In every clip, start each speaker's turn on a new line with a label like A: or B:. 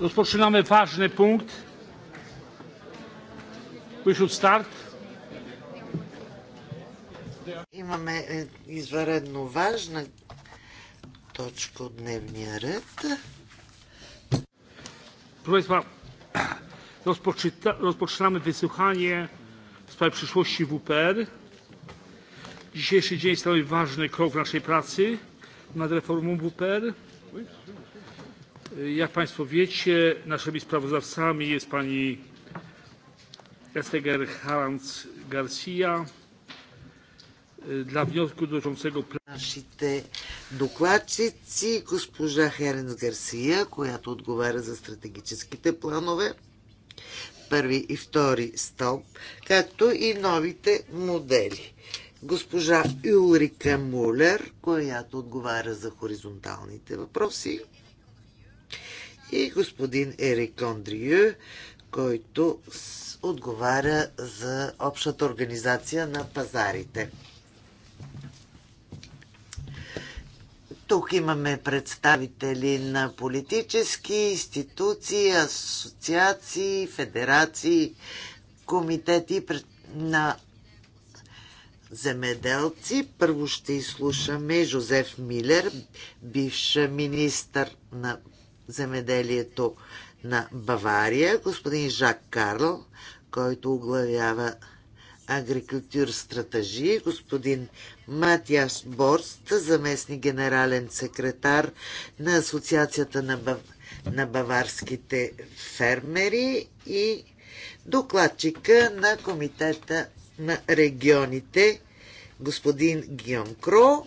A: Rozpoczynamy ważny punkt. Pyszut should
B: start. I mamy важна точка от дневния ред.
A: Proszę Państwa, rozpoczynamy wysłuchanie w sprawie przyszłości WPR. Dzisiejszy dzień stanowi ważny krok w naszej pracy nad reformą WPR. Jak Państwo wiecie, naszymi sprawozdawcami jest pani
B: Esteger Harantz Garcia dla wniosku dotyczącego Нашите докладчици, госпожа Херенс Гарсия, която отговаря за стратегическите планове, първи и втори стълб, както и новите модели. Госпожа Юрика Мулер, която отговаря за хоризонталните въпроси и господин Ерик Кондрию, който отговаря за общата организация на пазарите. Тук имаме представители на политически институции, асоциации, федерации, комитети на земеделци. Първо ще изслушаме Жозеф Милер, бивш министър на земеделието на Бавария, господин Жак Карл, който оглавява агрикултур стратежи, господин Матиас Борст, заместник генерален секретар на Асоциацията на, Бав... на баварските фермери и докладчика на Комитета на регионите, господин Гион Кро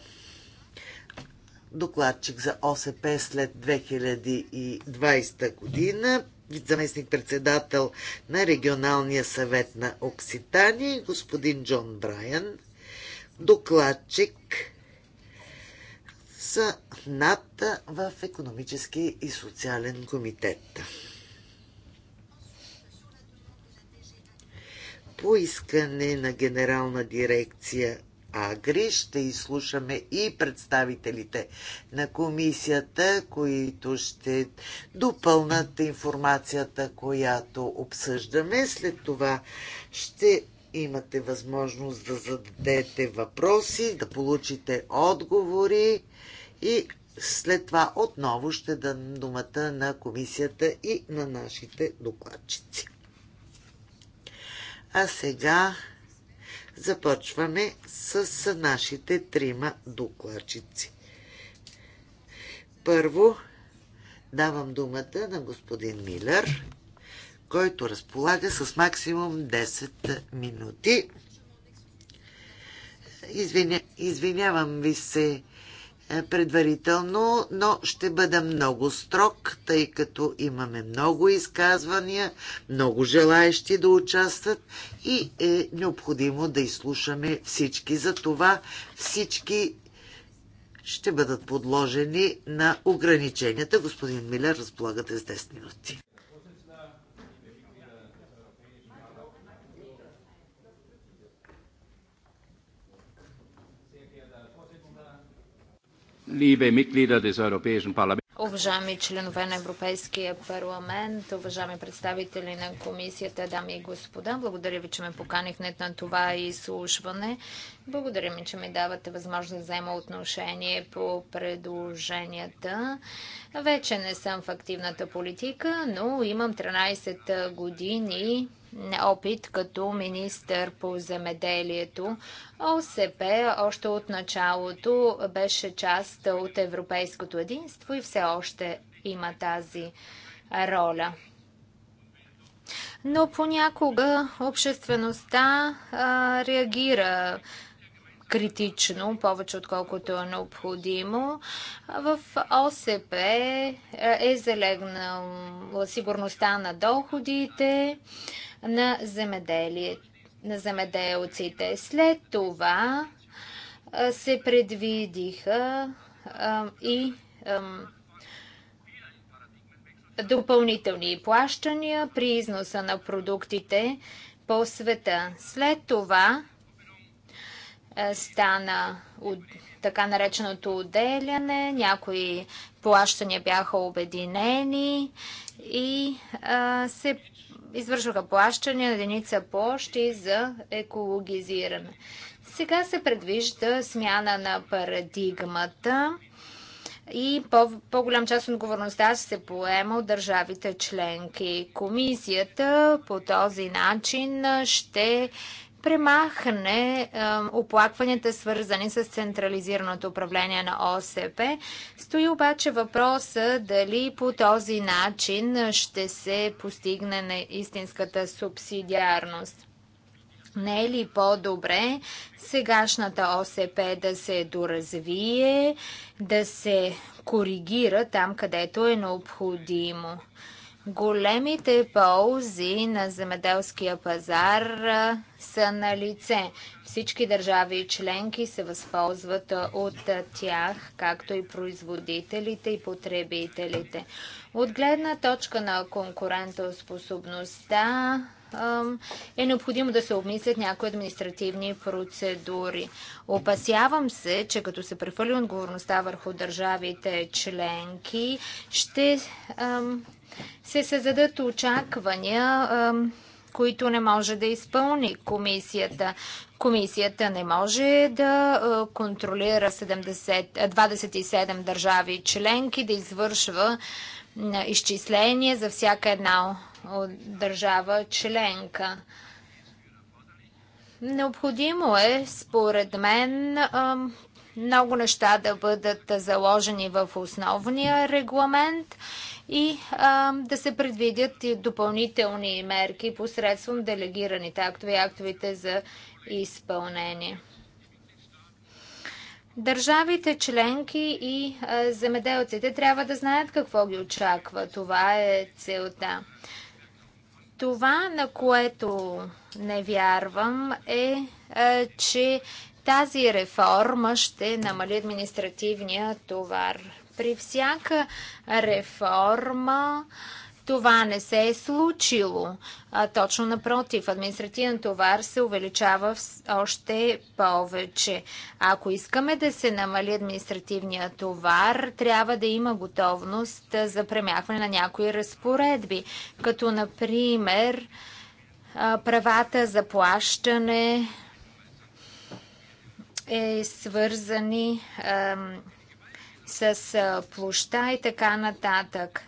B: докладчик за ОСП след 2020 година, заместник-председател на Регионалния съвет на Окситания и господин Джон Брайан, докладчик за НАТА в економически и социален комитет. По искане на Генерална дирекция Агри. Ще изслушаме и представителите на комисията, които ще допълнат информацията, която обсъждаме. След това ще имате възможност да зададете въпроси, да получите отговори и след това отново ще дам думата на комисията и на нашите докладчици. А сега Започваме с нашите трима докладчици. Първо давам думата на господин Милер, който разполага с максимум 10 минути. Извиня, извинявам ви се е, предварително, но ще бъда много строг, тъй като имаме много изказвания, много желаещи да участват и е необходимо да изслушаме всички. За това всички ще бъдат подложени на ограниченията. Господин Милер, разполагате с 10 минути.
A: liebe Mitglieder des Europäischen Parlaments.
C: Уважаеми членове на Европейския парламент, уважаеми представители на комисията, дами и господа, благодаря ви, че ме поканихте на това изслушване. Благодаря ми, че ми давате възможност да взема отношение по предложенията. Вече не съм в активната политика, но имам 13 години опит като министър по земеделието. ОСП още от началото беше част от европейското единство и все още има тази роля. Но понякога обществеността а, реагира критично, повече отколкото е необходимо. В ОСП е залегнала сигурността на доходите, на, земеделие, на земеделците. След това се предвидиха и допълнителни плащания при износа на продуктите по света. След това стана от, така нареченото отделяне, някои плащания бяха обединени и се извършваха плащане на единица площи за екологизиране. Сега се предвижда смяна на парадигмата и по-голям по част от отговорността ще се поема от държавите членки. Комисията по този начин ще премахне е, оплакванията, свързани с централизираното управление на ОСП. Стои обаче въпроса дали по този начин ще се постигне на истинската субсидиарност. Не е ли по-добре сегашната ОСП да се доразвие, да се коригира там, където е необходимо? Големите ползи на земеделския пазар са на лице. Всички държави и членки се възползват от тях, както и производителите и потребителите. От гледна точка на конкурентоспособността е необходимо да се обмислят някои административни процедури. Опасявам се, че като се прехвърли отговорността върху държавите членки, ще се създадат очаквания, които не може да изпълни комисията. Комисията не може да контролира 70, 27 държави членки, да извършва изчисление за всяка една държава членка. Необходимо е, според мен, много неща да бъдат заложени в основния регламент и а, да се предвидят и допълнителни мерки посредством делегираните актове и актовите за изпълнение. Държавите, членки и а, земеделците трябва да знаят какво ги очаква. Това е целта. Това, на което не вярвам, е, а, че тази реформа ще намали административния товар. При всяка реформа това не се е случило. А, точно напротив, административен товар се увеличава още повече. Ако искаме да се намали административния товар, трябва да има готовност за премяхване на някои разпоредби, като например правата за плащане е свързани Ам, с площа и така нататък.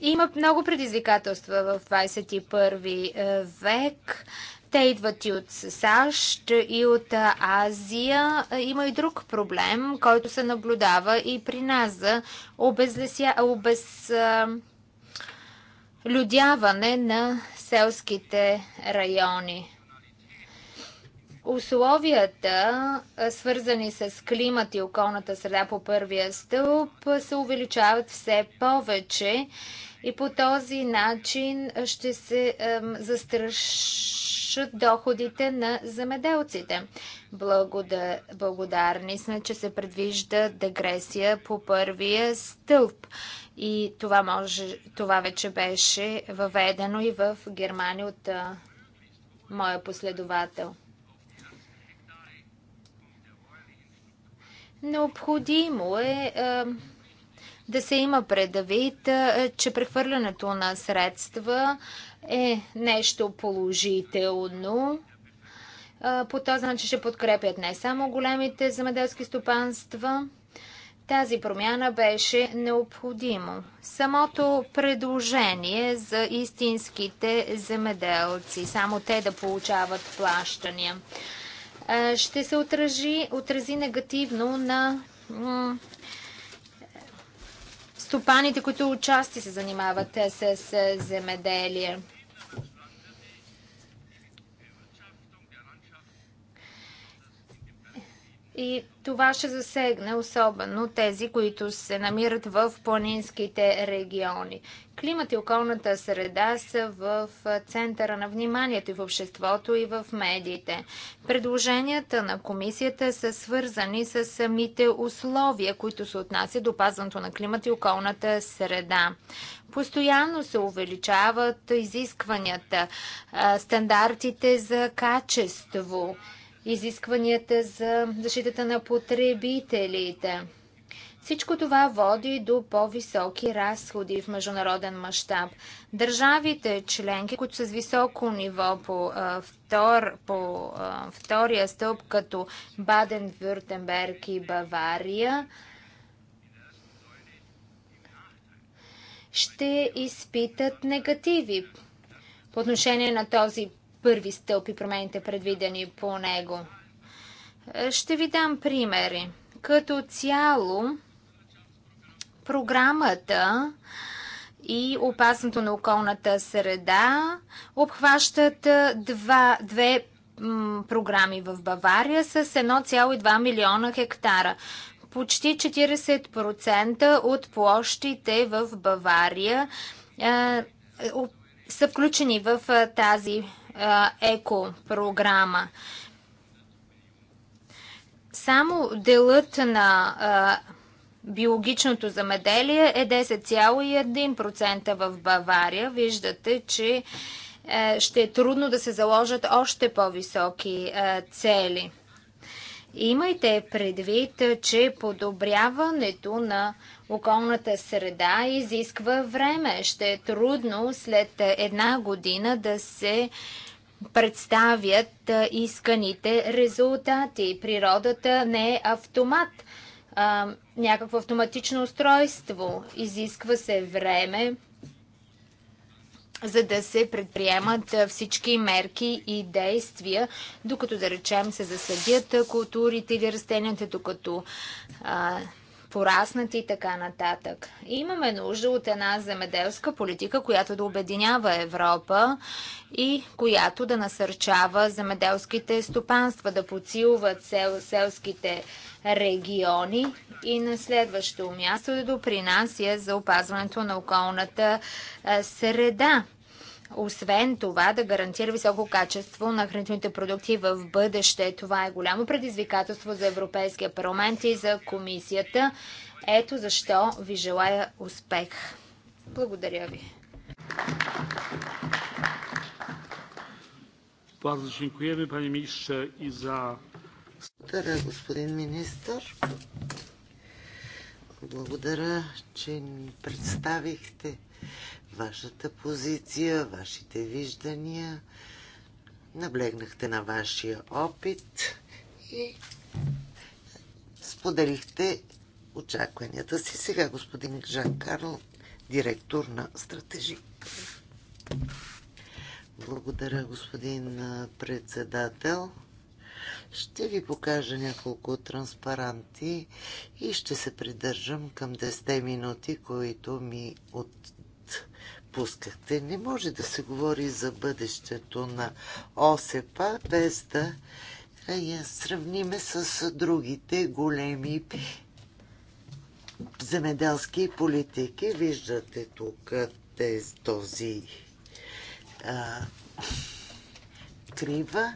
C: Има много предизвикателства в 21 век. Те идват и от САЩ, и от Азия. Има и друг проблем, който се наблюдава и при нас за обезлеся... обезлюдяване на селските райони. Условията, свързани с климат и околната среда по първия стълб, се увеличават все повече и по този начин ще се застрашат доходите на замеделците. благодарни сме, че се предвижда дегресия по първия стълб. И това, може, това вече беше въведено и в Германия от моя последовател. Необходимо е, е да се има предвид, е, че прехвърлянето на средства е нещо положително. Е, по този начин ще подкрепят не само големите земеделски стопанства. Тази промяна беше необходимо. Самото предложение за истинските земеделци, само те да получават плащания ще се отрази, отрази негативно на стопаните, които отчасти се занимават с земеделие. И това ще засегне особено тези, които се намират в планинските региони. Климат и околната среда са в центъра на вниманието и в обществото и в медиите. Предложенията на комисията са свързани с самите условия, които се отнасят до пазването на климат и околната среда. Постоянно се увеличават изискванията, стандартите за качество – изискванията за защитата на потребителите. Всичко това води до по-високи разходи в международен мащаб. Държавите членки, които са с високо ниво по, а, втор, по а, втория стълб, като Баден-Вюртенберг и Бавария, ще изпитат негативи по отношение на този първи стълб промените предвидени по него. Е, ще ви дам примери. Като цяло, програмата и опасното на околната среда обхващат е, два, две програми в Бавария с 1,2 милиона хектара. Почти 40% от площите в Бавария е, е са включени в тази еко-програма. Само делът на биологичното замеделие е 10,1% в Бавария. Виждате, че е, ще е трудно да се заложат още по-високи е, цели. Имайте предвид, че подобряването на околната среда изисква време. Ще е трудно след е, една година да се представят е, исканите резултати. Природата не е автомат, а, някакво автоматично устройство. Изисква се време, за да се предприемат е, всички мерки и действия, докато, да речем, се засадят културите или растенията, докато а, Пораснати и така нататък. И имаме нужда от една земеделска политика, която да обединява Европа и която да насърчава земеделските стопанства, да подсилват сел, селските региони и на следващо място да допринася за опазването на околната среда освен това да гарантира високо качество на хранителните продукти в бъдеще. Това е голямо предизвикателство за Европейския парламент и за комисията. Ето защо ви желая успех. Благодаря ви.
B: Благодаря, господин министр. Благодаря, че ни представихте вашата позиция, вашите виждания. Наблегнахте на вашия опит и споделихте очакванията си. Сега господин Жан Карл, директор на стратежик. Благодаря, господин председател. Ще ви покажа няколко транспаранти и ще се придържам към 10 минути, които ми от пускахте. Не може да се говори за бъдещето на ОСЕПА без да я сравниме с другите големи земеделски политики. Виждате тук тези, този а, крива.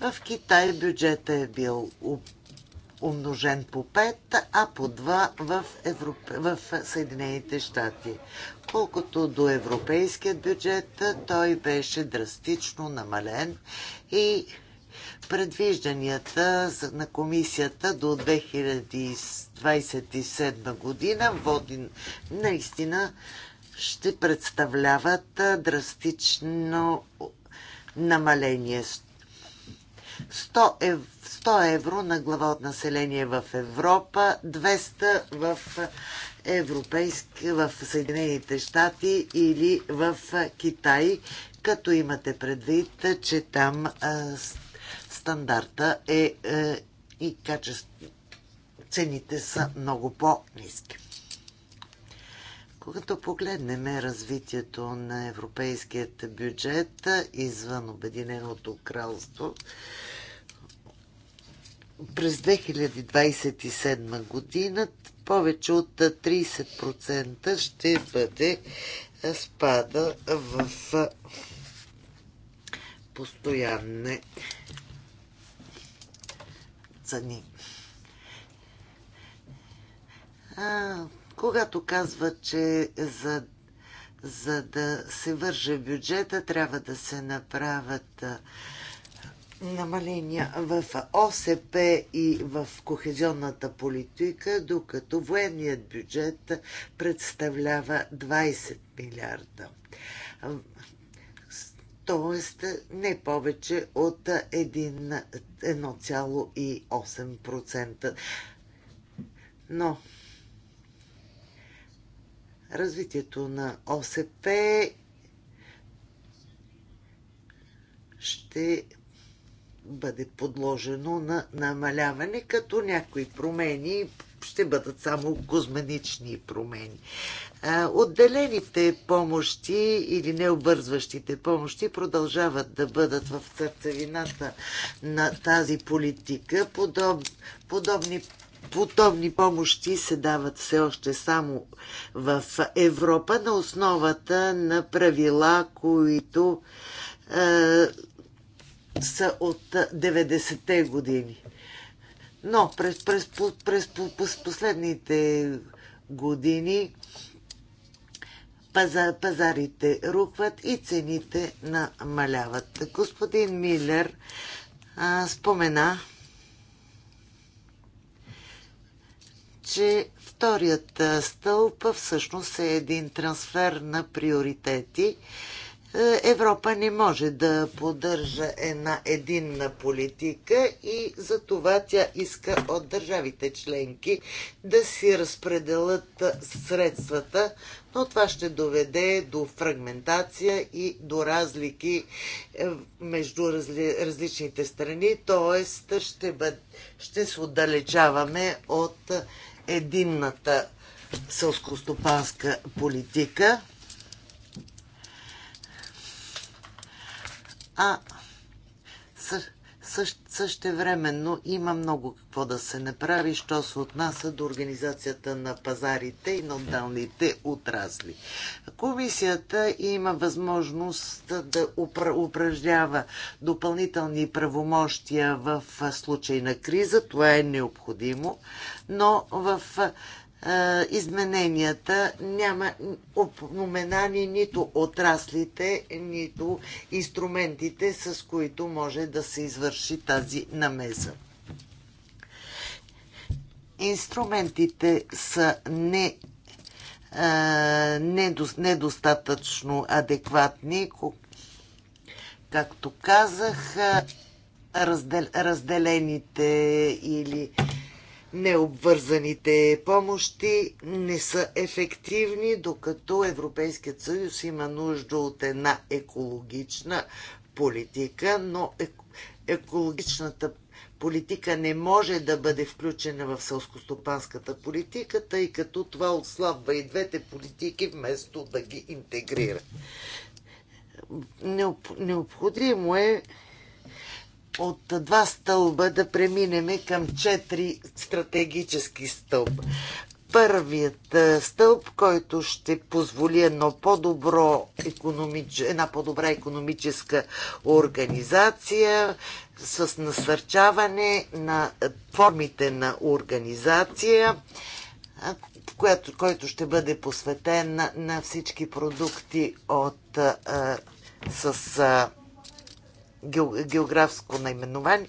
B: В Китай бюджета е бил умножен по 5, а по 2 в, Европ... в Съединените щати. Колкото до европейският бюджет, той беше драстично намален и предвижданията на комисията до 2027 година води наистина ще представляват драстично намаление. 100, ев, 100 евро на глава от население в Европа, 200 в европейски, в Съединените щати или в Китай, като имате предвид, че там а, стандарта е а, е, и качество, цените са много по-низки. Когато погледнем развитието на европейският бюджет извън Обединеното кралство, през 2027 година повече от 30% ще бъде спада в постоянне цени. А, когато казва, че за, за да се върже бюджета, трябва да се направят намаления в ОСП и в кохезионната политика, докато военният бюджет представлява 20 милиарда. Тоест не повече от 1,8%. Но развитието на ОСП ще бъде подложено на намаляване, като някои промени ще бъдат само козменични промени. Отделените помощи или необързващите помощи продължават да бъдат в сърцевината на тази политика. Подоб, подобни подобни помощи се дават все още само в Европа на основата на правила, които е, са от 90-те години. Но през, през, през, през последните години пазар, пазарите рухват и цените намаляват. Господин Милер а, спомена, че вторият стълб всъщност е един трансфер на приоритети. Е, Европа не може да поддържа една единна политика и за това тя иска от държавите членки да си разпределят средствата, но това ще доведе до фрагментация и до разлики е, между разли, различните страни, т.е. Ще, ще се отдалечаваме от единната сълскостопанска политика. А също, същевременно има много какво да се направи, що се отнася до организацията на пазарите и на отдалните отрасли. Комисията има възможност да упражнява допълнителни правомощия в случай на криза. Това е необходимо, но в измененията няма упоменани нито отраслите, нито инструментите, с които може да се извърши тази намеза. Инструментите са не недостатъчно адекватни. Както казах, разделените или необвързаните помощи не са ефективни, докато Европейският съюз има нужда от една екологична политика, но екологичната политика не може да бъде включена в селскостопанската политика, тъй като това отслабва и двете политики, вместо да ги интегрира. Необходимо е от два стълба да преминеме към четири стратегически стълба. Първият е, стълб, който ще позволи едно по-добро економич... една по-добра економическа организация с насърчаване на е, формите на организация, която, който ще бъде посветен на, на всички продукти от, а, е, с а, географско наименование.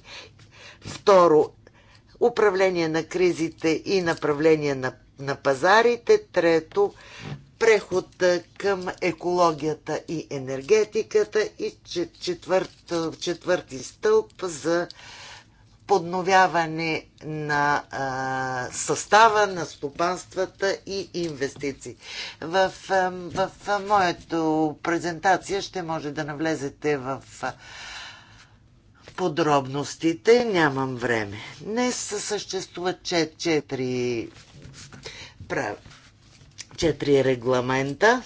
B: Второ, управление на кризите и направление на, на пазарите. Трето, преход към екологията и енергетиката. И четвърт, четвърти стълб за подновяване на а, състава на стопанствата и инвестиции. В, а, в а, моето презентация ще може да навлезете в а, подробностите, нямам време. Днес съществуват четири, прав... четири регламента.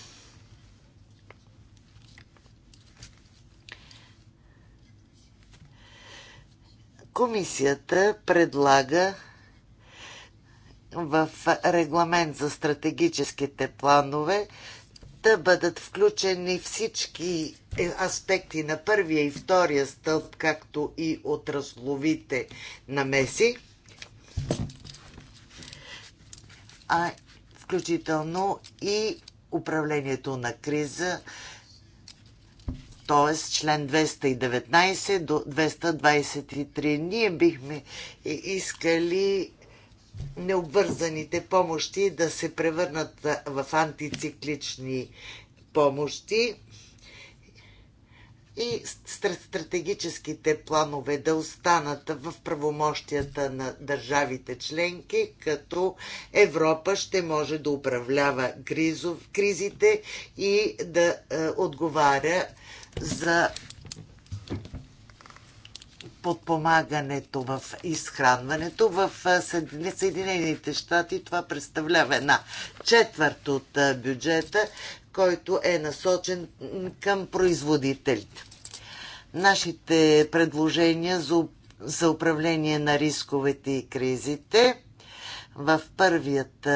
B: Комисията предлага в регламент за стратегическите планове да бъдат включени всички аспекти на първия и втория стълб, както и отрасловите намеси, а включително и управлението на криза, т.е. член 219 до 223. Ние бихме искали необвързаните помощи да се превърнат в антициклични помощи и стратегическите планове да останат в правомощията на държавите членки, като Европа ще може да управлява кризите и да е, отговаря за подпомагането в изхранването. В Съединените щати това представлява една четвърт от бюджета, който е насочен към производителите. Нашите предложения за, за управление на рисковете и кризите в първият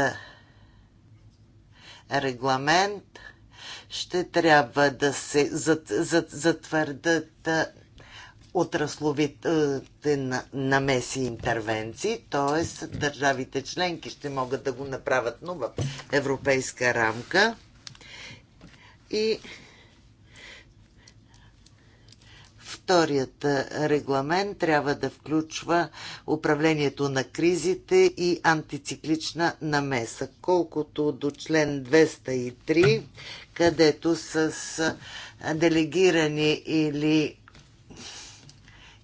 B: регламент ще трябва да се затвърдат отрасловите намеси и интервенции, т.е. държавите членки ще могат да го направят, но в европейска рамка. И Вторият регламент трябва да включва управлението на кризите и антициклична намеса, колкото до член 203, където с делегирани или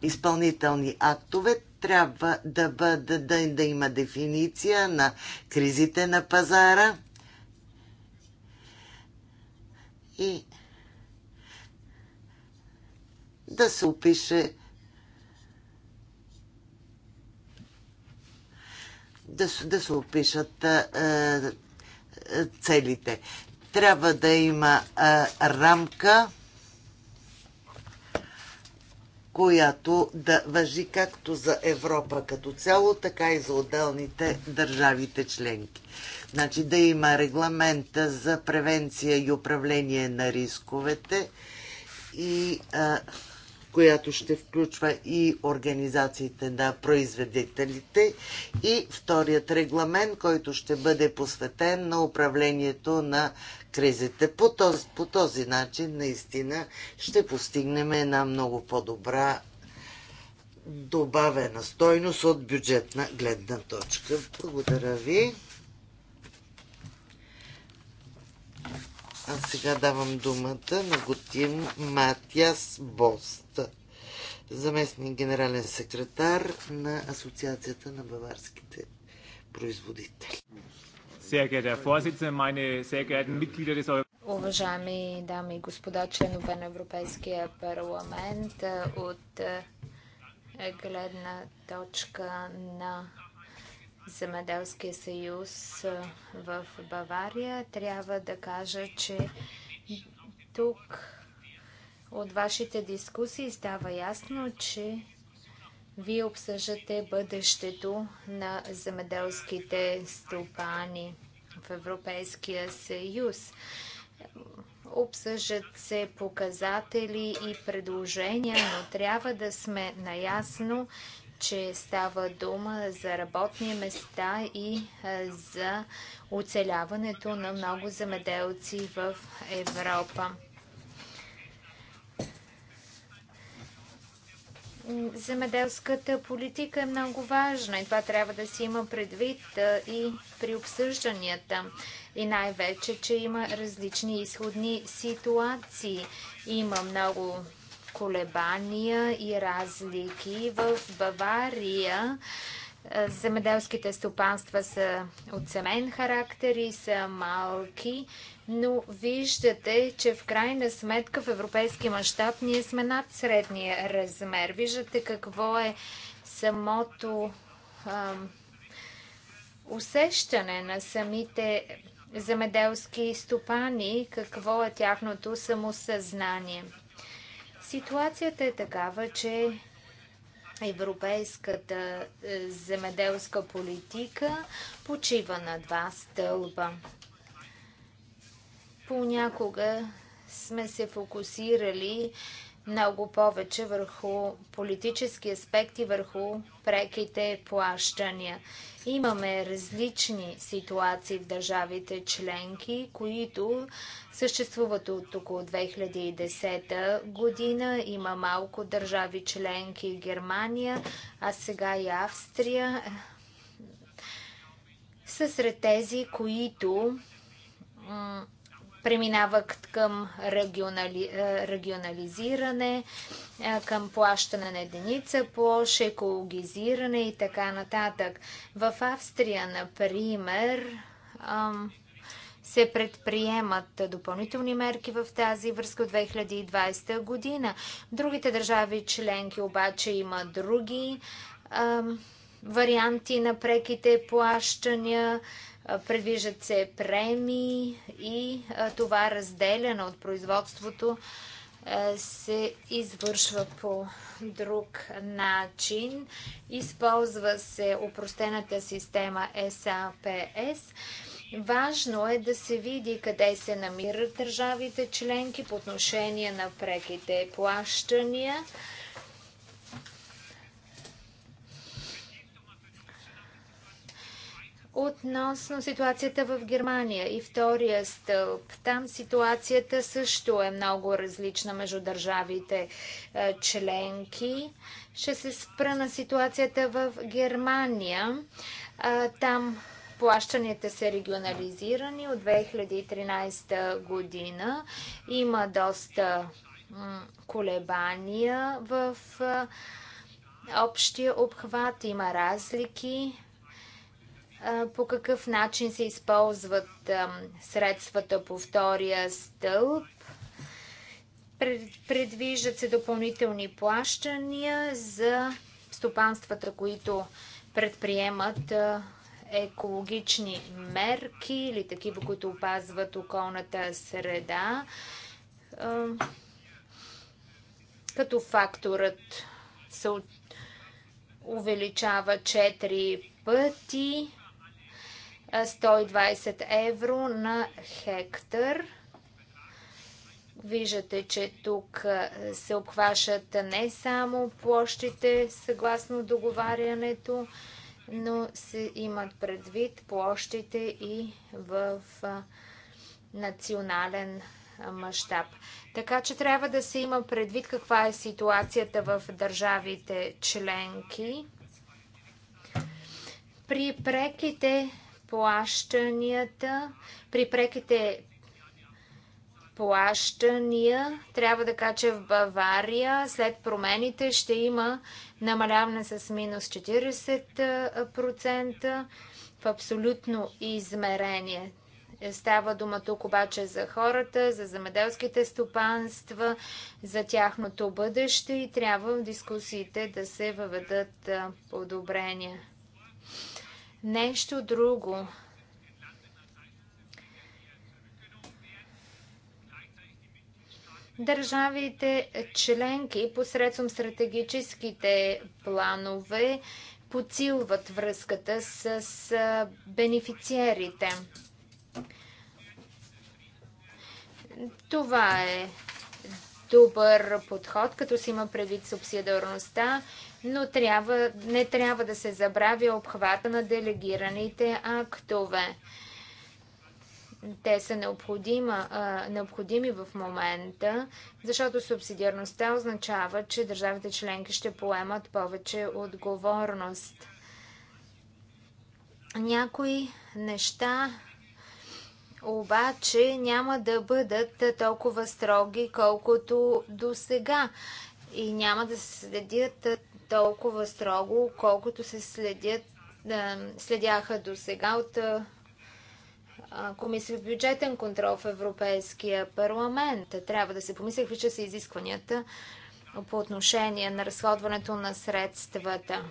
B: изпълнителни актове трябва да, бъде, да, да има дефиниция на кризите на пазара и да се опише да, да се опишат е, целите. Трябва да има е, рамка която да въжи както за Европа като цяло, така и за отделните държавите членки. Значи да има регламента за превенция и управление на рисковете и а, която ще включва и организациите на производителите и вторият регламент, който ще бъде посветен на управлението на кризите. По този, по този начин наистина ще постигнем една много по-добра добавена стойност от бюджетна гледна точка. Благодаря ви. А сега давам думата на Готин Матиас Бост, заместник генерален секретар на Асоциацията на баварските производители.
C: Уважаеми дами и господа, членове на Европейския парламент, е, от е, е, гледна точка на Земеделския съюз в Бавария, трябва да кажа, че тук от вашите дискусии става ясно, че вие обсъждате бъдещето на земеделските стопани в Европейския съюз. Обсъждат се показатели и предложения, но трябва да сме наясно, че става дума за работни места и за оцеляването на много земеделци в Европа. земеделската политика е много важна и това трябва да се има предвид и при обсъжданията. И най-вече, че има различни изходни ситуации. Има много колебания и разлики. В Бавария Земеделските стопанства са от семейен характер и са малки, но виждате, че в крайна сметка в европейски мащаб ние сме над средния размер. Виждате какво е самото а, усещане на самите земеделски стопани, какво е тяхното самосъзнание. Ситуацията е такава, че Европейската е, земеделска политика почива на два стълба. Понякога сме се фокусирали много повече върху политически аспекти, върху преките плащания. Имаме различни ситуации в държавите членки, които съществуват от около 2010 година. Има малко държави членки Германия, а сега и Австрия са сред тези, които преминават към регионали, е, регионализиране, е, към плащане на единица площ, екологизиране и така нататък. В Австрия, например, се предприемат допълнителни мерки в тази връзка от 2020 година. Другите държави членки обаче има други варианти на преките плащания, Предвиждат се премии и това разделяне от производството се извършва по друг начин. Използва се упростената система SAPS. Важно е да се види къде се намират държавите членки по отношение на преките плащания Относно ситуацията в Германия и втория стълб, там ситуацията също е много различна между държавите е, членки. Ще се спра на ситуацията в Германия. там плащанията са регионализирани от 2013 година. Има доста колебания в общия обхват, има разлики по какъв начин се използват средствата по втория стълб. Предвиждат се допълнителни плащания за стопанствата, които предприемат екологични мерки или такива, които опазват околната среда, като факторът се увеличава 4 пъти 120 евро на хектар. Виждате, че тук се обхващат не само площите съгласно договарянето, но се имат предвид площите и в национален мащаб. Така че трябва да се има предвид каква е ситуацията в държавите членки. При преките плащанията, при преките плащания, трябва да кажа, в Бавария след промените ще има намаляване с минус 40% в абсолютно измерение. Става дума тук обаче за хората, за замеделските стопанства, за тяхното бъдеще и трябва в дискусиите да се въведат подобрения. Нещо друго. Държавите членки посредством стратегическите планове подсилват връзката с бенефициерите. Това е добър подход, като си има предвид субсидиарността но трябва, не трябва да се забравя обхвата на делегираните актове. Те са необходима, а, необходими в момента, защото субсидиарността означава, че държавите членки ще поемат повече отговорност. Някои неща обаче няма да бъдат толкова строги, колкото до сега и няма да се следят толкова строго, колкото се следят, следяха до сега от Комисия в бюджетен контрол в Европейския парламент. Трябва да се помисли какви са изискванията по отношение на разходването на средствата.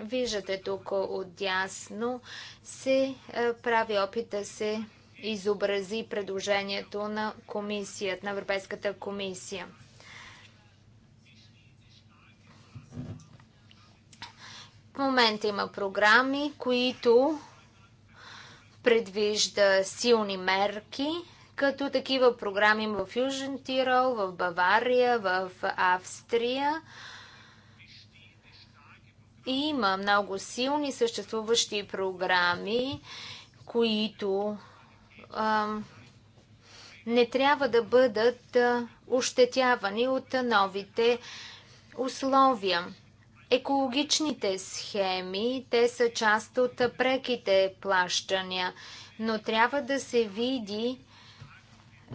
C: Виждате тук отдясно се прави опит да се изобрази предложението на комисията, на Европейската комисия. В момента има програми, които предвижда силни мерки, като такива програми в Южен Тирол, в Бавария, в Австрия. И има много силни съществуващи програми, които а, не трябва да бъдат ощетявани от новите условия екологичните схеми, те са част от преките плащания, но трябва да се види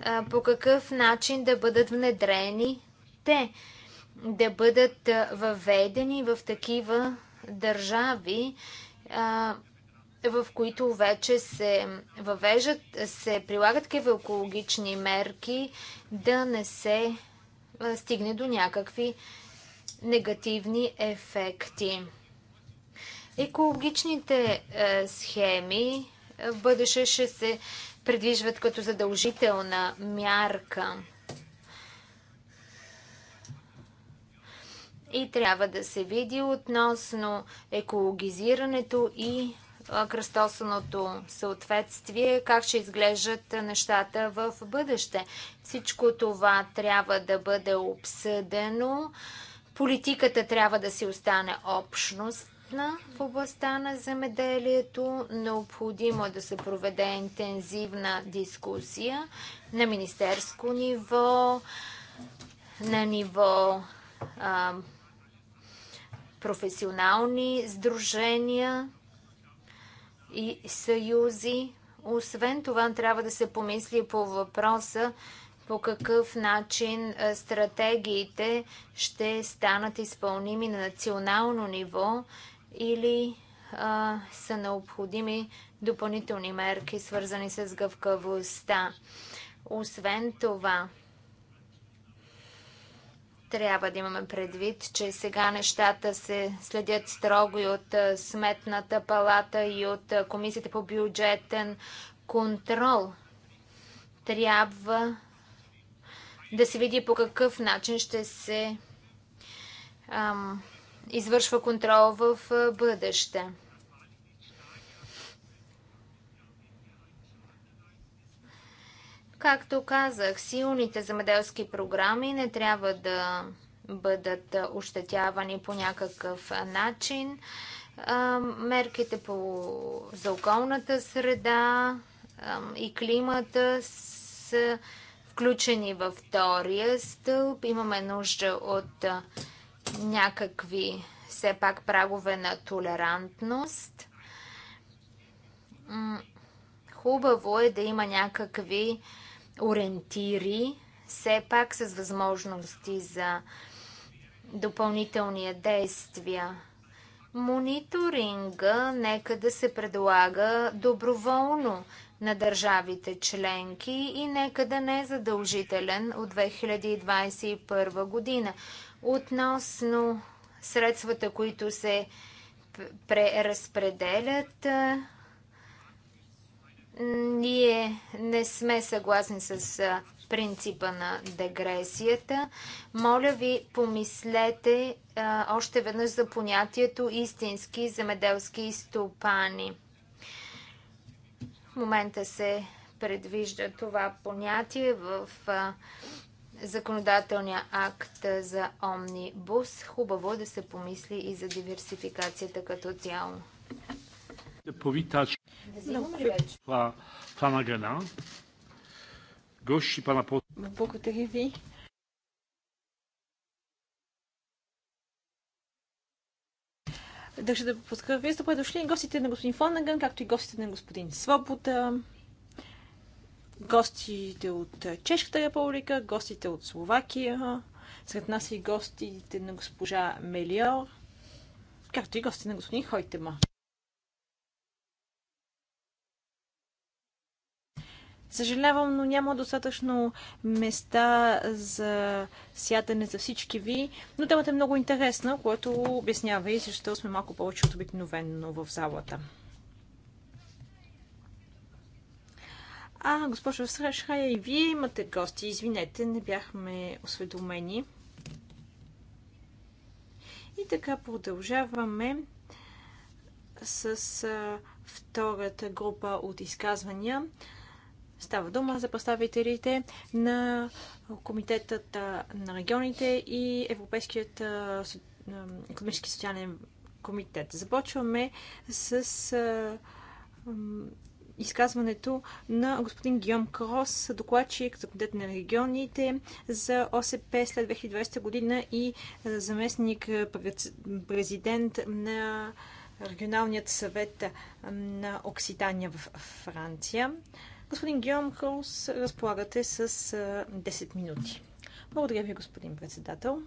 C: а, по какъв начин да бъдат внедрени те, да бъдат въведени в такива държави, а, в които вече се въвеждат, се прилагат такива екологични мерки, да не се стигне до някакви негативни ефекти. Екологичните е, схеми е, в бъдеще ще се предвижват като задължителна мярка. И трябва да се види относно екологизирането и е, кръстосаното съответствие, как ще изглеждат нещата в бъдеще. Всичко това трябва да бъде обсъдено Политиката трябва да си остане общностна в областта на земеделието. Необходимо е да се проведе интензивна дискусия на министерско ниво, на ниво а, професионални сдружения и съюзи. Освен това, трябва да се помисли по въпроса по какъв начин стратегиите ще станат изпълними на национално ниво или а, са необходими допълнителни мерки, свързани с гъвкавостта. Освен това, трябва да имаме предвид, че сега нещата се следят строго и от Сметната палата и от Комисията по бюджетен контрол. Трябва да се види по какъв начин ще се ам, извършва контрол в бъдеще. Както казах, силните замеделски програми не трябва да бъдат ощетявани по някакъв начин. Мерките по, за околната среда и климата са включени във втория стълб. Имаме нужда от някакви все пак прагове на толерантност. Хубаво е да има някакви ориентири, все пак с възможности за допълнителни действия. Мониторинга нека да се предлага доброволно на държавите членки и нека да не е задължителен от 2021 година. Относно средствата, които се преразпределят, ние не сме съгласни с принципа на дегресията. Моля ви, помислете още веднъж за понятието истински земеделски стопани момента се предвижда това понятие в законодателния акт за омнибус. Хубаво е да се помисли и за диверсификацията като цяло.
A: Powitać pana
D: Благодаря ви. Държа да подкрепя вие сте дошли гостите на господин Фонаган, както и гостите на господин Свобода, гостите от Чешката република, гостите от Словакия, сред нас и гостите на госпожа Мелиор, както и гости на господин Хойтема. Съжалявам, но няма достатъчно места за сятане за всички ви, но темата е много интересна, което обяснява и защо сме малко повече от обикновено в залата. А, госпожо Срешхая, и вие имате гости. Извинете, не бяхме осведомени. И така продължаваме с втората група от изказвания. Става дума за представителите на Комитетът на регионите и Европейският економически социален комитет. Започваме с изказването на господин Гиом Крос, докладчик за Комитет на регионите за ОСП след 2020 година и заместник президент на регионалният съвет на Окситания в Франция. Господин Геом Холс, разполагате с 10 минути. Благодаря ви, господин председател.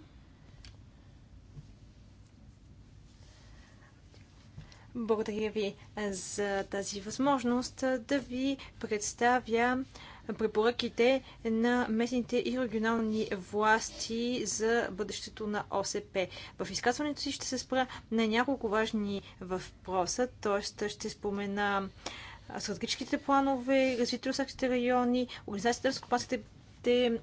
D: Благодаря ви за тази възможност да ви представя препоръките на местните и регионални власти за бъдещето на ОСП. В изказването си ще се спра на няколко важни въпроса, т.е. ще спомена стратегическите планове, развитие на райони, организацията на скопаците нашите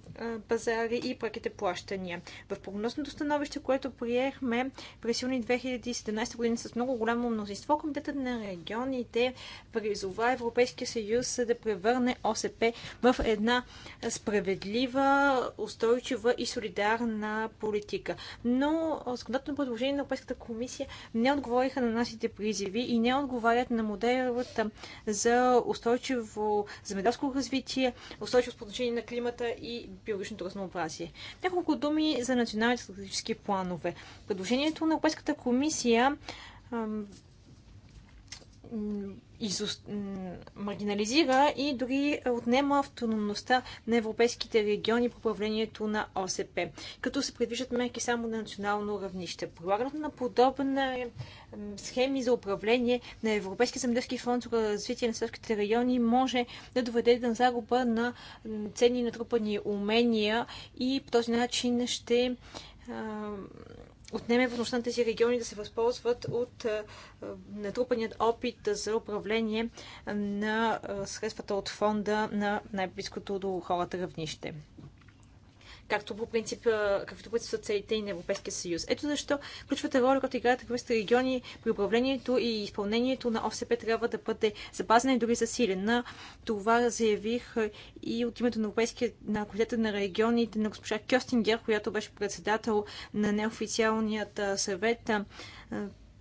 D: пазари и преките плащания. В прогнозното становище, което приехме през юни 2017 година с много голямо мнозинство, Комитетът на регионите призова Европейския съюз да превърне ОСП в една справедлива, устойчива и солидарна политика. Но законодателно предложение на Европейската комисия не отговориха на нашите призиви и не отговарят на моделата за устойчиво земеделско развитие, устойчиво по отношение на климата и биологичното разнообразие. Няколко думи за националните стратегически планове. Предложението на Европейската комисия изост... маргинализира и дори отнема автономността на европейските региони по управлението на ОСП, като се предвиждат мерки само на национално равнище. Прилагането на подобна схеми за управление на Европейския земеделски фонд за развитие на селските райони може да доведе до загуба на ценни натрупани умения и по този начин ще отнеме възможността на тези региони да се възползват от натрупаният опит за управление на средствата от фонда на най-близкото до хората равнище както по принцип, каквито които са целите и на Европейския съюз. Ето защо ключовата роля, която играят европейските региони при управлението и изпълнението на ОСП трябва да бъде запазена и дори засилена. Това заявих и от името на Европейския на комитета на регионите на госпожа Кьостингер, която беше председател на неофициалният съвет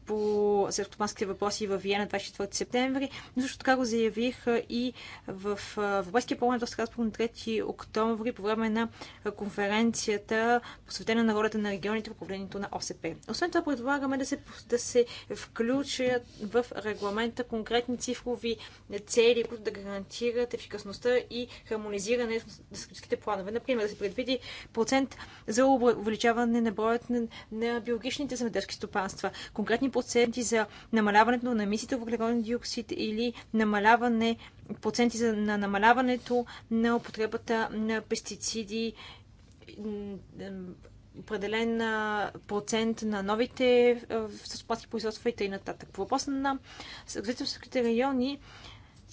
D: по селскостопански въпроси в Виена 24 септември. Но също така го заявих и в Европейския парламент в Страсбург на 3 октомври по време на конференцията, посветена на ролята на регионите в управлението на ОСП. Освен това предлагаме да се, да се включат в регламента конкретни цифрови цели, които да гарантират ефикасността и хармонизиране на стратегическите планове. Например, да се предвиди процент за увеличаване на броят на, на биологичните земеделски стопанства, конкретни проценти за намаляването на емисиите въглероден диоксид или намаляване, проценти за, на намаляването на употребата на пестициди, определен процент на новите съсплатски производства и т.н. По въпроса на развитието райони,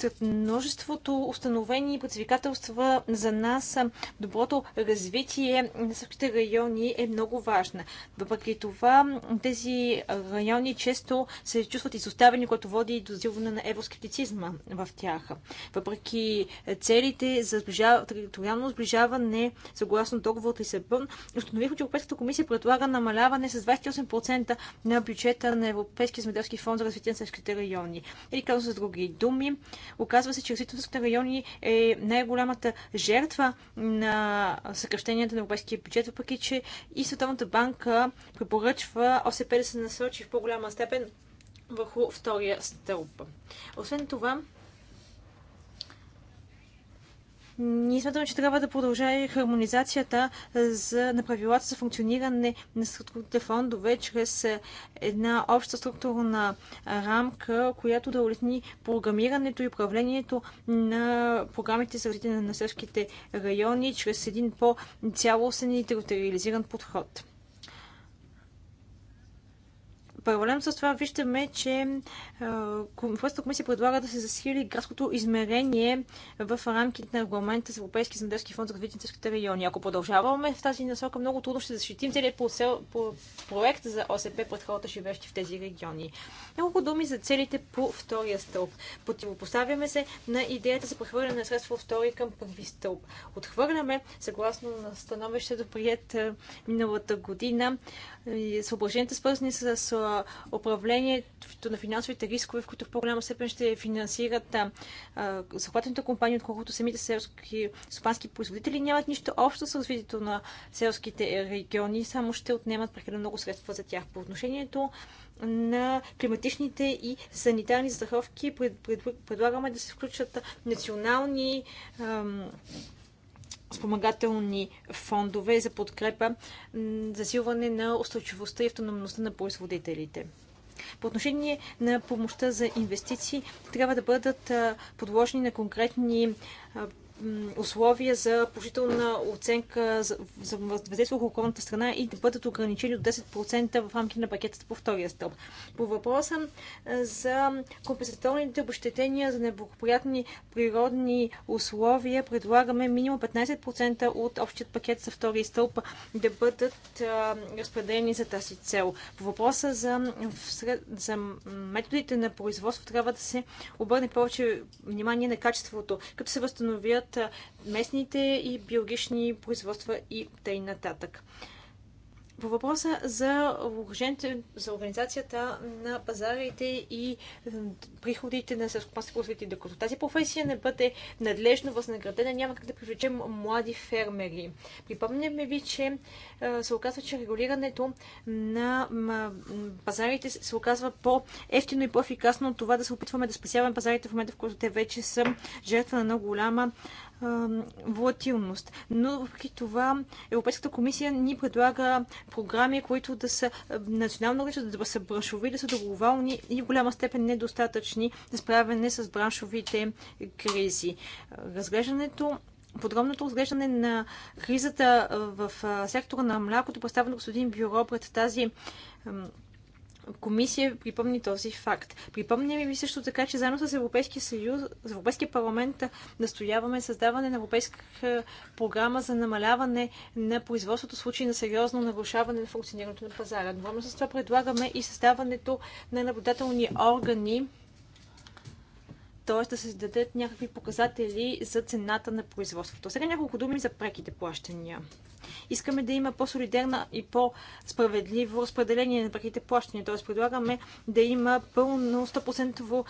D: сред множеството установени предизвикателства за нас доброто развитие на същите райони е много важна. Въпреки това, тези райони често се чувстват изоставени, което води до зилване на евроскептицизма в тях. Въпреки целите за сближав... териториално сближаване, съгласно договор от Лисабон, установих, че Европейската комисия предлага намаляване с 28% на бюджета на Европейския земеделски фонд за развитие на същите райони. Или казвам с други думи, Оказва се, че развитите райони е най-голямата жертва на съкръщенията на европейския бюджет, въпреки че и Световната банка препоръчва ОСП да се насочи в по-голяма степен върху втория стълб. Освен това, ние смятаме, че трябва да продължа и хармонизацията за, на правилата за функциониране на структурните фондове чрез една обща структурна рамка, която да улесни програмирането и управлението на програмите за развитие на населските райони чрез един по-цялостен и териториализиран подход. Паралелно с това виждаме, че е, Европейската комисия предлага да се засили градското измерение в рамките на регламента с Европейски земеделски фонд за развитие на райони. Ако продължаваме в тази насока, много трудно ще защитим целият проект за ОСП пред хората, живещи в тези региони. Няколко думи за целите по втория стълб. Противопоставяме се на идеята за прехвърляне на средства от втори към първи стълб. Отхвърляме, съгласно на становището прият е, миналата година, съображенията свързани с управлението на финансовите рискове, в които в по-голяма степен ще финансират захватените компании, отколкото самите селски спански производители, нямат нищо общо с развитието на селските региони, само ще отнемат прекалено много средства за тях. По отношението на климатичните и санитарни застраховки, предлагаме да се включат национални ам, спомагателни фондове за подкрепа, засилване на устойчивостта и автономността на производителите. По отношение на помощта за инвестиции, трябва да бъдат подложени на конкретни условия за положителна оценка за въздействие върху околната страна и да бъдат ограничени до 10% в рамките на пакетата по втория стълб. По въпроса за компенсаторните обещетения за неблагоприятни природни условия предлагаме минимум 15% от общият пакет за втория стълб да бъдат разпределени за тази цел. По въпроса за, за методите на производство трябва да се обърне повече внимание на качеството, като се възстановят местните и биологични производства и т.н. нататък. По въпроса за, за организацията на пазарите и приходите на селскопански производители, докато тази професия не бъде надлежно възнаградена, няма как да привлечем млади фермери. Припомняме ви, че е, се оказва, че регулирането на пазарите се оказва по-ефтино и по-ефикасно от това да се опитваме да спасяваме пазарите в момента, в който те вече са жертва на много голяма волатилност. Но въпреки това Европейската комисия ни предлага програми, които да са национално лично, да са браншови, да са договални и в голяма степен недостатъчни за справяне с браншовите кризи. Разглеждането подробното разглеждане на кризата в сектора на млякото, представено господин Бюро пред тази комисия припомни този факт. Припомняме ви също така, че заедно с Европейския съюз, с Европейския парламент настояваме създаване на европейска е, програма за намаляване на производството в случай на сериозно нарушаване на функционирането на пазара. Но с това предлагаме и създаването на наблюдателни органи т.е. да се дадат някакви показатели за цената на производството. Сега няколко думи за преките плащания. Искаме да има по-солидерна и по-справедливо разпределение на преките плащания, т.е. предлагаме да има пълно 100%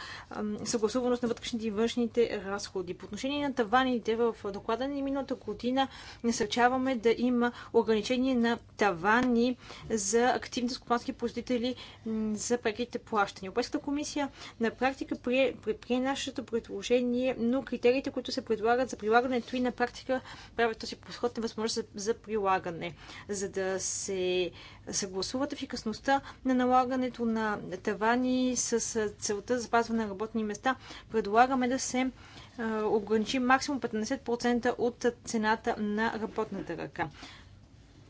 D: съгласуваност на вътрешните и външните разходи. По отношение на таваните в доклада ни миналата година насърчаваме да има ограничение на тавани за активни скопански производители за преките плащания. Европейската комисия на практика предприе наш същото предложение, но критериите, които се предлагат за прилагането и на практика правят този подход на за, за прилагане. За да се съгласуват ефикасността на налагането на тавани с целта за запазване на работни места, предлагаме да се ограничи максимум 50% от цената на работната ръка.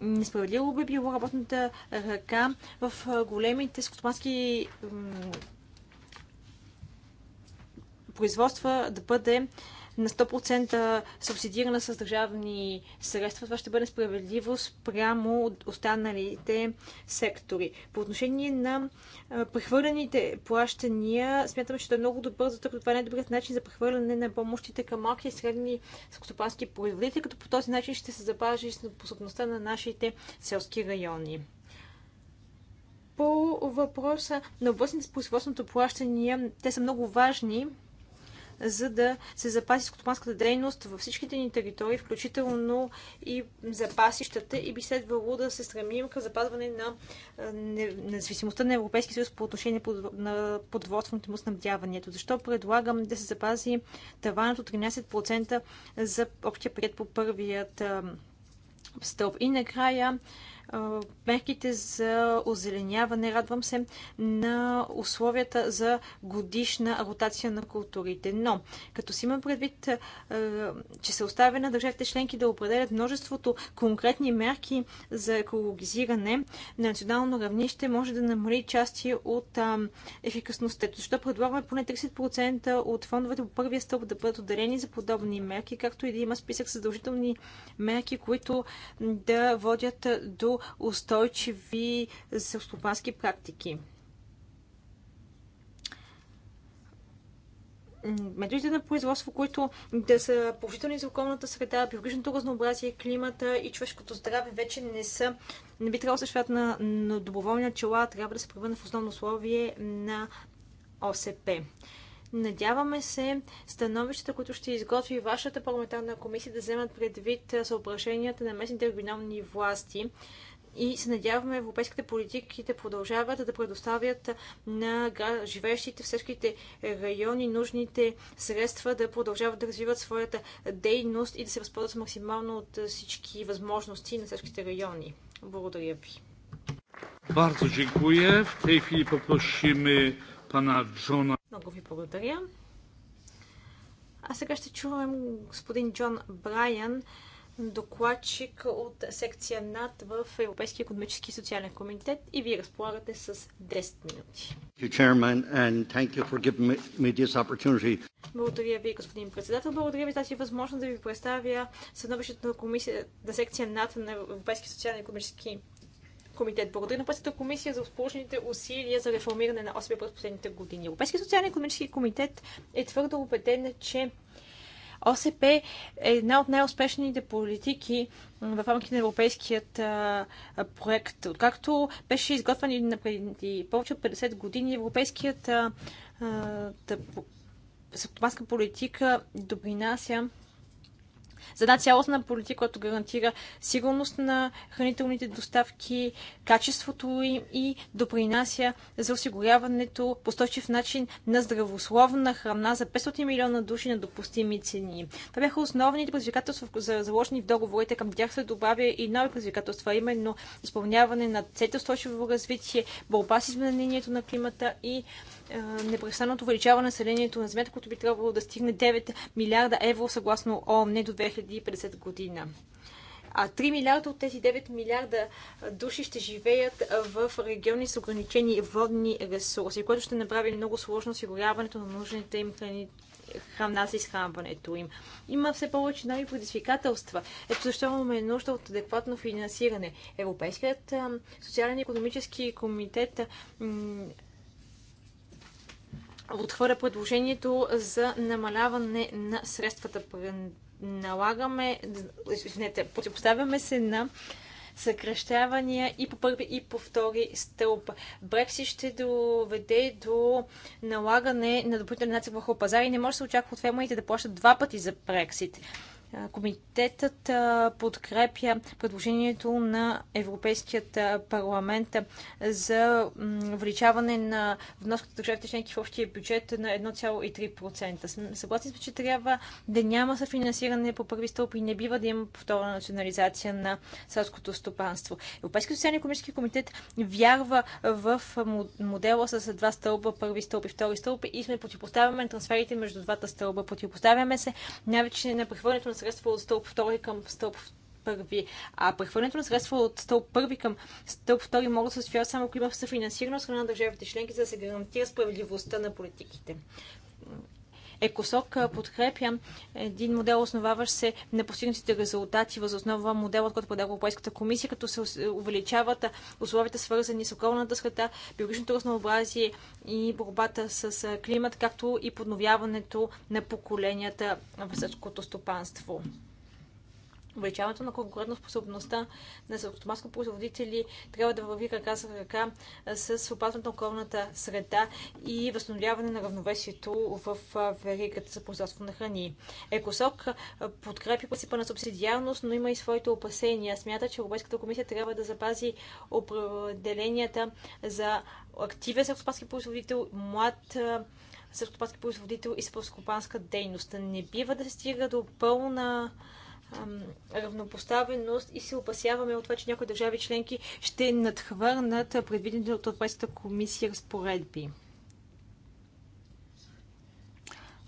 D: Несправедливо би било работната ръка в големите скотомански производства да бъде на 100% субсидирана с държавни средства. Това ще бъде справедливо спрямо от останалите сектори. По отношение на прехвърлените плащания, смятам, че е много добър, защото това е най-добрият начин за прехвърляне на помощите към малки и средни скотопански производители, като по този начин ще се запази способността на нашите селски райони по въпроса на областните с производственото плащания, те са много важни, за да се запази скотопанската дейност във всичките ни територии, включително и запасищата и би следвало да се стремим към запазване на независимостта на Европейския съюз по отношение на подводственото му снабдяването. Защо предлагам да се запази таванът от 13% за общия прият по първият стълб. И накрая мерките за озеленяване. Радвам се на условията за годишна ротация на културите. Но, като си имам предвид, че се оставя на държавите членки да определят множеството конкретни мерки за екологизиране на национално равнище, може да намали части от ефикасността. Защо предлагаме поне 30% от фондовете по първия стълб да бъдат отделени за подобни мерки, както и да има списък с задължителни мерки, които да водят до устойчиви селскопански практики. методите на производство, които да са положителни за околната среда, биологичното разнообразие, климата и човешкото здраве вече не са, не би трябвало да на, на доброволния чела, трябва да се превърне в основно условие на ОСП. Надяваме се становищата, които ще изготви вашата парламентарна комисия да вземат предвид съображенията на местните регионални власти и се надяваме европейските политики да продължават да предоставят на живеещите в всичките райони нужните средства да продължават да развиват своята дейност и да се възползват максимално от всички възможности на всичките райони. Благодаря ви.
A: Bardzo dziękuję. W tej chwili poprosimy pana Johna.
D: Много ви благодаря. A сега ще чувам господин Джон Брайан, докладчик от секция НАД в Европейския економически и социален комитет и вие разполагате с 10 минути. Благодаря ви, господин председател. Благодаря ви за тази възможност да ви представя становището на комисия, на секция НАД на Европейския социален и економически комитет. Благодаря на Пътната комисия за положените усилия за реформиране на ОСБ през последните години. Европейския социален и економически комитет е твърдо убеден, че ОСП е една от най-успешните политики в рамките на европейският а, проект. Откакто беше изготвен и преди повече от 50 години, европейският а, а, тъп, политика допринася за една цялостна политика, която гарантира сигурност на хранителните доставки, качеството им и допринася за осигуряването по стойчив начин на здравословна храна за 500 милиона души на допустими цени. Това бяха основните предизвикателства, за заложени в договорите. Към тях се добавя и нови предизвикателства, именно изпълняване на цели устойчиво развитие, борба с изменението на климата и е, непрестанното увеличаване на населението на Земята, което би трябвало да стигне 9 милиарда евро съгласно ООН до 2050 година. А 3 милиарда от тези 9 милиарда души ще живеят в региони с ограничени водни ресурси, което ще направи много сложно осигуряването на нужните им храни, храна за изхранването им. Има все повече нови предизвикателства. Ето защо имаме нужда от адекватно финансиране. Европейският социален и економически комитет отхвърля предложението за намаляване на средствата. Налагаме, извинете, противопоставяме се на съкръщавания и по първи и по втори стълб. Брекси ще доведе до налагане на допълнителни нации върху пазари. Не може да се очаква от фермерите да плащат два пъти за Брексит. Комитетът подкрепя предложението на Европейският парламент за увеличаване на вноската на държавите членки в общия бюджет на 1,3%. Съгласни сме, че трябва да няма съфинансиране по първи стълб и не бива да има повторна национализация на селското стопанство. Европейският социален комитет, комитет вярва в модела с два стълба, първи стълб и втори стълб и сме противопоставяме трансферите между двата стълба. Противопоставяме се най-вече на прехвърлянето на средства от стълб 2 към стълб 2 първи. А прехвърлянето на средства от стълб първи към стълб втори могат да се състоят само ако има съфинансирано страна на държавите членки, за да се гарантира справедливостта на политиките. ЕКОСОК подкрепя един модел, основаващ се на постигнатите резултати въз основа моделът, който подава Европейската комисия, като се увеличават условията свързани с околната среда, биологичното разнообразие и борбата с климат, както и подновяването на поколенията в същото стопанство. Увеличаването на конкурентоспособността на селскостопански производители трябва да върви ръка за ръка с опазването на околната среда и възстановяване на равновесието в веригата за производство на храни. Екосок подкрепи принципа на субсидиарност, но има и своите опасения. Смята, че Европейската комисия трябва да запази определенията за активен селскостопански производител, млад селскостопански производител и селскостопанска дейност. Не бива да се стига до пълна равнопоставеност и се опасяваме от това, че някои държави членки ще надхвърнат предвидените от Европейската комисия разпоредби.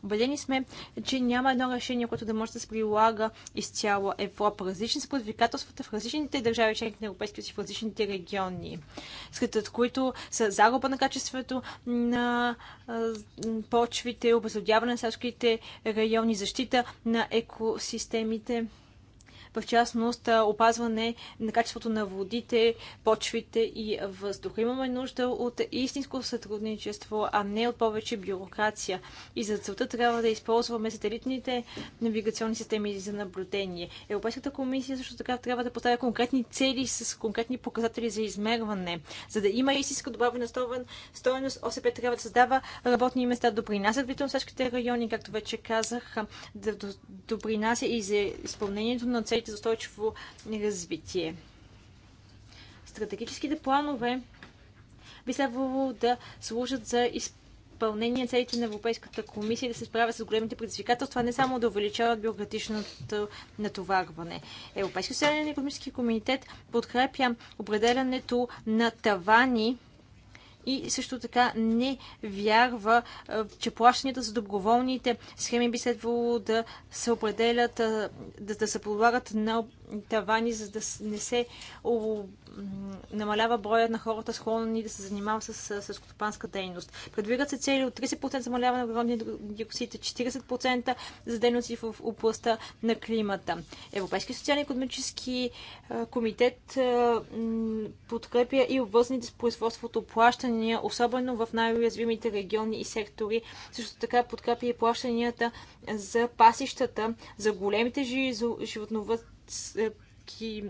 D: Убедени сме, че няма едно решение, което да може да се прилага из Европа. Различни са предизвикателствата в различните държави, членки на Европейския съюз, в различните региони, сред които са загуба на качеството на почвите, обезлюдяване на селските райони, защита на екосистемите в частност опазване на качеството на водите, почвите и въздуха. Имаме нужда от истинско сътрудничество, а не от повече бюрокрация. И за целта трябва да използваме сателитните навигационни системи за наблюдение. Европейската комисия също така трябва да поставя конкретни цели с конкретни показатели за измерване. За да има истинска добавена стоеност, ОСП трябва да създава работни места, допринасят в селските райони, както вече казах, да допринася и за изпълнението на целите политики за устойчиво развитие. Стратегическите планове би следвало да служат за изпълнение целите на Европейската комисия да се справят с големите предизвикателства, не само да увеличават бюрократичното натоварване. Европейски социален економически комитет подкрепя определянето на тавани и също така не вярва, че плащанията за доброволните схеми би следвало да се определят, да, да се подлагат на тавани, за да не се намалява броя на хората склонни да се занимават с селскостопанска дейност. Предвидят се цели от 30% замаляване на въглеродния диоксид, 40% за дейности в областта на климата. Европейски социално-економически е, комитет е, подкрепя и обвързаните с производството плащания, особено в най-уязвимите региони и сектори. Също така подкрепя и плащанията за пасищата, за големите животновъдни е, ки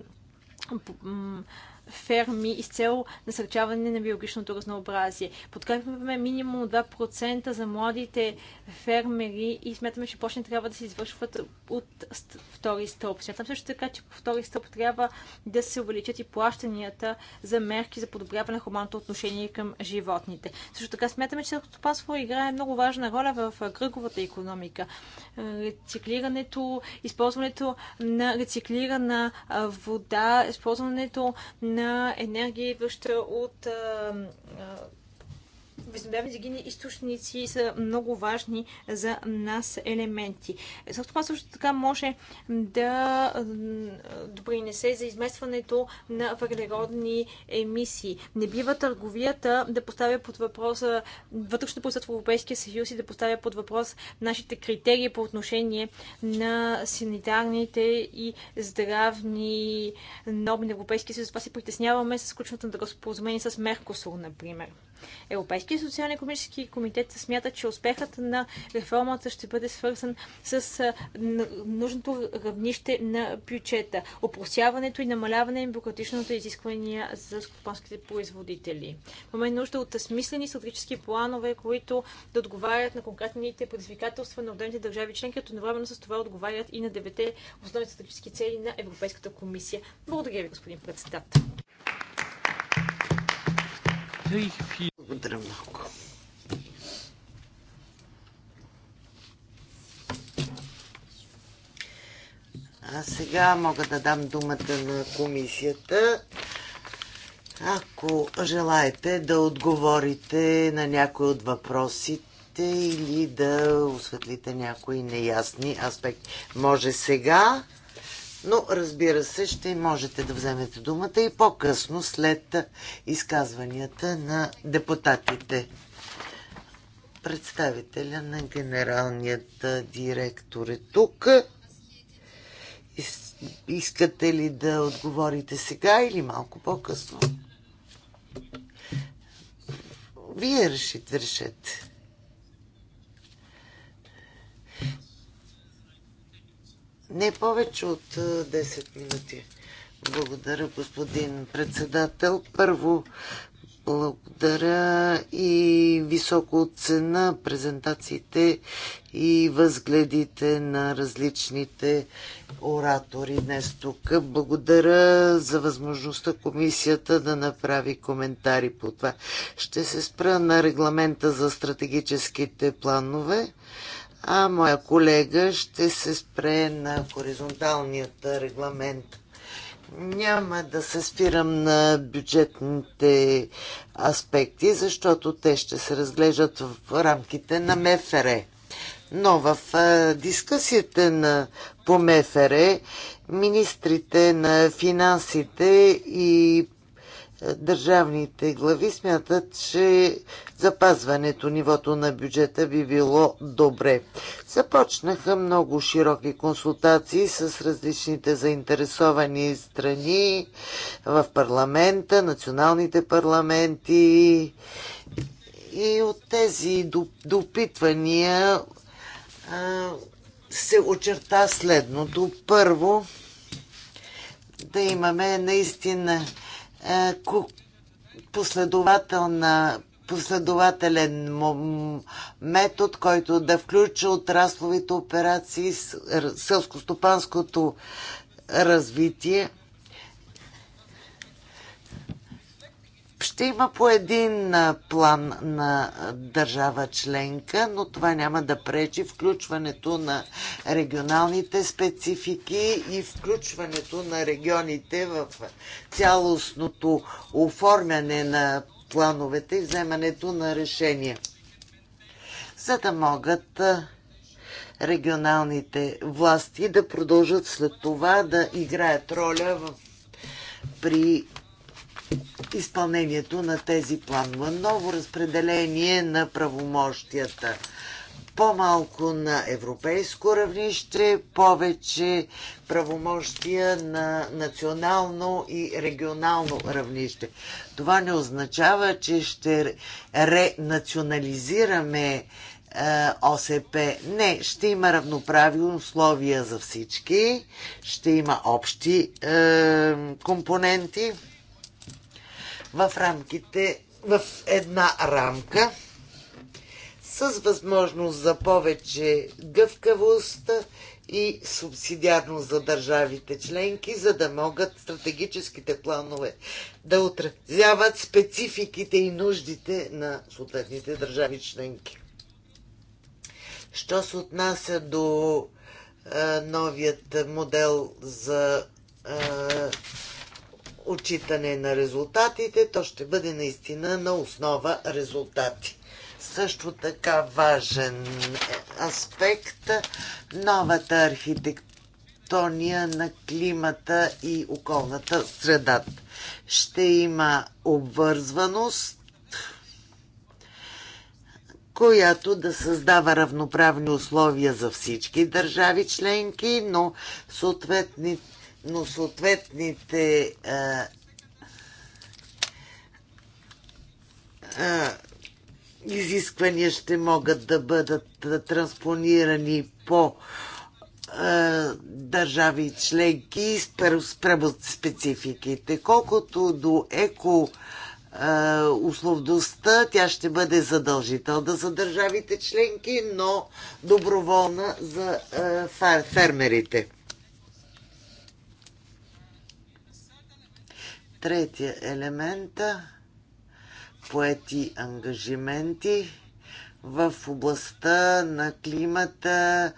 D: ферми и с цел насърчаване на биологичното разнообразие. Подкрепяме минимум 2% за младите фермери и смятаме, че почне трябва да се извършват от втори стълб. Смятам също така, че по втори стълб трябва да се увеличат и плащанията за мерки за подобряване на хуманното отношение към животните. Също така смятаме, че селското играе много важна роля в кръговата економика. Рециклирането, използването на рециклирана вода, използването на на енергия, идваща от възобновяеми енергийни източници са много важни за нас елементи. Също това също така може да допринесе за изместването на въглеродни емисии. Не бива търговията да поставя под въпрос вътрешно производство в Европейския съюз и да поставя под въпрос нашите критерии по отношение на санитарните и здравни норми на Европейския съюз. Това се притесняваме с ключното да споразумение с Меркосур, например. Европейския социално-економически комитет смята, че успехът на реформата ще бъде свързан с нужното равнище на бюджета, опросяването и намаляване на бюрократичното изисквания за скопанските производители. Имаме нужда от смислени стратегически планове, които да отговарят на конкретните предизвикателства на отделните държави членки, като едновременно с това отговарят и на девете основни стратегически цели на Европейската комисия. Благодаря ви, господин председател.
B: Благодаря много. А сега мога да дам думата на комисията. Ако желаете да отговорите на някой от въпросите или да осветлите някои неясни аспекти. Може сега, но, разбира се, ще можете да вземете думата и по-късно след изказванията на депутатите. Представителя на генералният директор е тук. Искате ли да отговорите сега или малко по-късно? Вие решите, решете. Не повече от 10 минути. Благодаря, господин председател. Първо, благодаря и високо цена презентациите и възгледите на различните оратори днес тук. Благодаря за възможността комисията да направи коментари по това. Ще се спра на регламента за стратегическите планове а моя колега ще се спре на хоризонталният регламент. Няма да се спирам на бюджетните аспекти, защото те ще се разглеждат в рамките на МФР. Но в дискусията на, по МФР министрите на финансите и държавните глави смятат, че запазването нивото на бюджета би било добре. Започнаха много широки консултации с различните заинтересовани страни в парламента, националните парламенти и от тези допитвания се очерта следното. Първо, да имаме наистина последователна последователен метод, който да включи отрасловите операции, селско развитие ще има по един план на държава членка, но това няма да пречи включването на регионалните специфики и включването на регионите в цялостното оформяне на плановете и вземането на решения, за да могат регионалните власти да продължат след това да играят роля в при изпълнението на тези планове. Ново разпределение на правомощията. По-малко на европейско равнище, повече правомощия на национално и регионално равнище. Това не означава, че ще ренационализираме е, ОСП. Не, ще има равноправи условия за всички, ще има общи е, компоненти в рамките, в една рамка, с възможност за повече гъвкавост и субсидиарност за държавите членки, за да могат стратегическите планове да отразяват спецификите и нуждите на съответните държави членки. Що се отнася до новият модел за отчитане на резултатите, то ще бъде наистина на основа резултати. Също така важен аспект новата архитектония на климата и околната среда. Ще има обвързваност, която да създава равноправни условия за всички държави членки, но съответните но съответните а, а, изисквания ще могат да бъдат транспонирани по държави и членки спрямо спецификите. Колкото до еко условността, тя ще бъде задължителна за държавите членки, но доброволна за фермерите. Третия елемент поети ангажименти в областта на климата,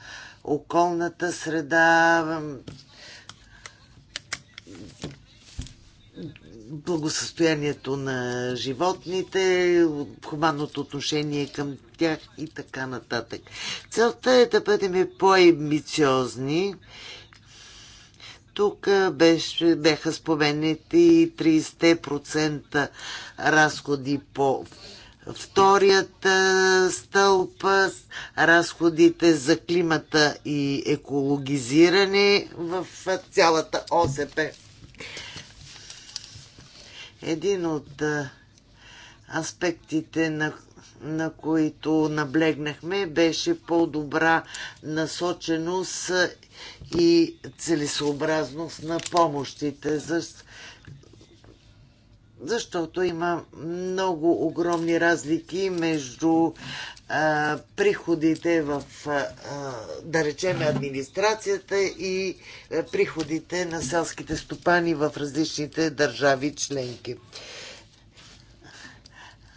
B: околната среда, благосъстоянието на животните, хуманното отношение към тях и така нататък. Целта е да бъдем по-амбициозни тук беше, беха споменати 30% разходи по вторият стълб, разходите за климата и екологизиране в цялата ОСП. Един от аспектите, на на които наблегнахме, беше по-добра насоченост и целесообразност на помощите. защото има много огромни разлики между а, приходите в, а, да речем, администрацията и а, приходите на селските стопани в различните държави членки.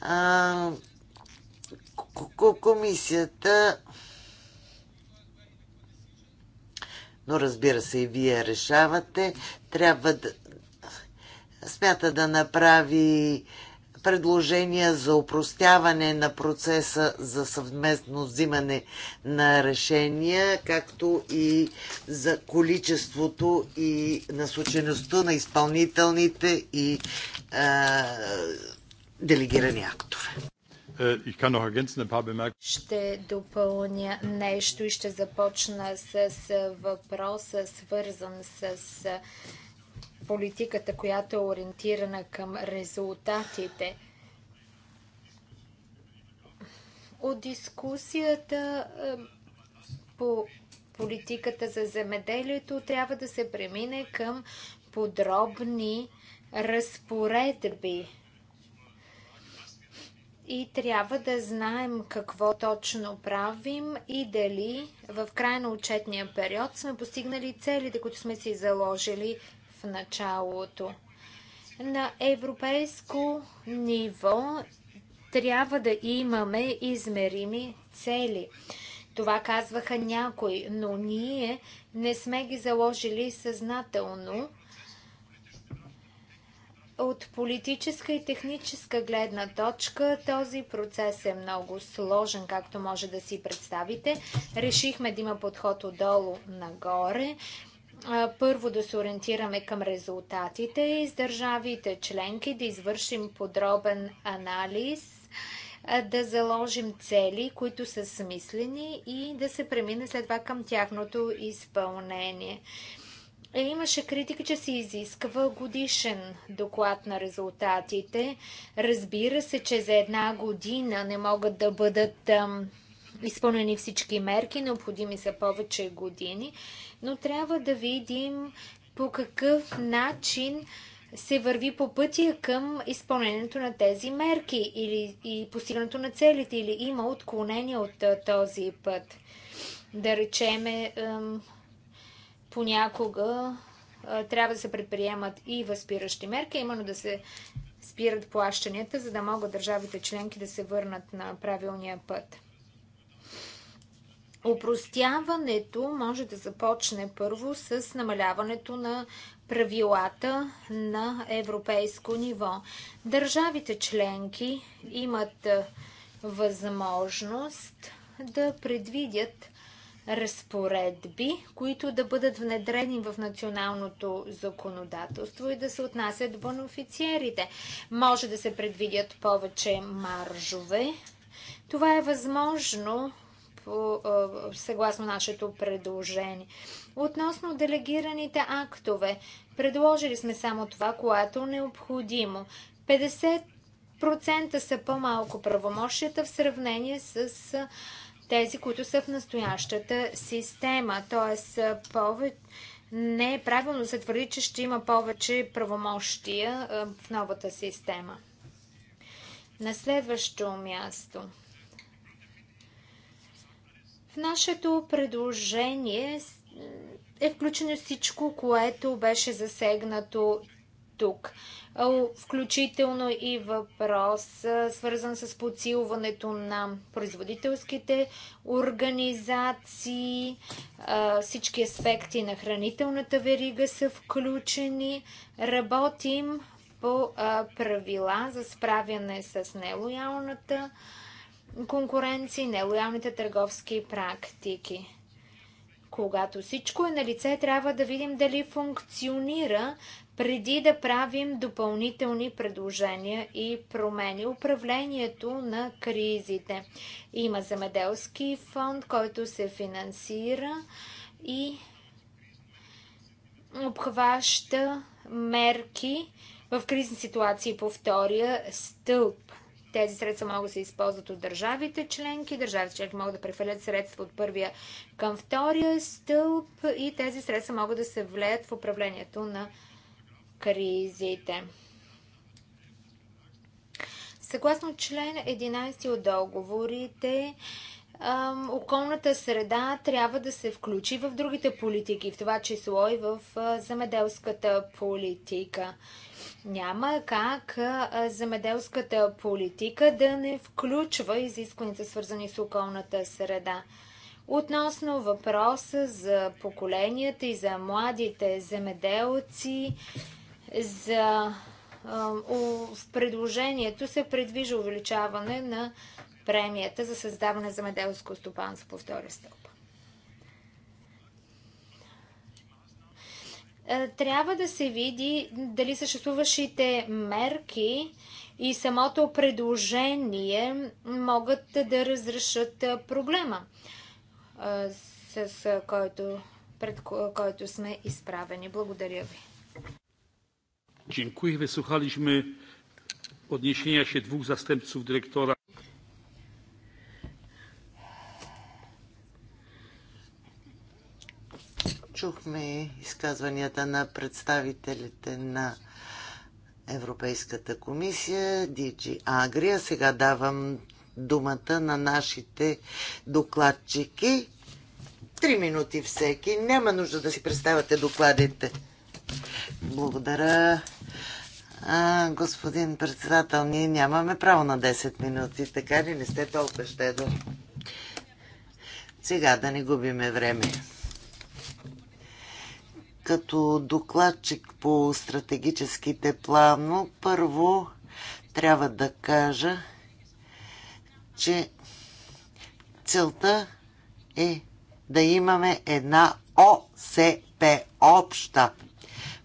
B: А, комисията но разбира се и вие решавате, трябва да смята да направи предложения за упростяване на процеса за съвместно взимане на решения, както и за количеството и насочеността на изпълнителните и а, делегирани
C: актове. Е, ще допълня нещо и ще започна с въпроса, свързан с политиката, която е ориентирана към резултатите. От дискусията е, по политиката за земеделието трябва да се премине към подробни разпоредби и трябва да знаем какво точно правим и дали в края на отчетния период сме постигнали целите, които сме си заложили в началото. На европейско ниво трябва да имаме измерими цели. Това казваха някои, но ние не сме ги заложили съзнателно от политическа и техническа гледна точка този процес е много сложен, както може да си представите. Решихме да има подход отдолу нагоре. Първо да се ориентираме към резултатите и с държавите членки да извършим подробен анализ, да заложим цели, които са смислени и да се премине след това към тяхното изпълнение. Е, имаше критика, че се изисква годишен доклад на резултатите. Разбира се, че за една година не могат да бъдат ам, изпълнени всички мерки, необходими са повече години, но трябва да видим по какъв начин се върви по пътя към изпълнението на тези мерки или и постигането на целите, или има отклонение от този път. Да речеме, понякога трябва да се предприемат и възпиращи мерки, именно да се спират плащанията, за да могат държавите членки да се върнат на правилния път. Опростяването може да започне първо с намаляването на правилата на европейско ниво. Държавите членки имат възможност да предвидят разпоредби, които да бъдат внедрени в националното законодателство и да се отнасят бонофициерите. Може да се предвидят повече маржове. Това е възможно съгласно нашето предложение. Относно делегираните актове, предложили сме само това, което е необходимо. 50% са по-малко правомощията в сравнение с тези, които са в настоящата система. Тоест, пове... не е правилно се твърди, че ще има повече правомощия в новата система. На следващо място. В нашето предложение е включено всичко, което беше засегнато тук. Включително и въпрос, свързан с подсилването на производителските организации. Всички аспекти на хранителната верига са включени. Работим по правила за справяне с нелоялната конкуренция и нелоялните търговски практики. Когато всичко е на лице, трябва да видим дали функционира преди да правим допълнителни предложения и промени. Управлението на кризите. Има земеделски фонд, който се финансира и обхваща мерки в кризни ситуации по втория стълб. Тези средства могат да се използват от държавите членки. Държавите членки могат да прехвърлят средства от първия към втория стълб и тези средства могат да се влеят в управлението на кризите. Съгласно член 11 от договорите, околната среда трябва да се включи в другите политики, в това число и в замеделската политика. Няма как замеделската политика да не включва изискванията, свързани с околната среда. Относно въпроса за поколенията и за младите земеделци, за в предложението се предвижда увеличаване на премията за създаване на земеделско стопанство по втори стълб. Трябва да се види дали съществуващите мерки и самото предложение могат да разрешат проблема, с който, пред който сме изправени. Благодаря ви.
A: Dziękuję. Wysłuchaliśmy odniesienia się dwóch zastępców dyrektora.
B: Чухме изказванията на представителите на Европейската комисия, DG Агрия. Сега давам думата на нашите докладчики. Три минути всеки. Няма нужда да си представяте докладите. Благодаря, а, господин председател, ние нямаме право на 10 минути, така ли не сте толкова щедър? Сега да не губиме време. Като докладчик по стратегическите плано, първо трябва да кажа, че целта е да имаме една ОСП обща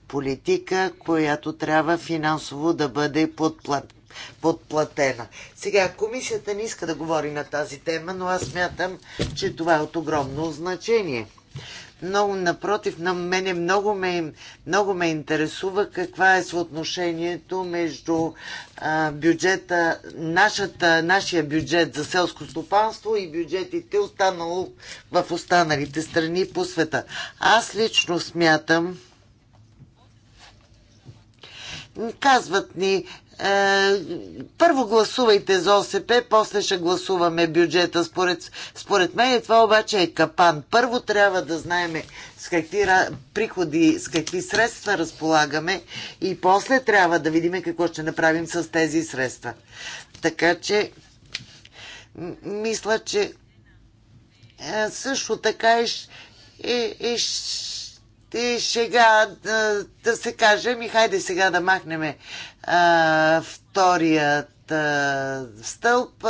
B: политика, която трябва финансово да бъде подплат, подплатена. Сега, комисията не иска да говори на тази тема, но аз мятам, че това е от огромно значение. Много, напротив, на мене много ме, много ме интересува каква е съотношението между а, бюджета, нашата, нашия бюджет за селско стопанство и бюджетите останало в останалите страни по света. Аз лично смятам, Казват ни, е, първо гласувайте за ОСП, после ще гласуваме бюджета. Според, според мен това обаче е капан. Първо трябва да знаем с какви приходи, с какви средства разполагаме и после трябва да видим какво ще направим с тези средства. Така че, мисля, че е, също така е, е, е и сега да, да се каже, ми хайде сега да махнем а, вторият а, стълб.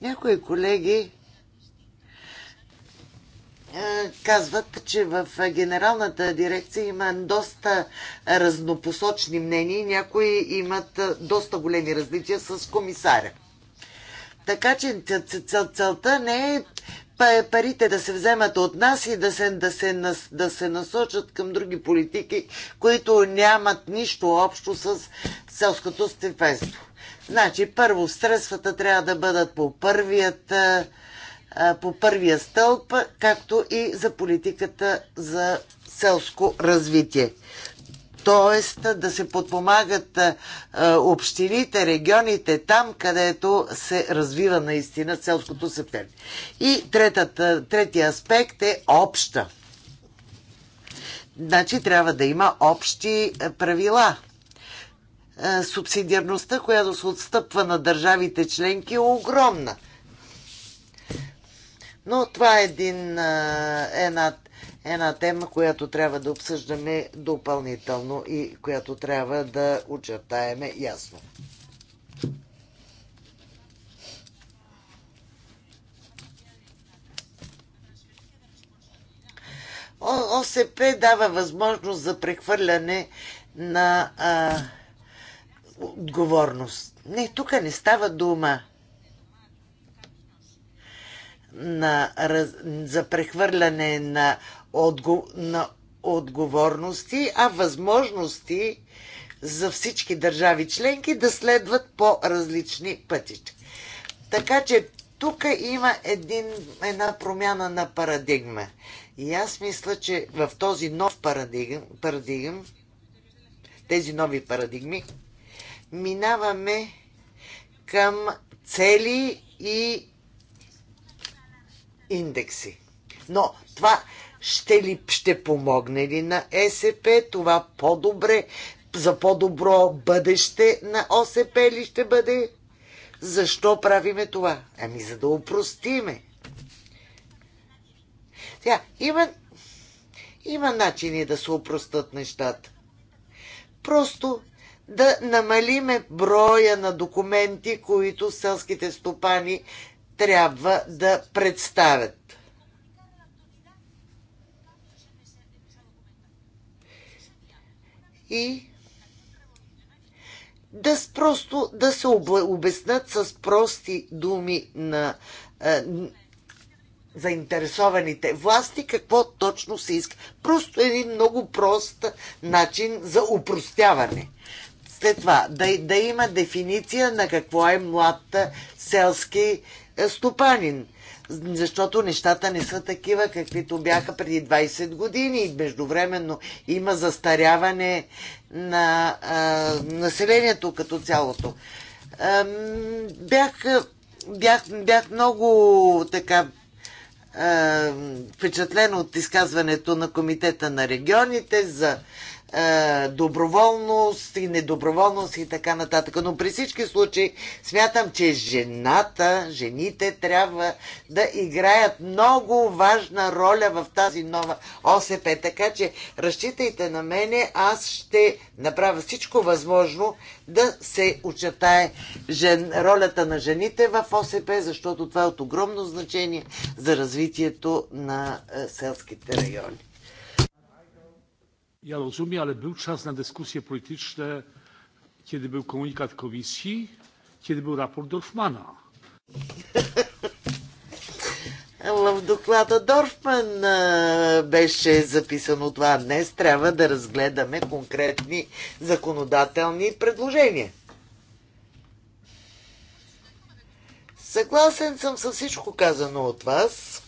B: Някои колеги казват, че в генералната дирекция има доста разнопосочни мнения и някои имат доста големи различия с комисаря. Така че целта не е парите да се вземат от нас и да се, да, се, да се насочат към други политики, които нямат нищо общо с селското степенство. Значи, първо, средствата трябва да бъдат по първият по първия стълб, както и за политиката за селско развитие т.е. да се подпомагат общините, регионите, там където се развива наистина селското септември. И третата, третия аспект е обща. Значи трябва да има общи правила. Субсидиарността, която се отстъпва на държавите членки, е огромна. Но това е един, една, една тема, която трябва да обсъждаме допълнително и която трябва да очертаеме ясно. ОСП дава възможност за прехвърляне на а, отговорност. Не, тук не става дума на, раз, за прехвърляне на отго... на отговорности, а възможности за всички държави членки да следват по различни пътища. Така че тук има един, една промяна на парадигма. И аз мисля, че в този нов парадигм, парадигм тези нови парадигми, минаваме към цели и индекси. Но това ще ли ще помогне ли на ЕСП това по-добре, за по-добро бъдеще на ОСП ли ще бъде? Защо правиме това? Ами за да упростиме. Тя, има, има начини да се упростат нещата. Просто да намалиме броя на документи, които селските стопани трябва да представят. и да, просто, да се обяснат с прости думи на е, заинтересованите власти какво точно се иска. Просто един много прост начин за упростяване. След това да, да има дефиниция на какво е млад е, селски е, стопанин защото нещата не са такива, каквито бяха преди 20 години. И междувременно има застаряване на а, населението като цялото. А, бях, бях, бях много така впечатлен от изказването на Комитета на регионите за е, доброволност и недоброволност и така нататък. Но при всички случаи смятам, че жената, жените трябва да играят много важна роля в тази нова ОСП. Така че разчитайте на мене, аз ще направя всичко възможно да се очертае жен, ролята на жените в ОСП, защото това е от огромно значение за развитието на е, селските райони.
A: Ja rozumiem, ale był czas na dyskusje polityczne, kiedy był komunikat komisji, kiedy był raport Dorfmana.
B: В доклада Дорфман беше записано това. Днес трябва да разгледаме конкретни законодателни предложения. Съгласен съм с всичко казано от вас,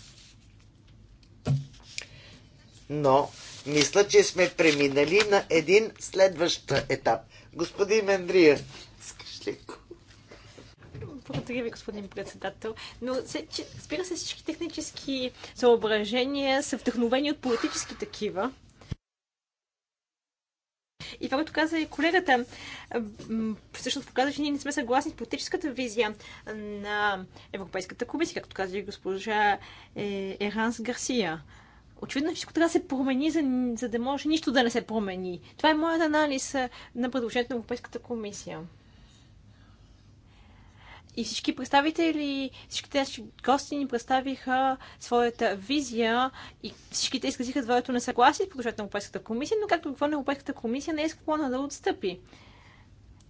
B: но мисля, че сме преминали на един следващ етап. Господин Андрия, искаш ли го?
D: Благодаря ви, господин председател. Но спира се, всички технически съображения са вдъхновени от политически такива. И това, което каза и колегата, всъщност показва, че ние не сме съгласни с политическата визия на Европейската комисия, както каза и госпожа е, Еранс Гарсия. Очевидно всичко трябва да се промени, за, за да може нищо да не се промени. Това е моят анализ на предложението на Европейската комисия. И всички представители, всички тези гости ни представиха своята визия и всички те изказиха двоето несъгласие с предложението на Европейската комисия, но както какво на Европейската комисия не е склонна да отстъпи.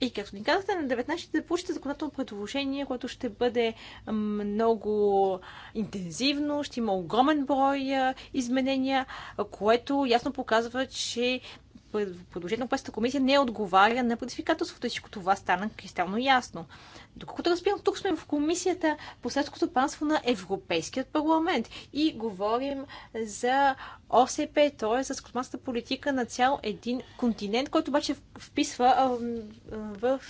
D: И както ни казахте, на 19 ще получите законодателно предложение, което ще бъде много интензивно, ще има огромен брой изменения, което ясно показва, че предложението на комисия не отговаря на предизвикателството и всичко това стана кристално ясно. Доколкото разбирам, тук сме в комисията по Следското панство на Европейският парламент и говорим за ОСП, т.е. за скотманската политика на цял един континент, който обаче вписва в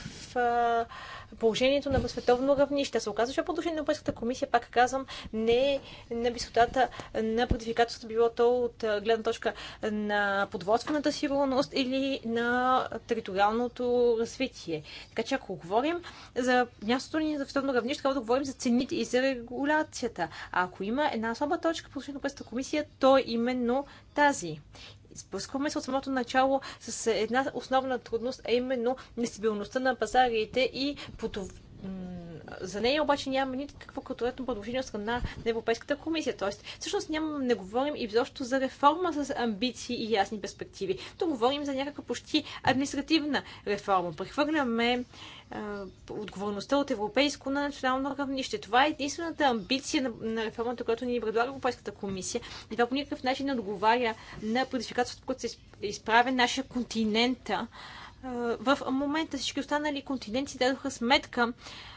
D: положението на световно равнище. Се оказва, че по отношение на Европейската комисия, пак казвам, не е на висотата на предизвикателството, било то от гледна точка на подводствената сигурност или на териториалното развитие. Така че ако говорим за мястото ни за световно равнище, трябва да говорим за цените и за регулацията. А ако има една слаба точка по на Европейската комисия, то е именно тази. Спускаме се от самото начало с една основна трудност, а именно нестабилността на пазарите и потов за нея обаче нямаме никакво културно предложение от страна на Европейската комисия. Тоест, всъщност няма, не говорим и изобщо за реформа с амбиции и ясни перспективи. То говорим за някаква почти административна реформа. Прехвърляме отговорността от европейско на национално равнище. Това е единствената амбиция на, на реформата, която ни предлага Европейската комисия. И това по никакъв начин не отговаря на предизвикателството, което се изправя нашия континента. В момента всички останали континенти дадоха сметка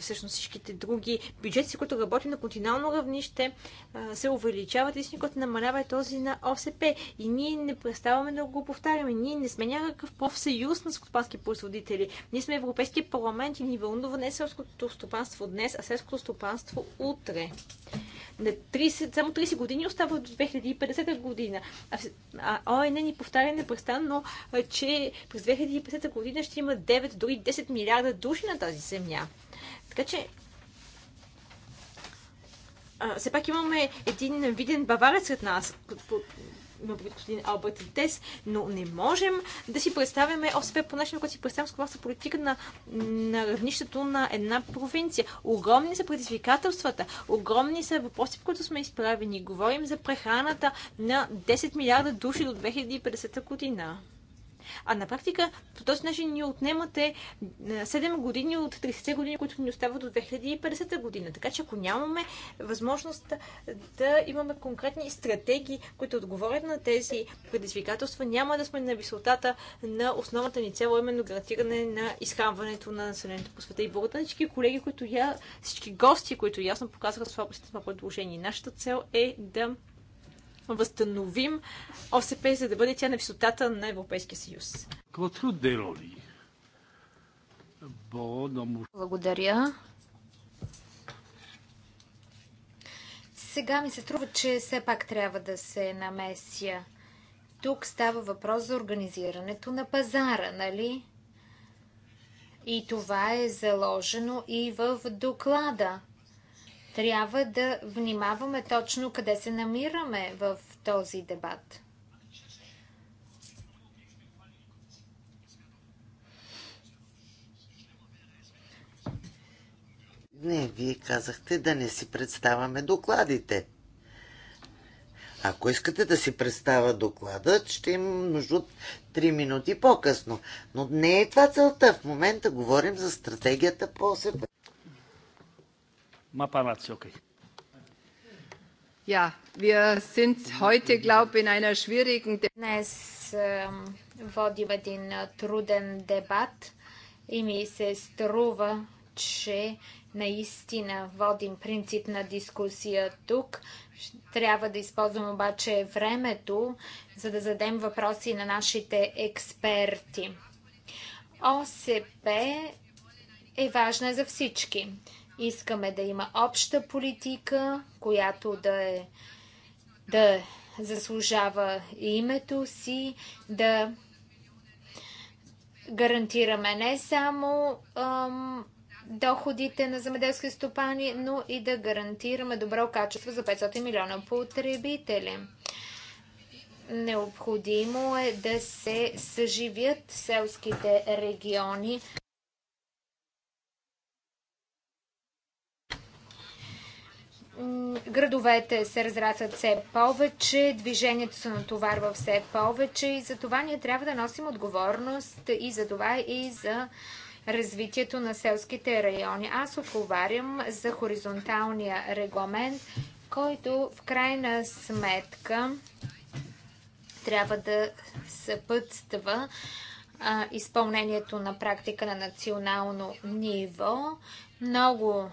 D: всъщност всичките други бюджети, които работим на континално равнище, се увеличават. Единствено, който намалява е този на ОСП. И ние не преставаме да го повтаряме. Ние не сме някакъв профсъюз на скотопански производители. Ние сме Европейския парламент и ни вълнува не селското стопанство днес, а селското стопанство утре. На 30, само 30 години остава до 2050 година. А ОНН ни повтаря непрестанно, че през 2050 година ще има 9, дори 10 милиарда души на тази земя. Така че а, все пак имаме един виден баварец сред нас, господин Алберт Дес, но не можем да си представяме ОСП по начин, който си представям скоростта политика на, на равнището на една провинция. Огромни са предизвикателствата, огромни са въпроси, по които сме изправени. Говорим за прехраната на 10 милиарда души до 2050 година а на практика по този начин ни отнемате 7 е, години от 30 години, които ни остават до 2050 година. Така че ако нямаме възможност да имаме конкретни стратегии, които отговорят на тези предизвикателства, няма да сме на висотата на основната ни цел, именно гарантиране на изхранването на населението по света. И благодаря всички колеги, които я, всички гости, които ясно показаха слабостите на предложение. Нашата цел е да възстановим ОСП, за да бъде тя на висотата на Европейския съюз.
A: Е
C: Благодаря. Сега ми се струва, че все пак трябва да се намеся. Тук става въпрос за организирането на пазара, нали? И това е заложено и в доклада. Трябва да внимаваме точно къде се намираме в този дебат.
B: Не, вие казахте да не си представяме докладите. Ако искате да си представя доклада, ще имам нужда от 3 минути по-късно. Но не е това целта. В момента говорим за стратегията по ОСП.
C: Ja, wir sind heute, glaube ich, in einer schwierigen... Днес водим един труден дебат и ми се струва, че наистина водим принципна дискусия тук. Трябва да използвам обаче времето, за да задем въпроси на нашите експерти. ОСП е важна за всички. Искаме да има обща политика, която да е да заслужава името си, да гарантираме не само ам, доходите на земеделски стопани, но и да гарантираме добро качество за 500 милиона потребители. Необходимо е да се съживят селските региони. градовете се разрастват все повече, движението се натоварва все повече и за това ние трябва да носим отговорност и за това и за развитието на селските райони. Аз отговарям за хоризонталния регламент, който в крайна сметка трябва да съпътства а, изпълнението на практика на национално ниво. Много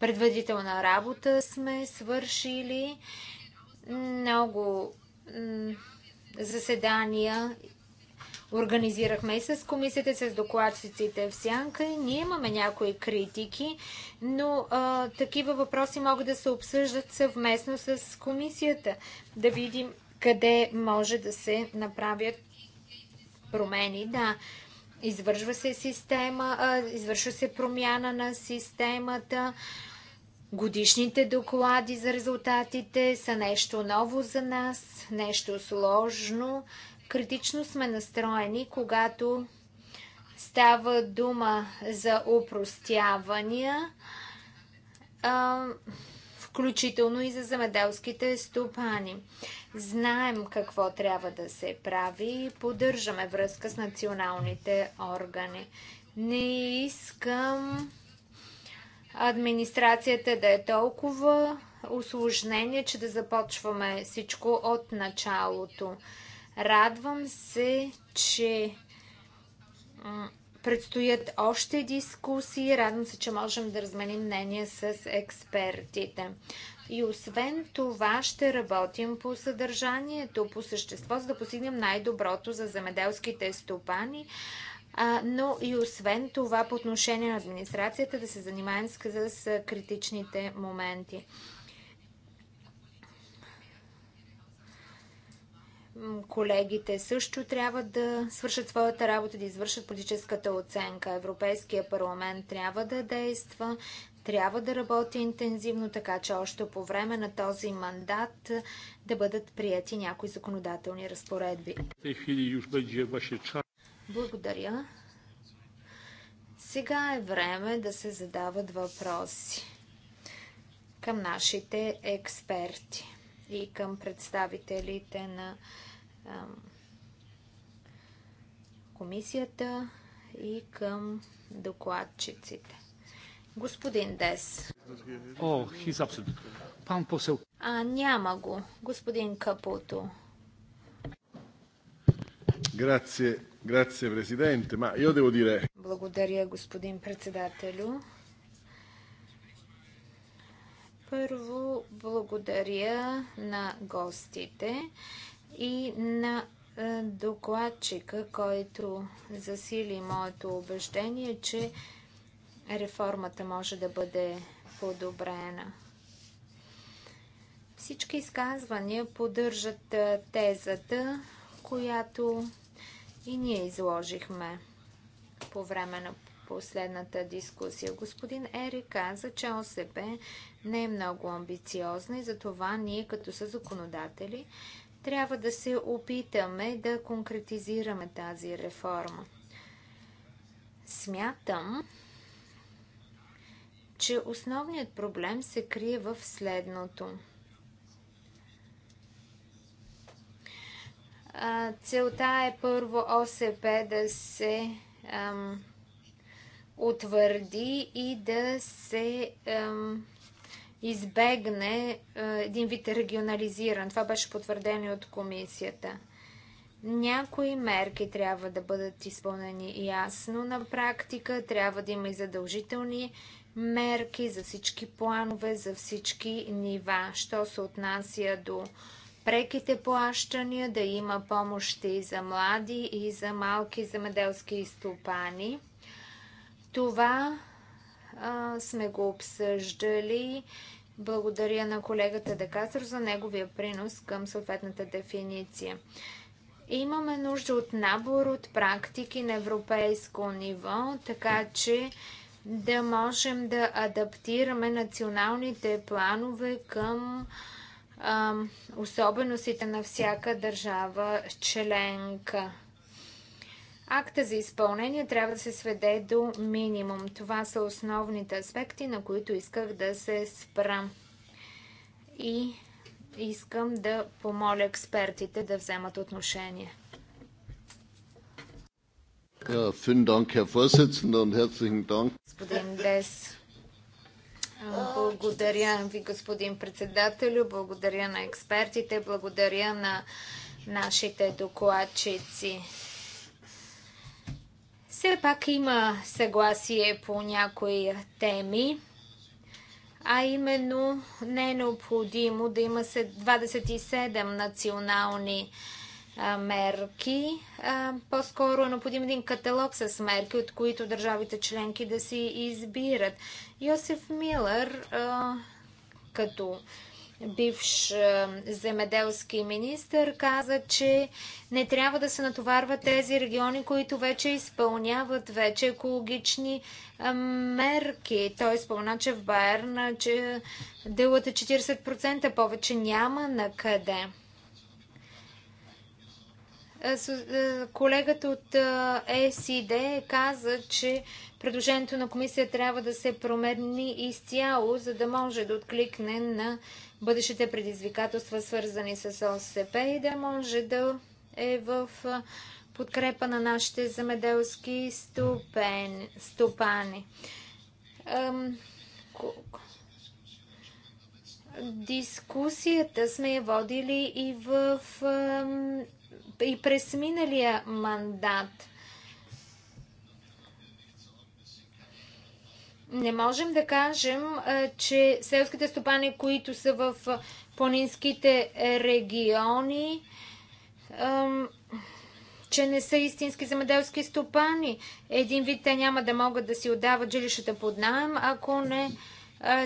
C: предварителна работа сме свършили. Много заседания организирахме и с комисията, с докладчиците в Сянка. Ние имаме някои критики, но а, такива въпроси могат да се обсъждат съвместно с комисията. Да видим къде може да се направят промени. Да, извършва се система, а, извършва се промяна на системата. А, Годишните доклади за резултатите са нещо ново за нас, нещо сложно. Критично сме настроени, когато става дума за упростявания, включително и за замеделските стопани. Знаем какво трябва да се прави и поддържаме връзка с националните органи. Не искам администрацията да е толкова осложнение, че да започваме всичко от началото. Радвам се, че предстоят още дискусии. Радвам се, че можем да разменим мнение с експертите. И освен това ще работим по съдържанието, по същество, за да постигнем най-доброто за земеделските стопани а, но и освен това по отношение на администрацията да се занимаем с, с критичните моменти. колегите също трябва да свършат своята работа, да извършат политическата оценка. Европейския парламент трябва да действа, трябва да работи интензивно, така че още по време на този мандат да бъдат прияти някои законодателни разпоредби.
A: В
C: благодаря. Сега е време да се задават въпроси към нашите експерти и към представителите на ам, комисията и към докладчиците. Господин Дес.
A: О, oh, Пан посел.
C: А, няма го. Господин Капуто.
A: Грация. Грация, президенте. Ма, devo dire...
C: Благодаря, господин председателю. Първо, благодаря на гостите и на е, докладчика, който засили моето убеждение, че реформата може да бъде подобрена. Всички изказвания поддържат е, тезата, която и ние изложихме по време на последната дискусия. Господин Ерик каза, че ОСП не е много амбициозна и затова ние като са законодатели трябва да се опитаме да конкретизираме тази реформа. Смятам, че основният проблем се крие в следното – Целта е първо ОСП да се ам, утвърди и да се ам, избегне а, един вид регионализиран. Това беше потвърдено от комисията. Някои мерки трябва да бъдат изпълнени ясно на практика, трябва да има и задължителни мерки за всички планове, за всички нива. Що се отнася до преките плащания, да има помощи за млади и за малки земеделски изтопани. Това а, сме го обсъждали. Благодаря на колегата Декасър за неговия принос към съответната дефиниция. Имаме нужда от набор от практики на европейско ниво, така че да можем да адаптираме националните планове към а, особеностите на всяка държава членка. Акта за изпълнение трябва да се сведе до минимум. Това са основните аспекти, на които исках да се спра. И искам да помоля експертите да вземат отношение. Господин Дес, благодаря ви, господин председателю, благодаря на експертите, благодаря на нашите докладчици. Все пак има съгласие по някои теми, а именно не е необходимо да има 27 национални мерки. По-скоро е необходим един каталог с мерки, от които държавите членки да си избират. Йосиф Милър, като бивш земеделски министр, каза, че не трябва да се натоварват тези региони, които вече изпълняват вече екологични мерки. Той спомена, че в Байерна, че делът е 40%, повече няма на къде. Е, е, колегата от ЕСИД е каза, че предложението на комисия трябва да се промени изцяло, за да може да откликне на бъдещите предизвикателства, свързани с ОСП и да може да е в подкрепа на нашите замеделски стопани. Дискусията сме я водили и в и през миналия мандат. Не можем да кажем, че селските стопани, които са в планинските региони, че не са истински земеделски стопани. Един вид те няма да могат да си отдават жилищата под найем, ако не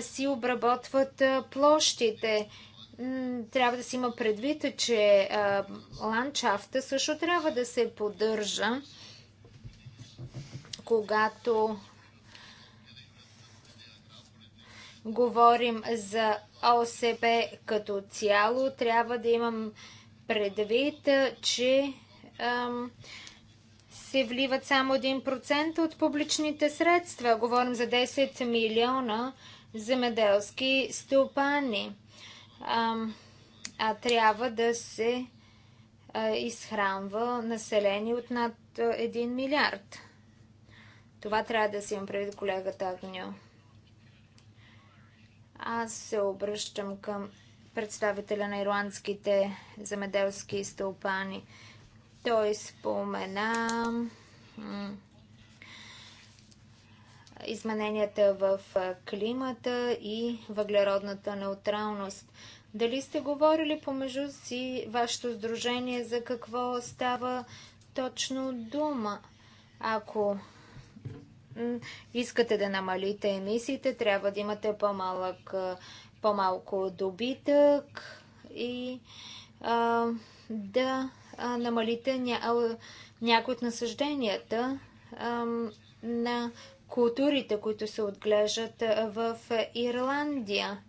C: си обработват площите трябва да си има предвид, че ландшафта също трябва да се поддържа, когато говорим за ОСП като цяло, трябва да имам предвид, че ам, се вливат само 1% от публичните средства. Говорим за 10 милиона земеделски стопани а, а, трябва да се а, изхранва население от над 1 милиард. Това трябва да си имам преди колегата Агньо. Аз се обръщам към представителя на ирландските земеделски стълпани. Той спомена измененията в климата и въглеродната неутралност. Дали сте говорили помежду си вашето сдружение за какво става точно дума? Ако искате да намалите емисиите, трябва да имате по-малък, по-малко добитък и а, да намалите ня... някои от насъжденията а, на културите, които се отглеждат в Ирландия.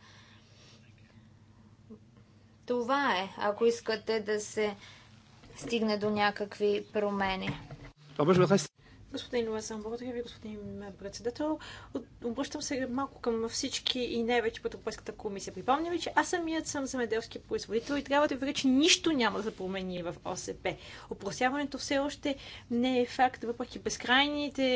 C: Това е, ако искате да се стигне до някакви промени. Господин Луасан, благодаря ви, господин председател. Обръщам се
D: малко към всички и не вече по Европейската комисия. Припомням ви, че аз самият съм земеделски производител и трябва да ви че нищо няма да промени в ОСП. Опросяването все още не е факт, въпреки безкрайните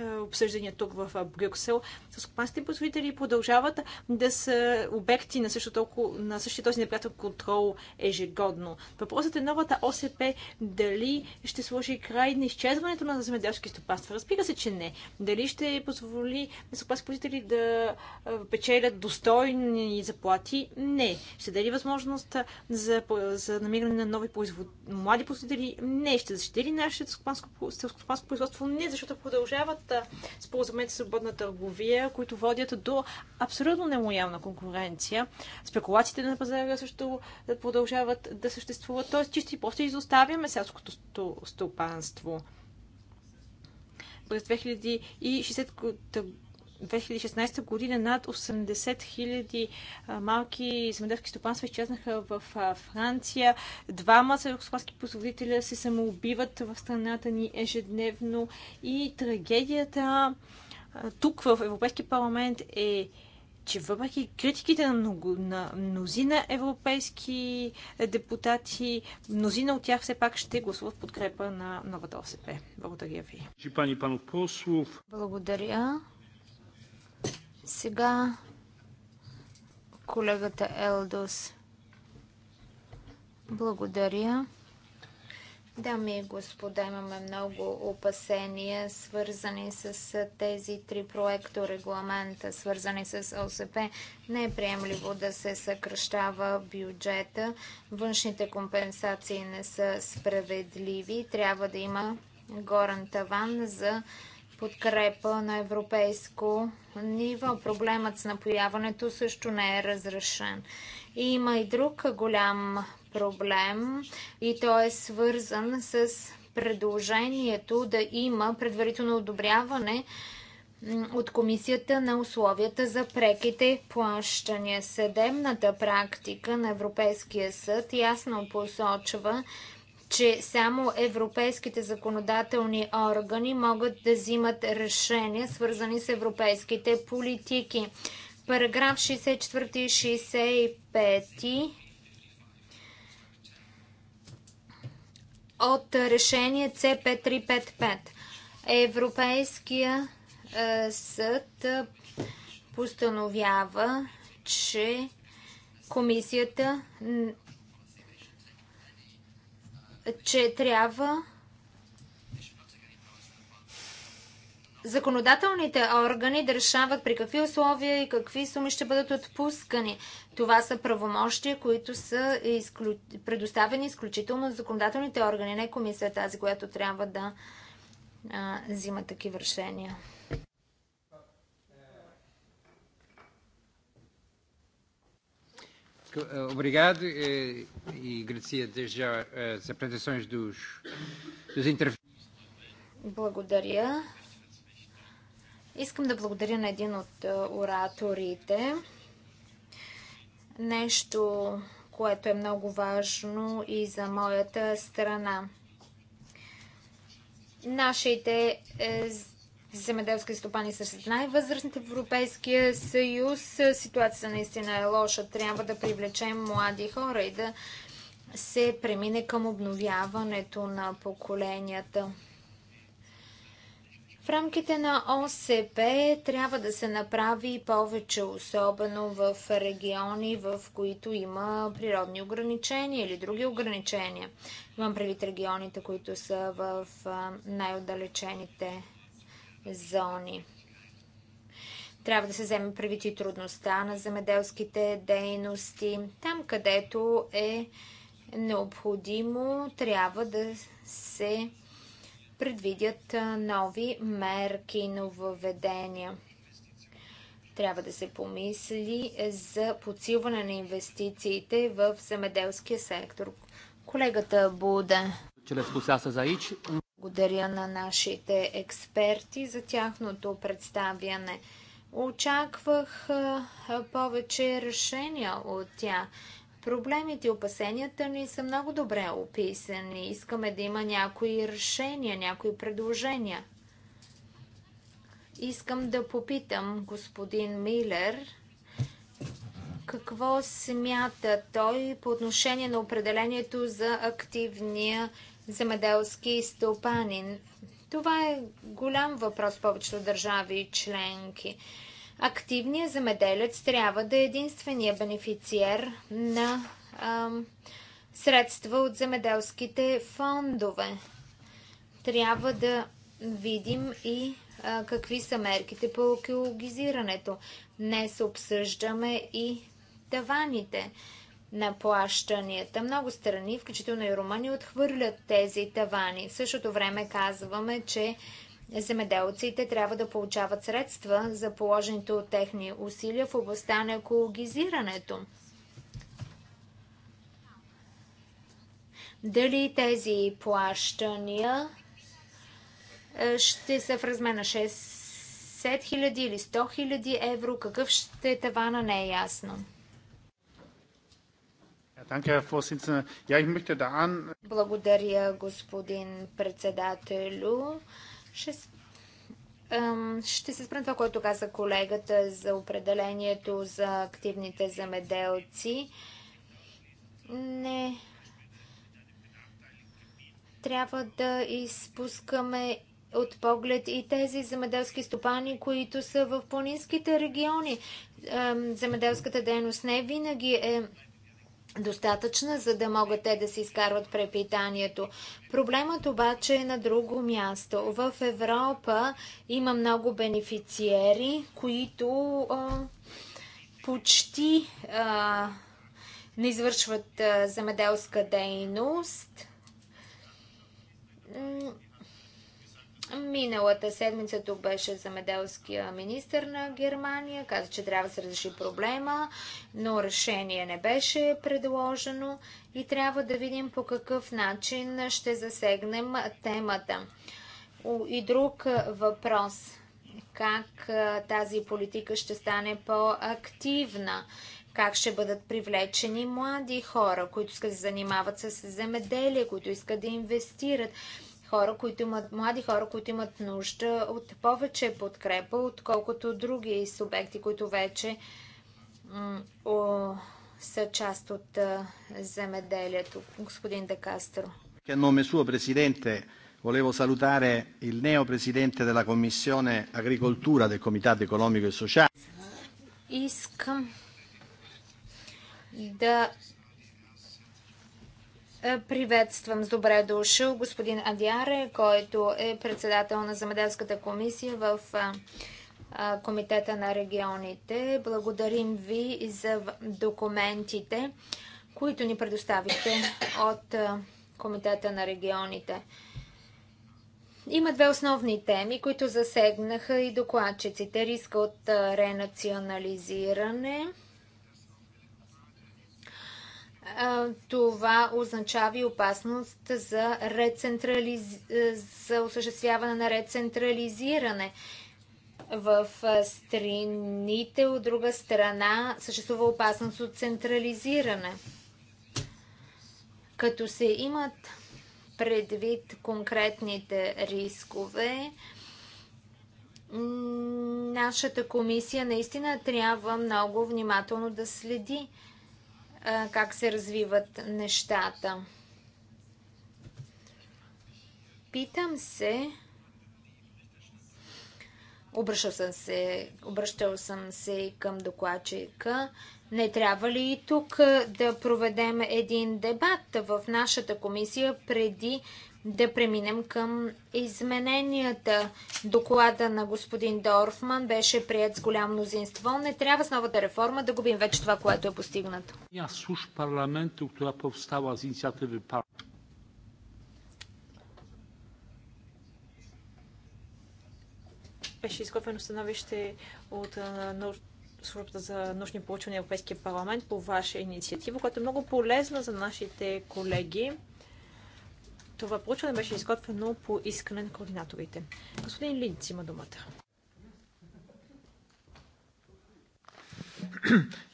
D: е, обсъждания тук в е, Брюксел. Съскопанските производители продължават да са обекти на, също толкова, на същия този неприятен контрол ежегодно. Въпросът е новата ОСП дали ще сложи край на изчезването на земеделски стопанства. Разбира се, че не. Дали ще позволи на производители да е, печелят достойни заплати? Не. Ще дали възможност за, за намиране на нови производ... млади производители? Не. Ще защити ли нашето селскостопанско производство? Не, защото продължават доста споразумения с свободна търговия, които водят до абсолютно нелоялна конкуренция. Спекулациите на пазара също продължават да съществуват, т.е. чисто и просто изоставяме селското стопанство. През 2060 2016 година над 80 хиляди малки земеделски стопанства изчезнаха в Франция. Двама селскостопански производителя се самоубиват в страната ни ежедневно и трагедията тук в Европейския парламент е че въпреки критиките на, много, на мнозина европейски депутати, мнозина от тях все пак ще гласуват подкрепа на новата ОСП.
C: Благодаря ви. Благодаря. Сега колегата Елдос. Благодаря. Дами и господа, имаме много опасения, свързани с тези три проекто регламента, свързани с ОСП. Не е приемливо да се съкръщава бюджета. Външните компенсации не са справедливи. Трябва да има горен таван за подкрепа на европейско ниво. Проблемът с напояването също не е разрешен. И има и друг голям проблем и то е свързан с предложението да има предварително одобряване от Комисията на условията за преките плащания. Съдебната практика на Европейския съд ясно посочва, че само европейските законодателни органи могат да взимат решения, свързани с европейските политики. Параграф 64 и 65 от решение C5355. Европейския е, съд постановява, че комисията че трябва законодателните органи да решават при какви условия и какви суми ще бъдат отпускани. Това са правомощия, които са изклю... предоставени изключително от законодателните органи, не комисията тази, която трябва да а, взима такива решения.
E: Obrigado eh, e agradecia desde já eh, as apresentações dos, dos
C: Благодаря. Искам да благодаря на един от е, ораторите. Нещо, което е много важно и за моята страна. Нашите е, земеделски стопани са сред най-възрастните в Европейския съюз. Ситуацията наистина е лоша. Трябва да привлечем млади хора и да се премине към обновяването на поколенията. В рамките на ОСП трябва да се направи повече, особено в региони, в които има природни ограничения или други ограничения. Имам предвид регионите, които са в най-отдалечените зони. Трябва да се вземе предвид и трудността на земеделските дейности. Там, където е необходимо, трябва да се предвидят нови мерки, нововведения. Трябва да се помисли за подсилване на инвестициите в земеделския сектор. Колегата Буда. Благодаря на нашите експерти за тяхното представяне. Очаквах повече решения от тях. Проблемите и опасенията ни са много добре описани. Искаме да има някои решения, някои предложения. Искам да попитам господин Милер какво смята той по отношение на определението за активния земеделски стопанин. Това е голям въпрос в повечето държави и членки. Активният земеделец трябва да е единствения бенефициер на ам, средства от земеделските фондове. Трябва да видим и а, какви са мерките по екологизирането. Днес обсъждаме и таваните на плащанията. Много страни, включително и Румъния, отхвърлят тези тавани. В същото време казваме, че земеделците трябва да получават средства за положените от техни усилия в областта на екологизирането. Дали тези плащания е, ще са в размер на 60 000 или 100 000 евро, какъв ще е тавана, не е ясно. Благодаря, господин председателю. Ще, ще се спрем това, което каза колегата за определението за активните замеделци. Не трябва да изпускаме от поглед и тези земеделски стопани, които са в планинските региони. Земеделската дейност не винаги е достатъчна, за да могат те да се изкарват препитанието. Проблемът обаче е на друго място. В Европа има много бенефициери, които а, почти а, не извършват а, замеделска дейност Миналата седмица тук беше замеделския министр на Германия. Каза, че трябва да се разреши проблема, но решение не беше предложено и трябва да видим по какъв начин ще засегнем темата. И друг въпрос. Как тази политика ще стане по-активна? как ще бъдат привлечени млади хора, които искат да се занимават с земеделие, които искат да инвестират хора, които имат, млади хора, които имат нужда от повече подкрепа, отколкото други субекти, които вече о, са част от а, земеделието. Господин Декастро. A nome suo, Presidente, volevo salutare il neo Presidente della Commissione Agricoltura del Comitato Economico e Sociale. Искам да е, приветствам с добре дошъл господин Адяре, който е председател на Замеделската комисия в Комитета на регионите. Благодарим ви за документите, които ни предоставихте от Комитета на регионите. Има две основни теми, които засегнаха и докладчиците. Риска от ренационализиране – това означава и опасност за, рецентрализ... за осъществяване на рецентрализиране. В страните, от друга страна, съществува опасност от централизиране. Като се имат предвид конкретните рискове, нашата комисия наистина трябва много внимателно да следи как се развиват нещата. Питам се, обръщал съм се, обръщал съм се към докладчика, не трябва ли и тук да проведем един дебат в нашата комисия преди да преминем към измененията. Доклада на господин Дорфман беше прият с голямо мнозинство. Не трябва с новата реформа да губим вече това, което е постигнато.
A: парламенту, с инициативи
D: Беше изготвено становище от службата за научни получения в Европейския парламент по ваша инициатива, която е много полезна за нашите колеги. Това проучване беше изготвено по искане на координаторите. Господин Линц има думата.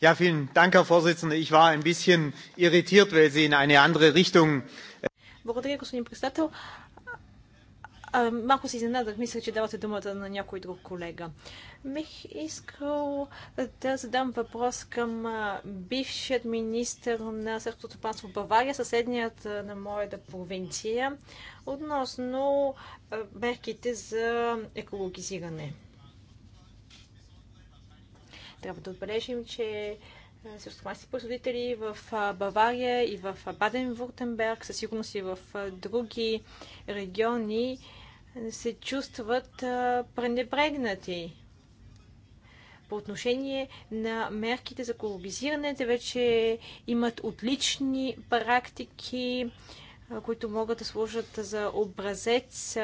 B: Ja, vielen Dank, Herr Vorsitzender. Ich war ein bisschen irritiert, weil Sie in eine andere Richtung.
D: Äh Благодаря, господин председател. А, малко се изненадах, мисля, че давате думата на някой друг колега. Бих искал да задам въпрос към бившият министр на Сърското панство в Бавария, съседният на моята провинция, относно мерките за екологизиране. Трябва да отбележим, че селскостопански производители в Бавария и в Баден-Вуртенберг, със сигурност и в други региони, се чувстват пренебрегнати. По отношение на мерките за колобизиране, те вече имат отлични практики, които могат да служат за образец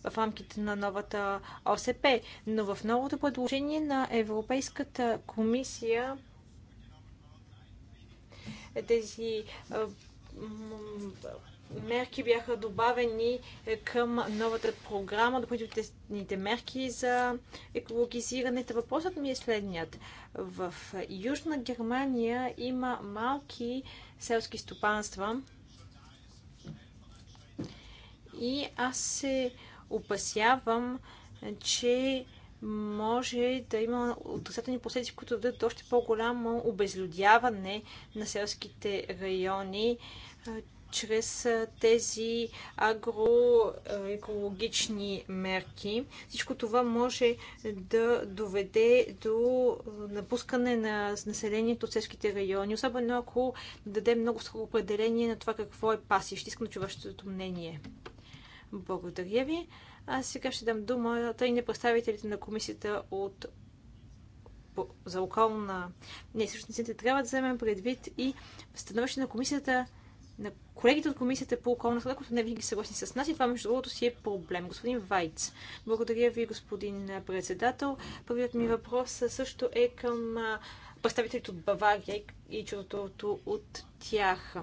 D: в рамките на новата ОСП. Но в новото предложение на Европейската комисия е, тези мерки бяха добавени е, към новата програма, допълнителните мерки за екологизирането. Въпросът ми е следният. В Южна Германия има малки селски стопанства и аз се опасявам, че може да има отрицателни последици, които дадат още по-голямо обезлюдяване на селските райони чрез тези агроекологични мерки. Всичко това може да доведе до напускане на населението от селските райони, особено ако дадем много строго определение на това какво е пасище. Искам да чуя вашето мнение. Благодаря ви. А сега ще дам думата и на представителите на комисията от за околна... Не, всъщност трябва да вземем предвид и становище на комисията на колегите от Комисията по околна среда, които не винаги съгласни с нас и това между другото си е проблем. Господин Вайц, благодаря ви, господин председател. Първият ми въпрос също е към представителите от Бавария и чудото от тях.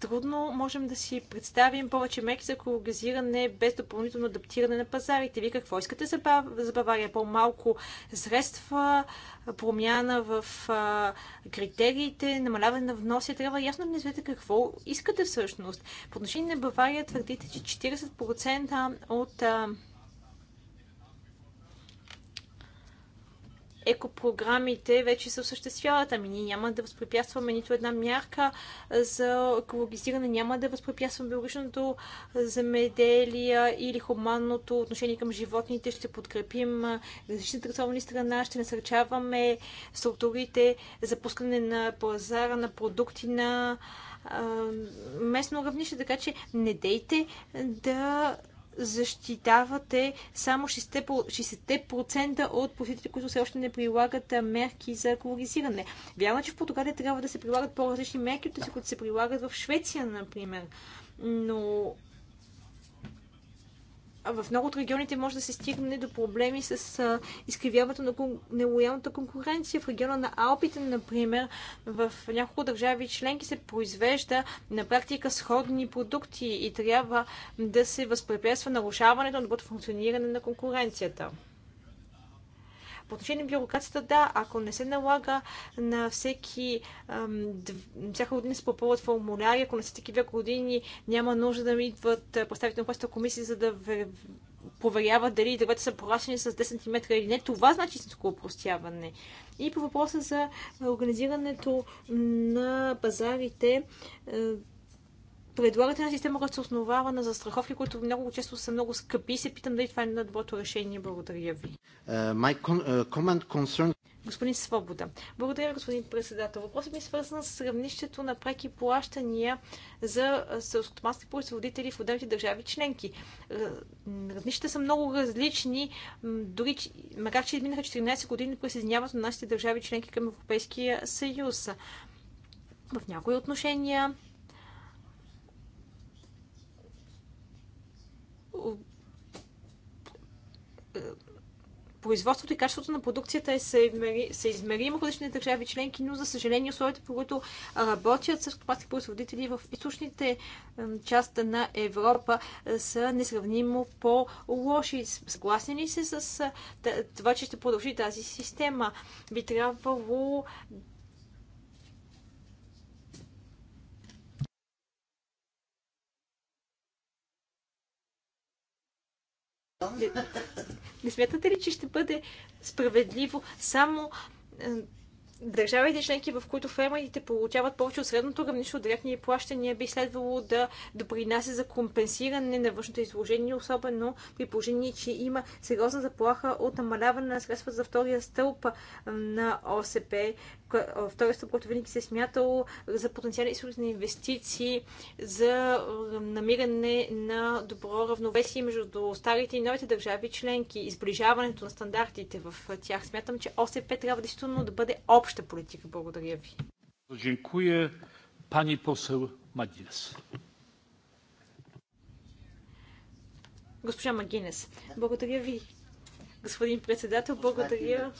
D: трудно можем да си представим повече мерки за екологизиране без допълнително адаптиране на пазарите. Вие какво искате за, Бавария? По-малко средства, промяна в а, критериите, намаляване на вноси. Трябва ясно да не знаете какво искате всъщност. По отношение на Бавария твърдите, че 40% от а, екопрограмите вече се осъществяват. Ами ние няма да възпрепятстваме нито една мярка за екологизиране, няма да възпрепятстваме биологичното замеделие или хуманното отношение към животните. Ще подкрепим различни търговни страна, ще насърчаваме структурите за пускане на пазара на продукти на местно равнище, така че не дейте да защитавате само 60% от посетите, които все още не прилагат мерки за колоризиране. Вярно, е, че в Португалия трябва да се прилагат по-различни мерки от тези, които се прилагат в Швеция, например. Но в много от регионите може да се стигне до проблеми с изкривяването на нелоялната конкуренция. В региона на Алпите, например, в няколко държави членки се произвежда на практика сходни продукти и трябва да се възпрепятства нарушаването на доброто функциониране на конкуренцията. По отношение на бюрокрацията, да, ако не се налага на всеки, всяка година се попълват формуляри, ако не са такива години, няма нужда да ми идват представители на Пластата комисия, за да проверяват дали дървата са порасени с 10 см или не. Това значи истинско упростяване. И по въпроса за организирането на пазарите, е, предлагате на система, която се основава на застраховки, които много често са много скъпи и се питам дали това е на доброто решение. Благодаря ви.
B: Uh, con uh, concern...
D: Господин Свобода. Благодаря, господин председател. Въпросът ми е свързан с равнището на преки плащания за селскостопански производители в отделните държави членки. Равнищата са много различни, дори, макар че изминаха 14 години присъединяват на нашите държави членки към Европейския съюз. В някои отношения производството и качеството на продукцията е съизмеримо в различните държави членки, но за съжаление условията, по които работят съвкопатски производители в източните части на Европа са несравнимо по-лоши. Съгласни ли се с това, че ще продължи тази система? Би трябвало Не, смятате ли, че ще бъде справедливо само е, държавите членки, в които фермерите получават повече от средното равнище от директни плащания, би следвало да допринася за компенсиране на външното изложение, особено при положение, че има сериозна заплаха от намаляване на средства за втория стълб е, на ОСП, втори стъп, който винаги се е смятал за потенциален източник на инвестиции, за намиране на добро равновесие между старите и новите държави членки, изближаването на стандартите в тях. Смятам, че ОСП трябва действително да бъде обща политика. Благодаря ви.
A: Дякую, пани poseł Magines.
D: Госпожа Магинес, благодаря ви, господин председател. Благодаря.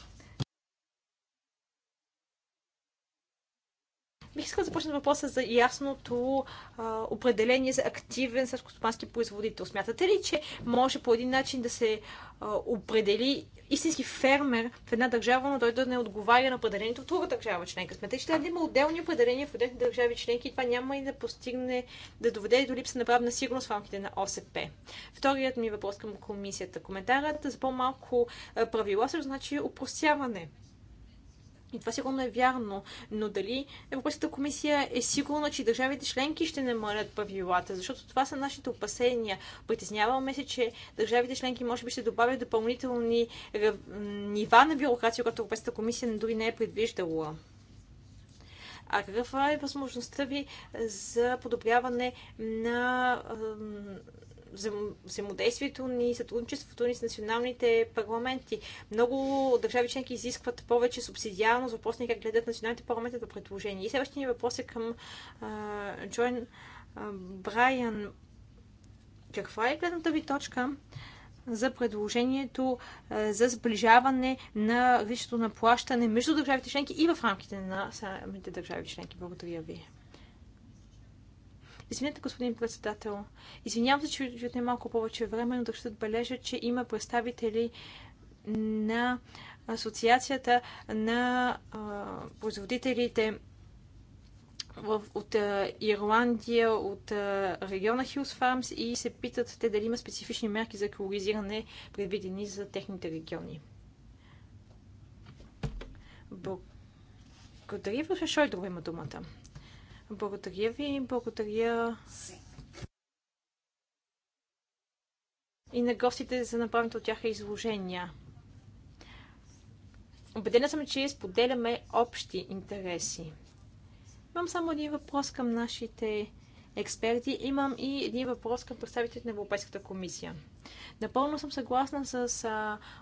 D: Бих искала да започна въпроса за ясното а, определение за активен селскостопански производител. Смятате ли, че може по един начин да се а, определи истински фермер в една държава, но той да не отговаря на определението в друга държава членка? Смятате ли, че трябва да има отделни определения в отделни държави членки и това няма и да постигне, да доведе до липса на правна сигурност в рамките на ОСП? Вторият ми въпрос към комисията. Коментарът за по-малко правила също значи упростяване и това сигурно е вярно, но дали Европейската комисия е сигурна, че държавите членки ще намалят правилата, защото това са нашите опасения. Притесняваме се, че държавите членки може би ще добавят допълнителни нива на бюрокрация, която Европейската комисия дори не е предвиждала. А каква е възможността ви за подобряване на взаимодействието ни, сътрудничеството ни с националните парламенти. Много държави членки изискват повече субсидиарно за въпросни как гледат националните парламенти на предложение. И следващия въпрос е към Джоен Брайан. Каква е гледната ви точка за предложението за сближаване на различното на плащане между държавите членки и в рамките на самите държави членки? Благодаря ви. Извинете, господин председател. Извинявам се, че отне малко повече време, но да ще отбележа, че има представители на Асоциацията на а, производителите в, от а, Ирландия, от а, региона Хилс Фармс и се питат те дали има специфични мерки за екологизиране, предвидени за техните региони. Благодаря ви, Шойдрова има думата. Благодаря ви. Благодаря и на гостите за направените от тях изложения. Обедена съм, че споделяме общи интереси. Имам само един въпрос към нашите експерти. Имам и един въпрос към представителите на Европейската комисия. Напълно съм съгласна с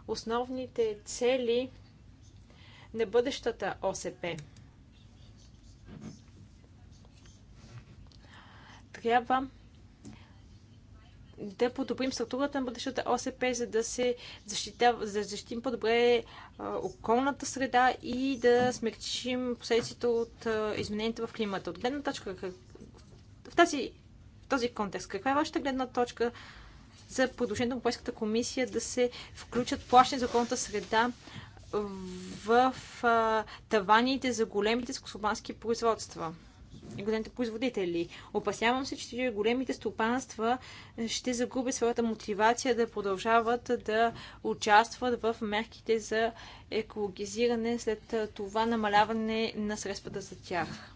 D: основните цели на бъдещата ОСП. трябва да подобрим структурата на бъдещата ОСП, за да се защитава, за защитим по-добре околната среда и да смекчим последиците от измененията в климата. От гледна точка, в, тази, в този контекст, каква е вашата гледна точка за продължението на Европейската комисия да се включат плащане за околната среда в таваните за големите скособански производства? големите производители. Опасявам се, че големите стопанства ще загубят своята мотивация да продължават да участват в мерките за екологизиране след това намаляване на средствата за тях.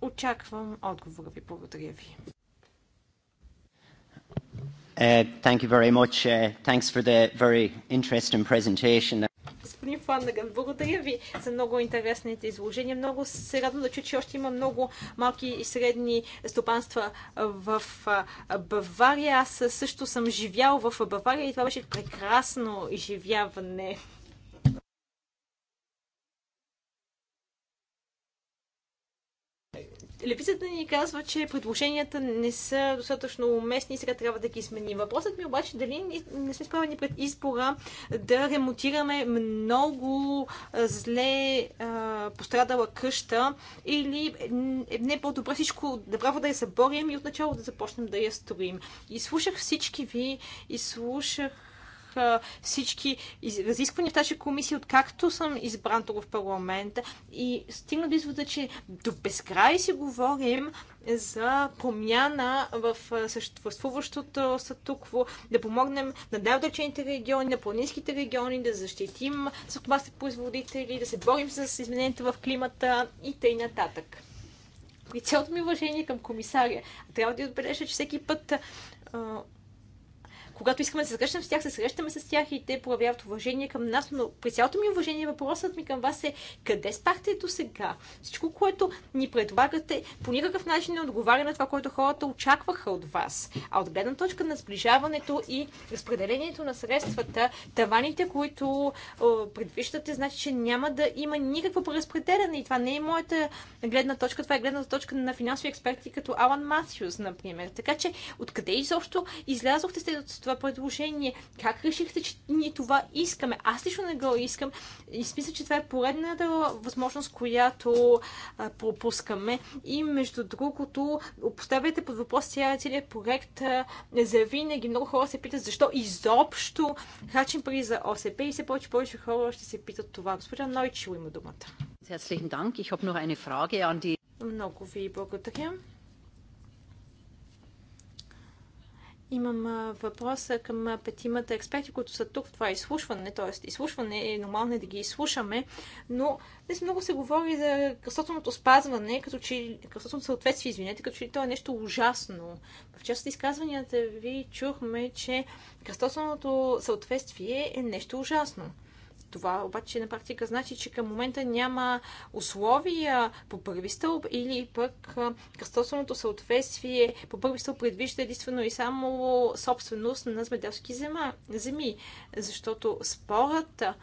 D: Очаквам отговора ви. Благодаря ви.
B: Uh, thank you very much. Uh, thanks for the very interesting presentation
D: господин Фандаган, Благодаря ви за много интересните изложения. Много се радвам да чуя, че още има много малки и средни стопанства в Бавария. Аз също съм живял в Бавария и това беше прекрасно изживяване. Левицата ни казва, че предложенията не са достатъчно уместни и сега трябва да ги смени. Въпросът ми е обаче дали не сме справени пред избора да ремонтираме много зле а, пострадала къща или не по-добре всичко направо да я съборим и отначало да започнем да я строим. И слушах всички ви, и слушах всички разисквания в тази комисия, откакто съм избран тук в парламента и стигна до извода, че до безкрай си говорим за промяна в съществуващото статукво, да помогнем на най-отдалечените региони, на планинските региони, да защитим съкобасните производители, да се борим с изменението в климата и тъй нататък при цялото ми уважение към комисаря, трябва да отбележа, че всеки път когато искаме да се срещнем с тях, се срещаме с тях и те проявяват уважение към нас, но при цялото ми уважение въпросът ми към вас е къде спахте до сега? Всичко, което ни предлагате, по никакъв начин не отговаря на това, което хората очакваха от вас. А от гледна точка на сближаването и разпределението на средствата, таваните, които предвиждате, значи, че няма да има никакво преразпределяне. И това не е моята гледна точка, това е гледната точка на финансови експерти, като Алан Матюс, например. Така че, откъде изобщо излязохте след това това предложение? Как решихте, че ние това искаме? Аз лично не го искам и смисля, че това е поредната възможност, която а, пропускаме. И между другото, поставяйте под въпрос целият проект за винаги. Много хора се питат защо изобщо хачим пари за ОСП и все повече повече хора ще се питат това. Госпожа Нойчил има думата. Много ви благодаря. Имам въпроса към петимата експерти, които са тук в това изслушване. Тоест, изслушване е нормално да ги изслушаме, но днес много се говори за красотното спазване, като че красотното съответствие, извинете, като че то е нещо ужасно. В част от изказванията ви чухме, че красотното съответствие е нещо ужасно. Това обаче на практика значи, че към момента няма условия по първи стълб или пък кръстосаното съответствие по първи стълб предвижда единствено и само собственост на земеделски земи. Защото спората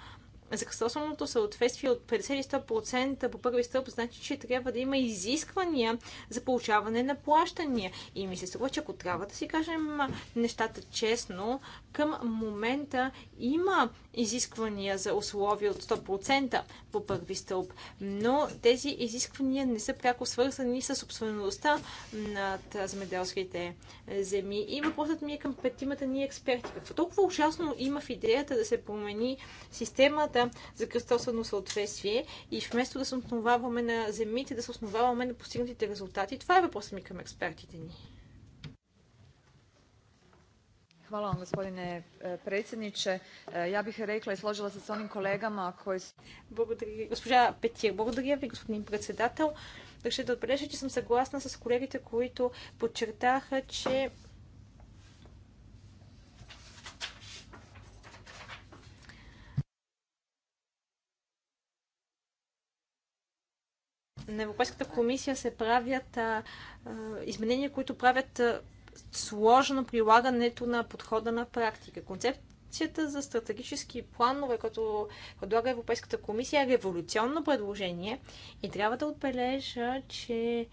D: за кръстосаното съответствие от 50-100% по първи стълб, значи, че трябва да има изисквания за получаване на плащания. И ми се струва, че ако трябва да си кажем нещата честно, към момента има изисквания за условия от 100% по първи стълб, но тези изисквания не са пряко свързани с собствеността над земеделските земи. И въпросът ми е към петимата ни експерти. Какво толкова ужасно има в идеята да се промени системата идеята за кръстосано съответствие и вместо да се основаваме на земите, да се основаваме на постигнатите резултати. Това е въпросът ми към експертите ни.
C: Hvala vam gospodine predsjedniče. Ja bih rekla i složila se s onim kolegama koji su... Благодаря,
D: госпожа Петир, благодаря ви, господин председател. Държа да отбележа, че съм съгласна с колегите, които подчертаха, че на Европейската комисия се правят а, а, изменения, които правят а, сложно прилагането на подхода на практика. Концепт, Концепцията за стратегически планове, като предлага Европейската комисия, е революционно предложение и трябва да отбележа, че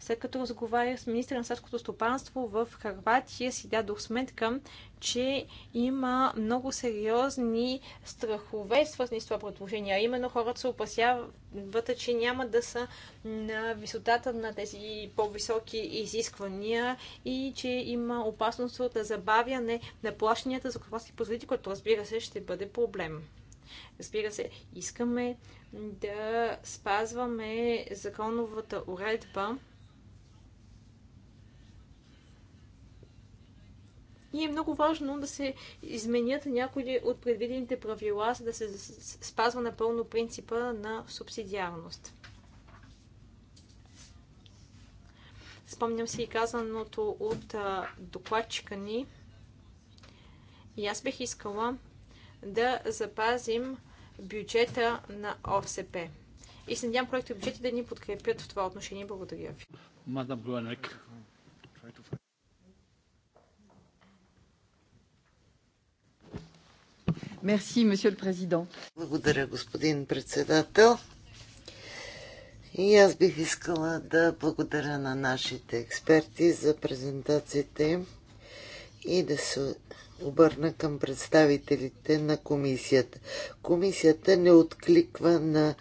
D: след като разговарях с министра на селското стопанство в Харватия, си дадох сметка, че има много сериозни страхове, свързани с това предложение. А именно хората се опасяват, че няма да са на висотата на тези по-високи изисквания и че има опасност от забавяне на плащанията за кроватски позволите, което разбира се ще бъде проблем. Разбира се, искаме да спазваме законовата уредба, И е много важно да се изменят някои от предвидените правила, за да се спазва напълно принципа на субсидиарност. Спомням си и казаното от докладчика ни. И аз бих искала да запазим бюджета на ОСП. И се надявам проекта бюджети да ни подкрепят в това отношение. Благодаря ви.
B: Мерси, месье президент. Благодаря, господин председател. И аз бих искала да благодаря на нашите експерти за презентациите им и да се обърна към представителите на комисията. Комисията не откликва на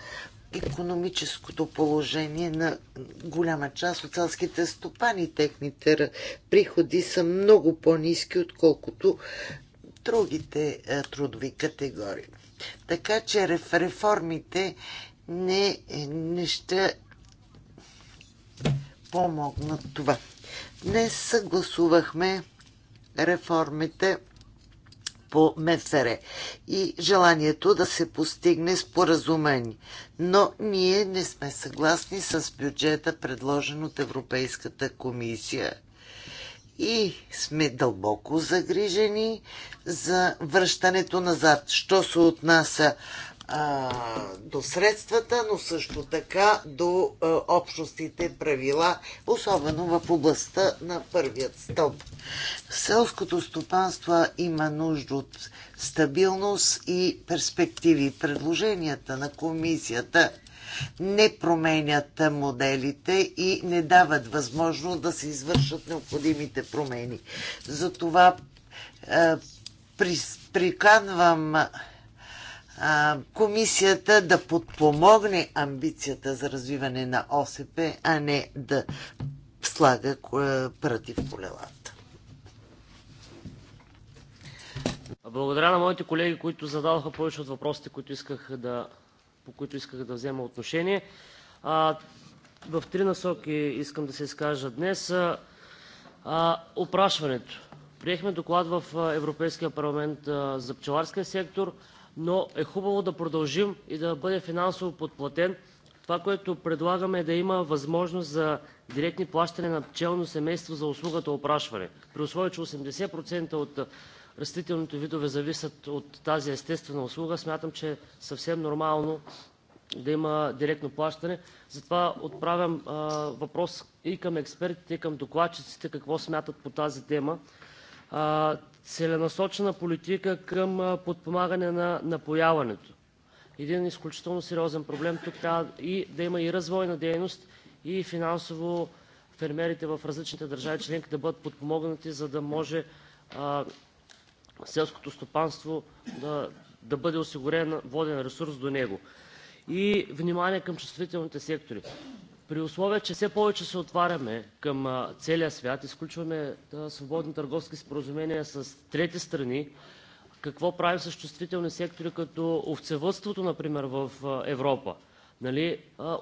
B: економическото положение на голяма част от селските стопани. Техните приходи са много по-низки, отколкото другите е, трудови категории. Така че реформите не, е, не ще помогнат това. Днес съгласувахме реформите по МФР и желанието да се постигне споразумение. Но ние не сме съгласни с бюджета, предложен от Европейската комисия и сме дълбоко загрижени за връщането назад. Що се отнася а, до средствата, но също така до а, общностите правила, особено в областта на първият стълб. Селското стопанство има нужда от стабилност и перспективи. Предложенията на комисията не променят моделите и не дават възможност да се извършат необходимите промени. Затова е, приканвам е, комисията да подпомогне амбицията за развиване на ОСП, а не да слага е,
E: против колелата. Благодаря на моите колеги, които зададоха повече от въпросите, които исках да по които исках да взема отношение. В три насоки искам да се изкажа днес. Опрашването. Приехме доклад в Европейския парламент за пчеларския сектор, но е хубаво да продължим и да бъде финансово подплатен. Това, което предлагаме, е да има възможност за директни плащане на пчелно семейство за услугата опрашване, при условие че 80% от растителните видове зависят от тази естествена услуга, смятам, че е съвсем нормално да има директно плащане. Затова отправям а, въпрос и към експертите, и към докладчиците какво смятат по тази тема. А, целенасочена политика към подпомагане на напояването. Един изключително сериозен проблем. Тук трябва и, да има и развойна дейност, и финансово фермерите в различните държави членки да бъдат подпомогнати, за да може а, селското стопанство да, да бъде осигурен воден ресурс до него. И внимание към чувствителните сектори. При условие, че все повече се отваряме към целия свят, изключваме свободни търговски споразумения с трети страни, какво правим с чувствителни сектори, като овцевътството, например, в Европа. Нали,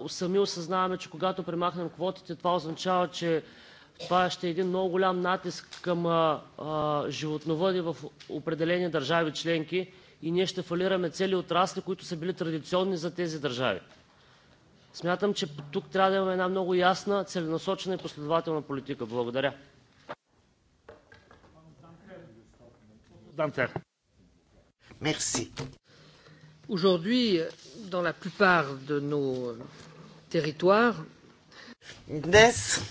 E: сами осъзнаваме, че когато премахнем квотите, това означава, че това ще е един много голям натиск към а, а, животновъди в определени държави членки и ние ще фалираме цели отрасли, които са били традиционни за тези държави. Смятам, че тук трябва да имаме една много ясна, целенасочена и последователна политика. Благодаря. Мерси. Aujourd'hui, dans la plupart
B: de nos euh, territoires, Днес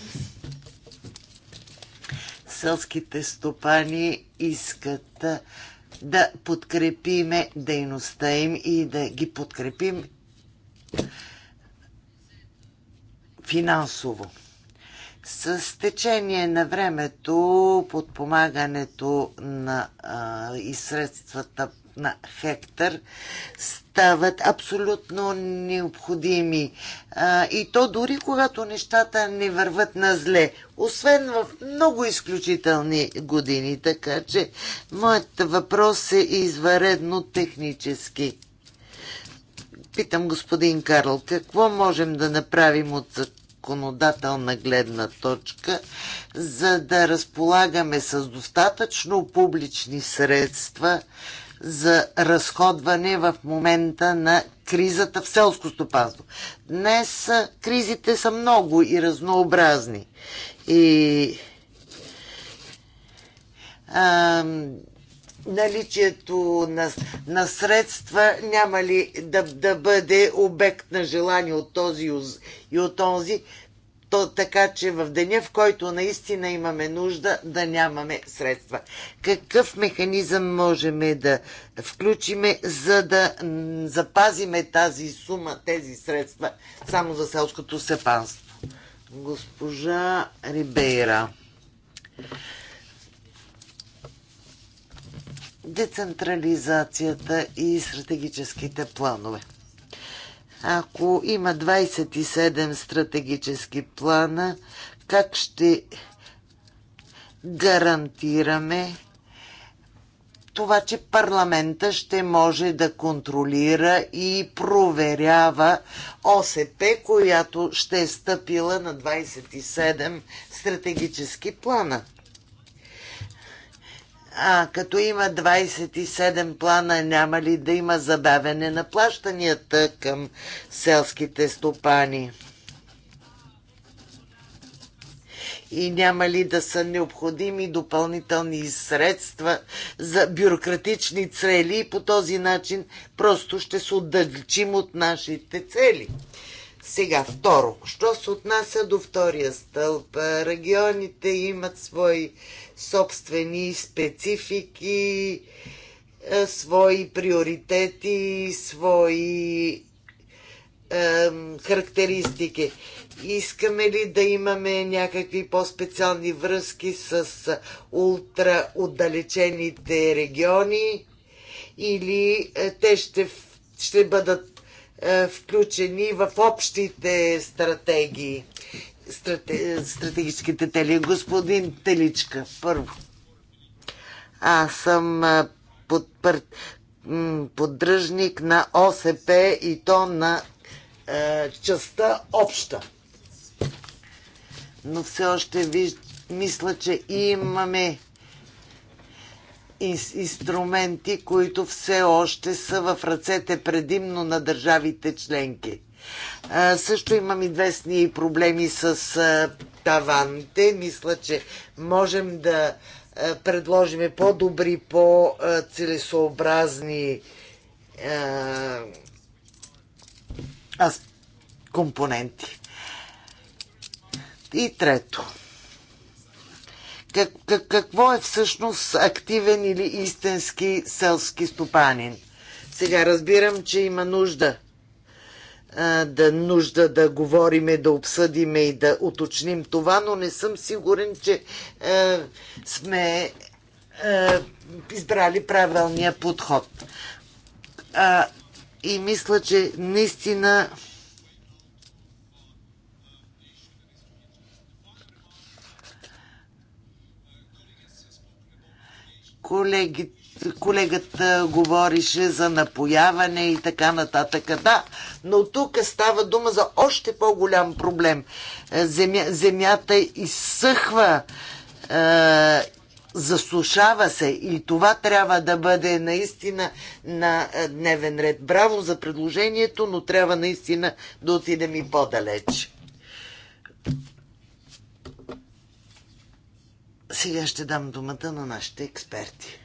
B: селските стопани искат да подкрепиме дейността им и да ги подкрепим финансово. С течение на времето подпомагането на, а, и средствата на хектар стават абсолютно необходими. А, и то дори когато нещата не върват на зле, освен в много изключителни години. Така че моят въпрос е изваредно технически. Питам господин Карл, какво можем да направим от законодателна гледна точка, за да разполагаме с достатъчно публични средства, за разходване в момента на кризата в селско стопанство. Днес кризите са много и разнообразни. И а, наличието на, на средства няма ли да, да бъде обект на желание от този и от този, то така, че в деня, в който наистина имаме нужда, да нямаме средства. Какъв механизъм можем да включиме, за да запазиме тази сума, тези средства, само за селското сепанство? Госпожа Рибейра. Децентрализацията и стратегическите планове. Ако има 27 стратегически плана, как ще гарантираме това, че парламента ще може да контролира и проверява ОСП, която ще е стъпила на 27 стратегически плана. А като има 27 плана, няма ли да има забавяне на плащанията към селските стопани? И няма ли да са необходими допълнителни средства за бюрократични цели и по този начин просто ще се отдалечим от нашите цели? Сега, второ. Що се отнася до втория стълб? Регионите имат свои собствени специфики, е, свои приоритети, свои е, характеристики. Искаме ли да имаме някакви по-специални връзки с ултраотдалечените региони или е, те ще, ще бъдат е, включени в общите стратегии? Страте... стратегическите тели. Господин Теличка, първо. Аз съм под, поддръжник на ОСП и то на е, частта обща. Но все още виж, мисля, че имаме инструменти, които все още са в ръцете предимно на държавите членки. Също имам известни проблеми с таваните. Мисля, че можем да предложим по-добри, по-целесообразни компоненти. И трето. Как, как, какво е всъщност активен или истински селски стопанин? Сега разбирам, че има нужда да нужда да говориме, да обсъдиме и да уточним това, но не съм сигурен, че е, сме е, избрали правилния подход. А, и мисля, че наистина колегите колегата говорише за напояване и така нататък. Да, но тук става дума за още по-голям проблем. Е, земя, земята изсъхва, е, засушава се и това трябва да бъде наистина на е, дневен ред. Браво за предложението, но трябва наистина да отидем и по-далеч. Сега ще дам думата на нашите експерти.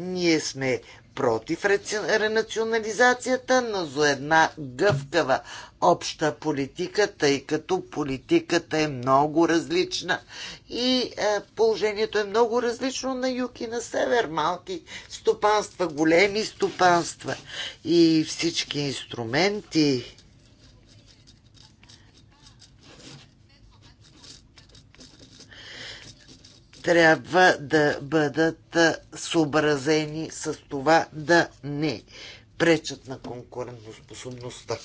B: Ние сме против ренационализацията, но за една гъвкава обща политика, тъй като политиката е много различна и е, положението е много различно на юг и на север. Малки стопанства, големи стопанства и всички инструменти трябва да бъдат съобразени с това да не пречат на конкурентоспособността.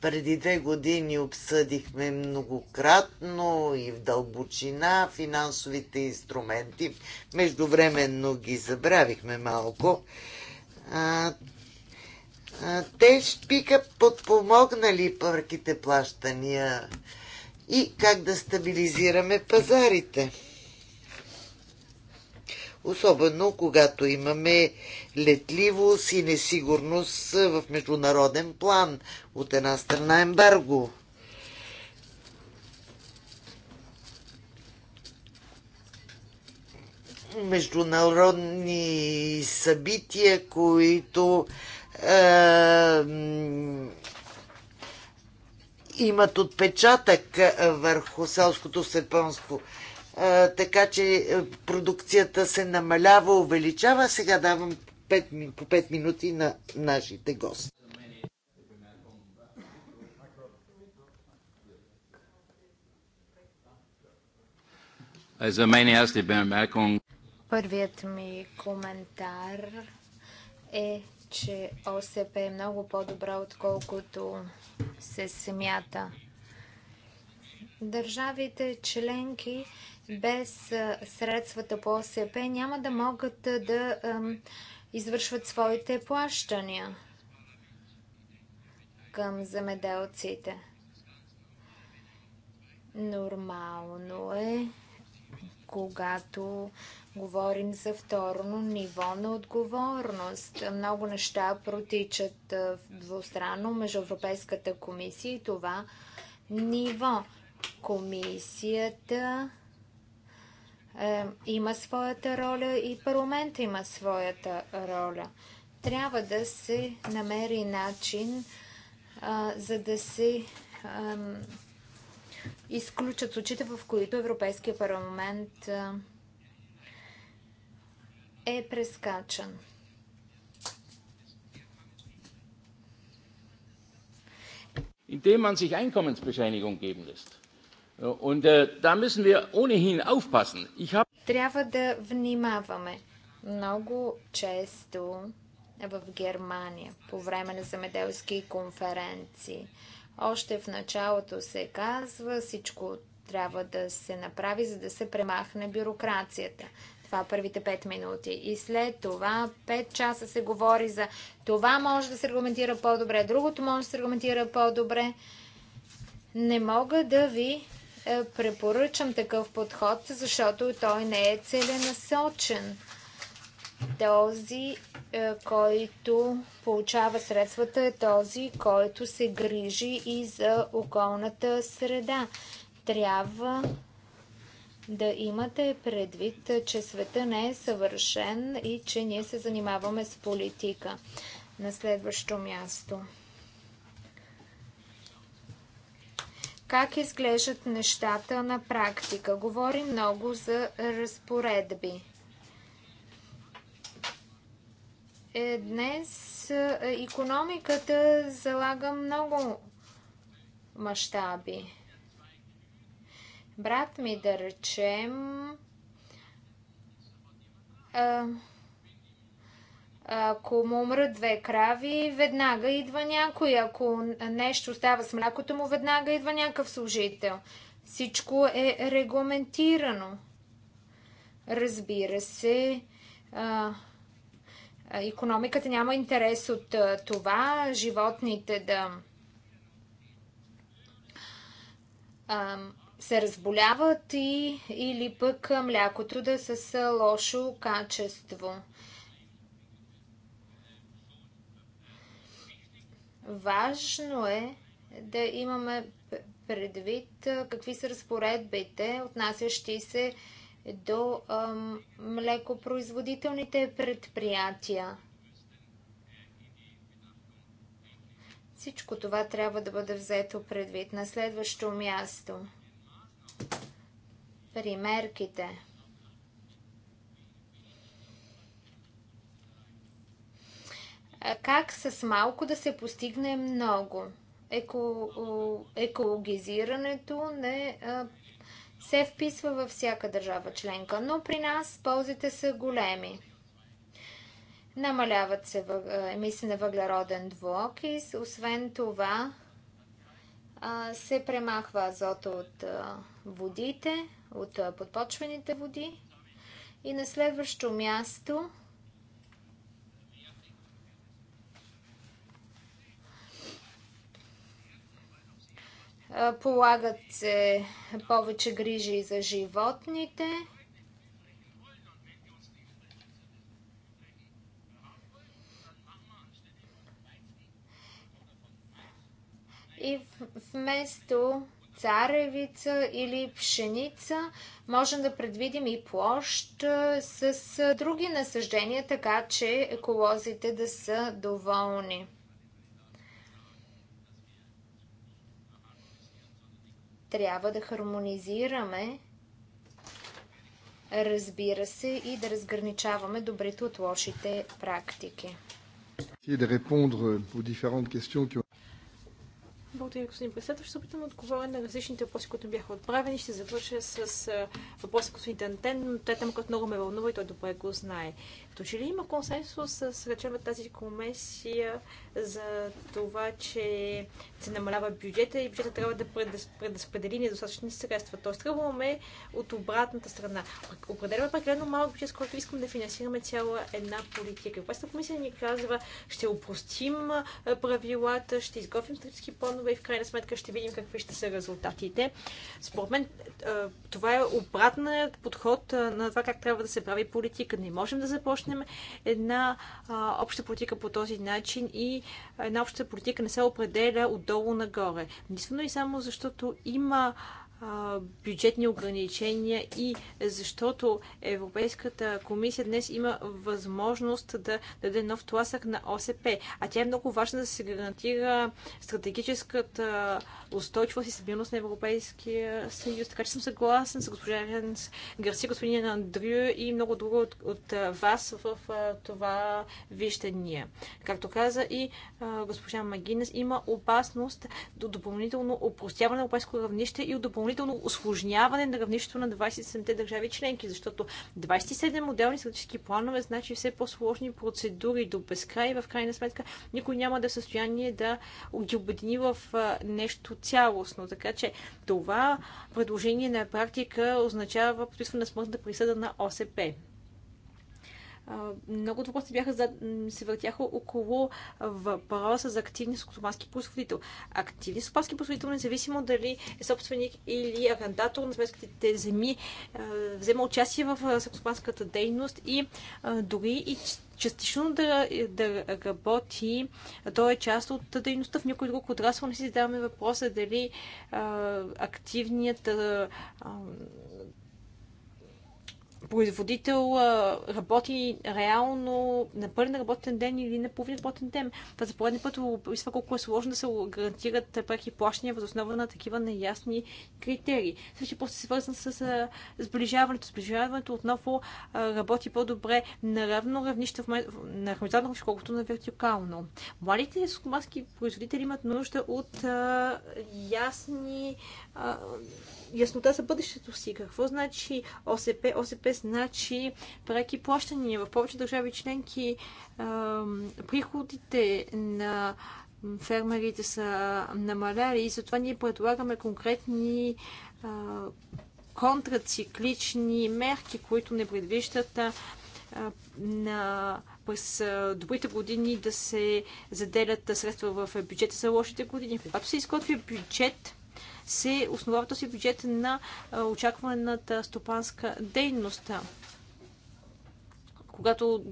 B: Преди две години обсъдихме многократно и в дълбочина финансовите инструменти. Междувременно ги забравихме малко. А, а, те ще биха подпомогнали парките плащания и как да стабилизираме пазарите. Особено когато имаме летливост и несигурност в международен план. От една страна ембарго. Международни събития, които е, имат отпечатък върху селското степанство. Така че продукцията се намалява, увеличава. Сега давам 5, по 5 минути на нашите гости.
C: Първият ми коментар е че ОСП е много по-добра, отколкото се смята. Държавите членки без средствата по ОСП няма да могат да извършват своите плащания към замеделците. Нормално е, когато Говорим за второ ниво на отговорност. Много неща протичат двустранно между Европейската комисия и това ниво. Комисията е, има своята роля и парламента има своята роля. Трябва да се намери начин, а, за да се а, изключат случаите, в които Европейския парламент а, е прескачан.
A: indem man sich Einkommensbescheinigung geben lässt. Äh, und äh, da müssen wir ohnehin aufpassen. Ich hab...
C: Трябва да внимаваме. Много често в Германия, по време на земеделски конференции, още в началото се казва всичко трябва да се направи, за да се премахне бюрокрацията това първите 5 минути. И след това 5 часа се говори за това може да се аргументира по-добре, другото може да се аргументира по-добре. Не мога да ви е, препоръчам такъв подход, защото той не е целенасочен. Този, е, който получава средствата, е този, който се грижи и за околната среда. Трябва да имате предвид, че света не е съвършен и че ние се занимаваме с политика. На следващо място. Как изглеждат нещата на практика? Говори много за разпоредби. Е, днес економиката залага много мащаби брат ми, да речем, ако му умрат две крави, веднага идва някой. Ако нещо става с млякото му, веднага идва някакъв служител. Всичко е регламентирано. Разбира се, економиката няма интерес от това животните да се разболяват и, или пък млякото да е с лошо качество. Важно е да имаме предвид какви са разпоредбите, отнасящи се до млекопроизводителните предприятия. Всичко това трябва да бъде взето предвид на следващо място примерките. Как с малко да се постигне много? Еко, екологизирането не се вписва във всяка държава членка, но при нас ползите са големи. Намаляват се емисии на въглероден двуокис, освен това се премахва азота от водите, от подпочвените води. И на следващо място полагат се повече грижи за животните. И вместо царевица или пшеница. Можем да предвидим и площ с други насъждения, така че еколозите да са доволни. Трябва да хармонизираме, разбира се, и да разграничаваме добрите от лошите практики.
D: Да répondre aux différentes questions благодаря, господин председател. Ще се опитам да отговоря на различните въпроси, които бяха отправени. Ще завърша с въпроса, господин Тантен, но той е тема, който много ме вълнува и той добре го знае. Като че ли има консенсус с, речем, тази комисия за това, че се намалява бюджета и бюджета трябва да предразпредели недостатъчни средства. Тоест, тръгваме от обратната страна. Определяме прекалено малък бюджет, с който искам да финансираме цяла една политика. Европейската комисия ни казва, ще упростим правилата, ще изготвим стратегически планове и в крайна сметка ще видим какви ще са резултатите. Според мен това е обратният подход на това как трябва да се прави политика. Не можем да започнем започнем една а, обща политика по този начин и една обща политика не се определя отдолу нагоре. Единствено и само защото има бюджетни ограничения и защото Европейската комисия днес има възможност да даде нов тласък на ОСП. А тя е много важна да се гарантира стратегическата устойчивост и стабилност на Европейския съюз. Така че съм съгласен с госпожа Ренс Гарси, господин Андрю и много друго от, от вас в това виждание. Както каза и госпожа Магинес, има опасност до допълнително упростяване на европейско равнище и от допълнително допълнително осложняване на равнището на 27-те държави членки, защото 27 моделни стратегически планове значи все по-сложни процедури до безкрай и в крайна сметка никой няма да е в състояние да ги обедини в нещо цялостно. Така че това предложение на практика означава подписване на смъртна присъда на ОСП много от въпроси бяха за, се въртяха около въпроса за активни стопански производител. Активни стопански производител, независимо дали е собственик или арендатор на сметските земи, взема участие в стопанската дейност и дори и частично да, да работи, то е част от дейността в някой друг отрасъл. Не си задаваме въпроса дали а, активният а, производител работи реално на пълен работен ден или на половин работен ден. Това за пореден път описва колко е сложно да се гарантират преки плащания въз основа на такива неясни критерии. Също после се свързан с сближаването. Сближаването отново работи по-добре на равно равнище на хоризонтално, колкото на вертикално. Младите сукмански производители имат нужда от а, ясни а, яснота за бъдещето си. Какво значи ОСП? ОСП значи преки плащания. В повече държави членки приходите на фермерите са намаляли и затова ние предлагаме конкретни контрациклични мерки, които не предвиждат на през добрите години да се заделят средства в бюджета за лошите години. Когато се изготвя бюджет, се основава този бюджет на очакваната стопанска дейност. Когато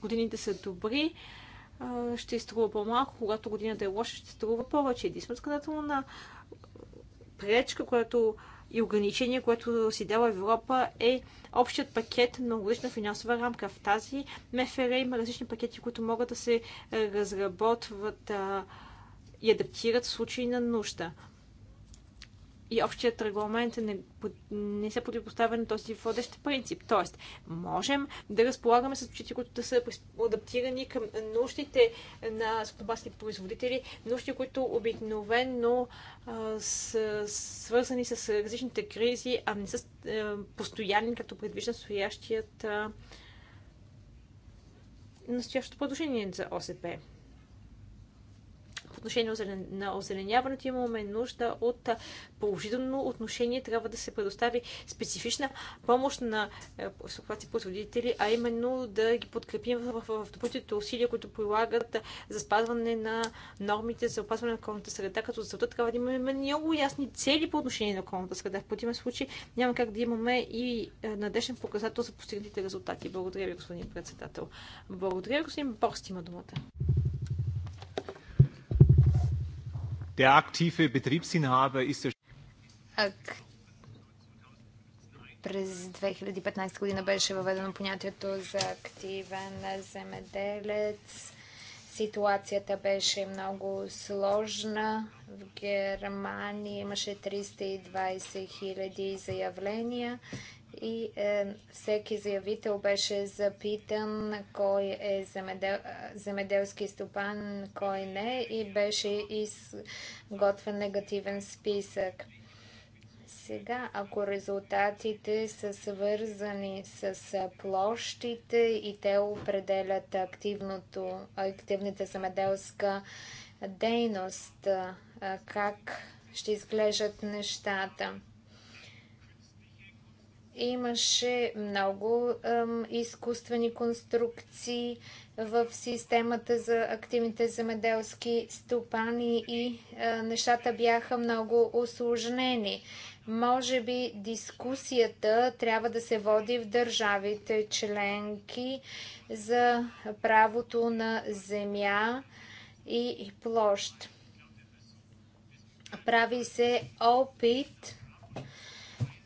D: годините са добри, ще изтрува по-малко, когато годината е лоша, ще струва повече. Единствената на пречка, която и ограничение, което си дава Европа е общият пакет на логична финансова рамка. В тази МФР има различни пакети, които могат да се разработват и адаптират в случай на нужда и общият регламент не, не са противопоставя на този водещ принцип. Тоест, можем да разполагаме с бюджети, които да са адаптирани към нуждите на скотобарските производители, нужди, които обикновенно а, са свързани с различните кризи, а не са а, постоянни, като предвижда стоящият настоящото предложение за ОСП отношение на озеленяването имаме нужда от положително отношение. Трябва да се предостави специфична помощ на стопанските производители, а именно да ги подкрепим в, в, в добрите усилия, които прилагат за спазване на нормите за опазване на околната среда, като за трябва да имаме много ясни цели по отношение на околната среда. В противен случай няма как да имаме и надежден показател за постигнатите резултати. Благодаря ви, господин председател. Благодаря ви, господин Борст
C: има думата.
A: Der aktive Betriebsinhaber ist der...
C: Ак. През 2015 година беше въведено понятието за активен земеделец. Ситуацията беше много сложна. В Германия имаше 320 хиляди заявления и е, всеки заявител беше запитан кой е замедел, земеделски стопан, кой не и беше изготвен негативен списък. Сега, ако резултатите са свързани с площите и те определят активното, активната земеделска дейност, как ще изглеждат нещата – Имаше много ем, изкуствени конструкции в системата за активните земеделски стопани и е, нещата бяха много осложнени. Може би дискусията трябва да се води в държавите членки за правото на земя и площ. Прави се опит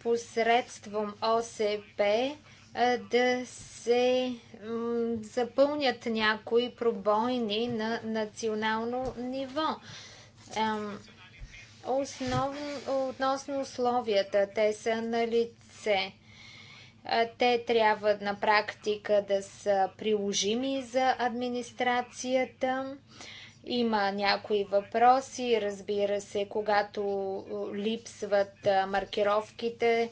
C: посредством ОСП да се запълнят някои пробойни на национално ниво. Основно, относно условията, те са на лице. Те трябва на практика да са приложими за администрацията. Има някои въпроси, разбира се, когато липсват маркировките,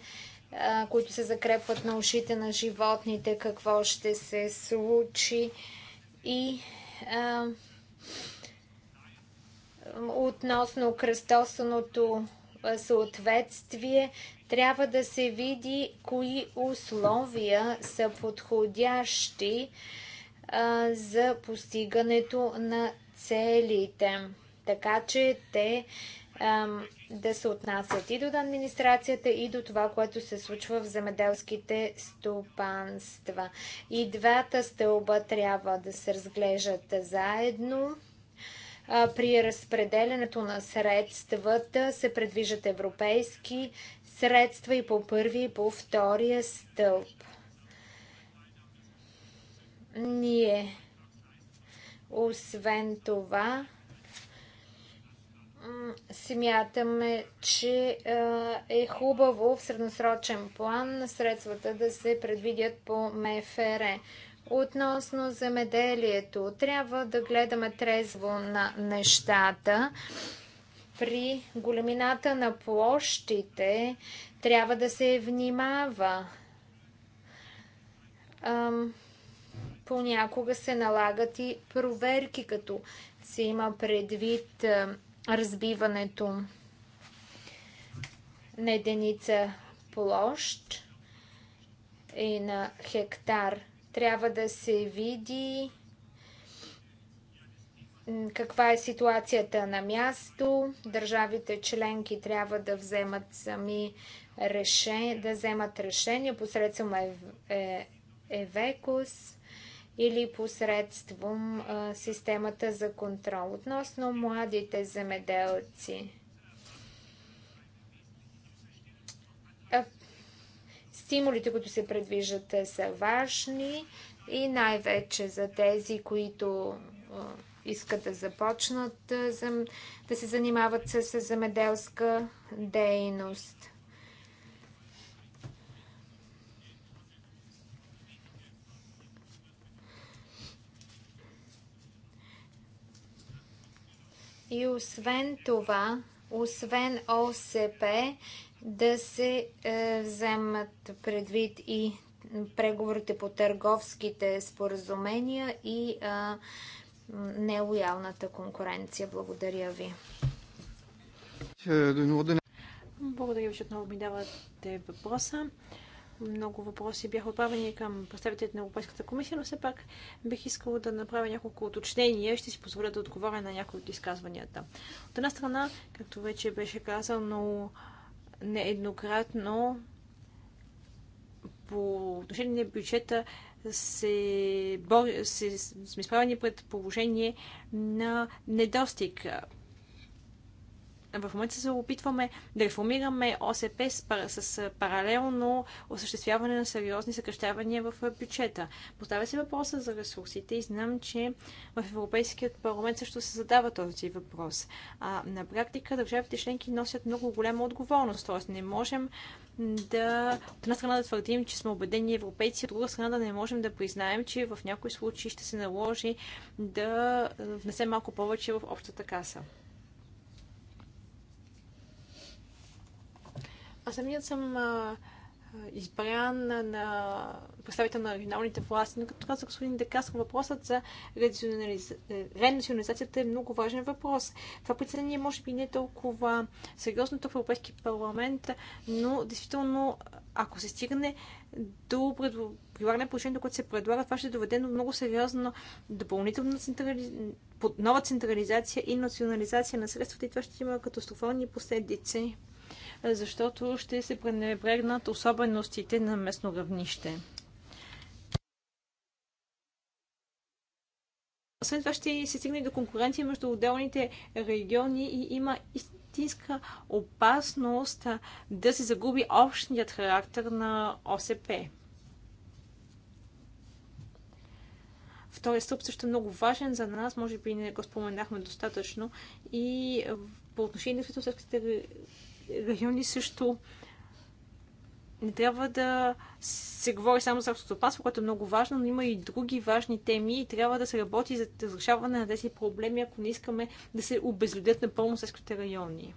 C: които се закрепват на ушите на животните, какво ще се случи и а, относно кръстосаното съответствие, трябва да се види кои условия са подходящи за постигането на целите, така че те да се отнасят и до администрацията, и до това, което се случва в земеделските стопанства. И двата стълба трябва да се разглеждат заедно. При разпределенето на средствата се предвижат европейски средства и по първи и по втория стълб. Ние освен това, смятаме, че е хубаво в средносрочен план средствата да се предвидят по МФР. Относно земеделието, трябва да гледаме трезво на нещата. При големината на площите трябва да се внимава. Ам, понякога се налагат и проверки, като се има предвид е, разбиването на единица площ и на хектар. Трябва да се види каква е ситуацията на място. Държавите членки трябва да вземат сами решение, да вземат решение посредством е-, ЕВЕКОС или посредством а, системата за контрол. Относно младите земеделци. А, стимулите, които се предвиждат, са важни и най-вече за тези, които а, искат да започнат да се занимават с земеделска дейност. И освен това, освен ОСП, да се е, вземат предвид и преговорите по търговските споразумения и е, нелоялната конкуренция. Благодаря ви.
E: Е,
C: Благодаря ви, че отново ми давате въпроса. Много
D: въпроси бяха отправени към представителите на Европейската комисия, но все пак бих искала да направя няколко уточнения. Ще си позволя да отговоря на някои от изказванията. От една страна, както вече беше казано нееднократно, по отношение на бюджета се, бор... се сме изправени пред положение на недостиг в момента се опитваме да реформираме ОСП с, с паралелно осъществяване на сериозни съкръщавания в бюджета. Поставя се въпроса за ресурсите и знам, че в Европейският парламент също се задава този въпрос. А на практика държавите членки носят много голяма отговорност, т.е. не можем да, от една страна да твърдим, че сме убедени европейци, от друга страна да не можем да признаем, че в някои случаи ще се наложи да внесем малко повече в общата каса. Аз самият съм а, избран на, на представител на регионалните власти, но като казах, господин Декас, въпросът за е, ренационализацията е много важен въпрос. Това председание може би не е толкова сериозно тук в Европейски парламент, но действително, ако се стигне до пред... прилагане положението, което се предлага, това ще доведе до много сериозно допълнителна централи... нова централизация и национализация на средствата и това ще има катастрофални последици защото ще се пренебрегнат особеностите на местно равнище. Освен това ще се стигне до конкуренция между отделните региони и има истинска опасност да се загуби общният характер на ОСП. Втория стълб също е много важен за нас, може би не го споменахме достатъчно и по отношение на селските Райони също не трябва да се говори само за автостопанство, което е много важно, но има и други важни теми и трябва да се работи за разрешаване на тези проблеми, ако не искаме да се обезлюдят напълно селските райони.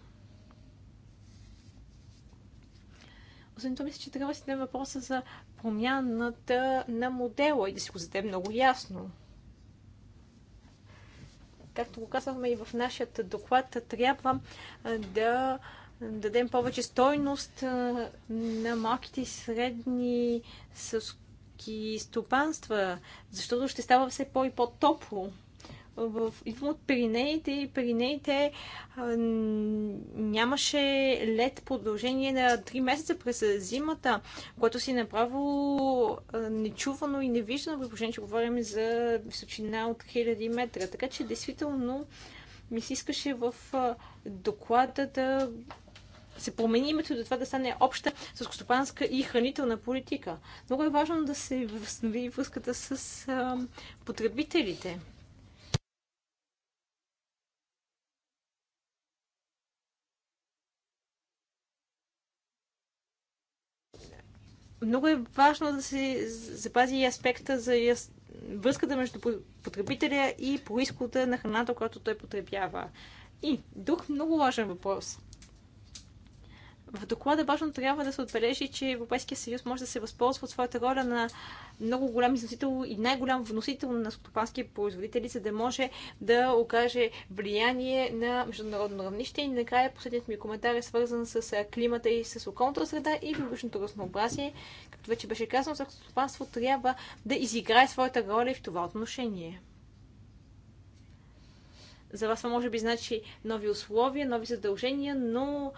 D: Освен това, мисля, че трябва да си дадем въпроса за промяната на модела и да си го зададем много ясно. Както го казваме, и в нашия доклад, трябва да дадем повече стойност на малките и средни съски стопанства, защото ще става все по- и по-топло. В, идвам от Пиринеите и Пиринеите нямаше лед продължение на 3 месеца през зимата, което си направо нечувано и невиждано, възможно, че говорим за височина от 1000 метра. Така че, действително, ми се искаше в доклада да се промени името до това да стане обща сълскостопанска и хранителна политика. Много е важно да се възстанови връзката с а, потребителите. Много е важно да се запази и аспекта за яс... връзката между потребителя и происхода на храната, която той потребява. И друг много важен въпрос – в доклада важно трябва да се отбележи, че Европейския съюз може да се възползва от своята роля на много голям износител и най-голям вносител на стопански производители, за да може да окаже влияние на международно равнище. И накрая последният ми коментар е свързан с климата и с околната среда и биологичното разнообразие. Както вече беше казано, стопанство трябва да изиграе своята роля и в това отношение. За вас това може би значи нови условия, нови задължения, но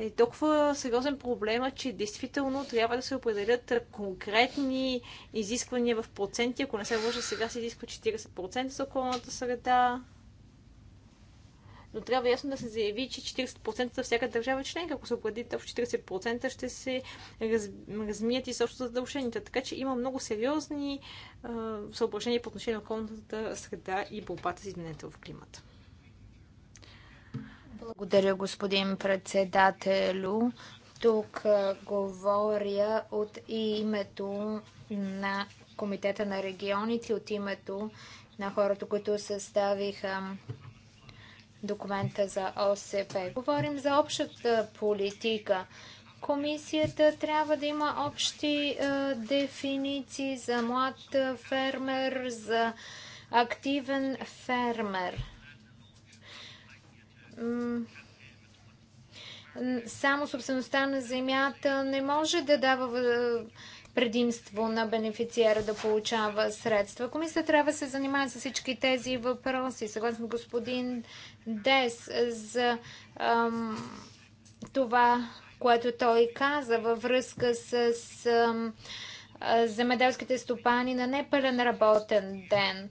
D: е толкова сериозен проблема, че действително трябва да се определят конкретни изисквания в проценти. Ако не се лъжа, сега се изисква 40% за околната среда. Но трябва ясно да се заяви, че 40% за всяка държава членка, ако се определи в 40%, ще се раз, размият и също задълженията. Така че има много сериозни е, съображения по отношение на околната среда и борбата с изменението в климата.
C: Благодаря, господин председателю. Тук говоря от името на Комитета на регионите, от името на хората, които съставиха документа за ОСП. Говорим за общата политика. Комисията трябва да има общи е, дефиниции за млад фермер, за активен фермер само собствеността на земята не може да дава е, предимство на бенефициера да получава средства. Комисията трябва да се занимава с всички тези въпроси. Съгласно господин Дес за ам, това, което той каза във връзка с ам, е, земеделските стопани на непълен работен ден.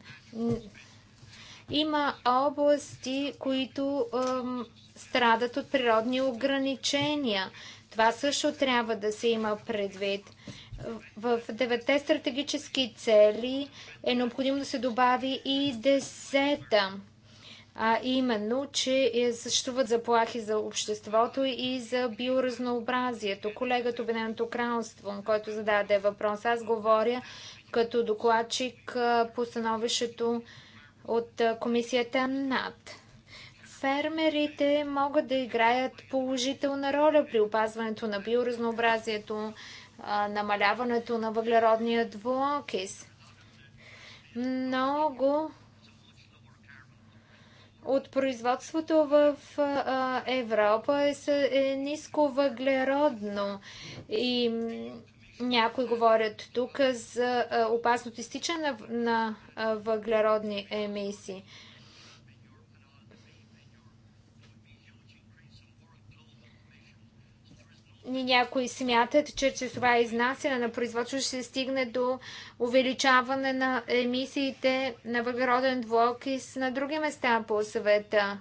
C: Има области, които ем, страдат от природни ограничения. Това също трябва да се има предвид. В девете стратегически цели е необходимо да се добави и десета а именно, че е, съществуват заплахи за обществото и за биоразнообразието. Колегата Обединеното кралство, който зададе въпрос, аз говоря като докладчик по становището от комисията НАД. Фермерите могат да играят положителна роля при опазването на биоразнообразието, намаляването на въглеродния двуокис. Много от производството в Европа е, е, ниско въглеродно и някои говорят тук за опасното изтичане на въглеродни емисии. някои смятат, че чрез това изнасяне на производство ще се стигне до увеличаване на емисиите на въглероден двуокис на други места по света.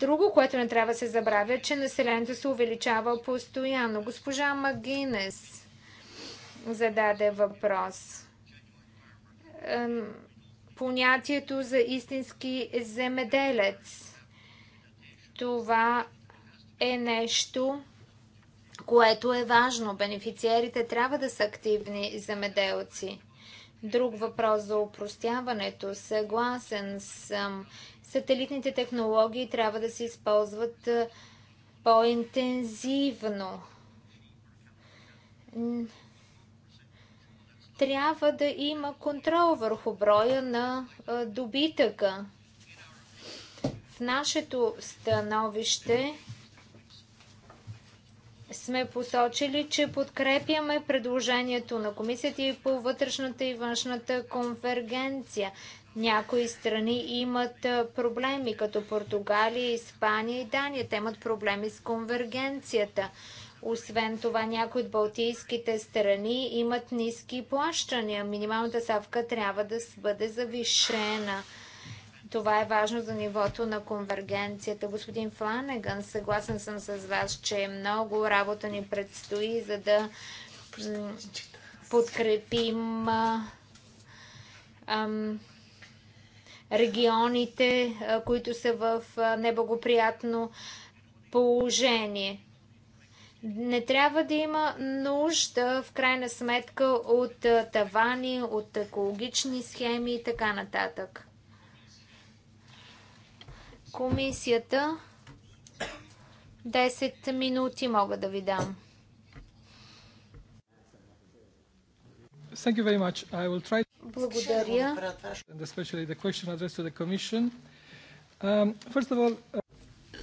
C: Друго, което не трябва да се забравя, е, че населението се увеличава постоянно. Госпожа Магинес зададе въпрос. Понятието за истински земеделец. Това е нещо, което е важно. Бенефициерите трябва да са активни земеделци. Друг въпрос за упростяването. Съгласен съм. Сателитните технологии трябва да се използват е, по-интензивно. Трябва да има контрол върху броя на е, добитъка. В нашето становище сме посочили, че подкрепяме предложението на комисията и по вътрешната и външната конвергенция. Някои страни имат проблеми, като Португалия, Испания и Дания. Те имат проблеми с конвергенцията. Освен това, някои от балтийските страни имат ниски плащания. Минималната ставка трябва да бъде завишена. Това е важно за нивото на конвергенцията. Господин Фланеган, съгласен съм с вас, че много работа ни предстои, за да подкрепим ам, регионите, които са в неблагоприятно положение. Не трябва да има нужда, в крайна сметка, от тавани, от екологични схеми и така нататък комисията 10 минути мога да ви дам. Thank you very much. I will try Благодаря. And
A: especially the question addressed to the commission.
B: Um, first of all, uh...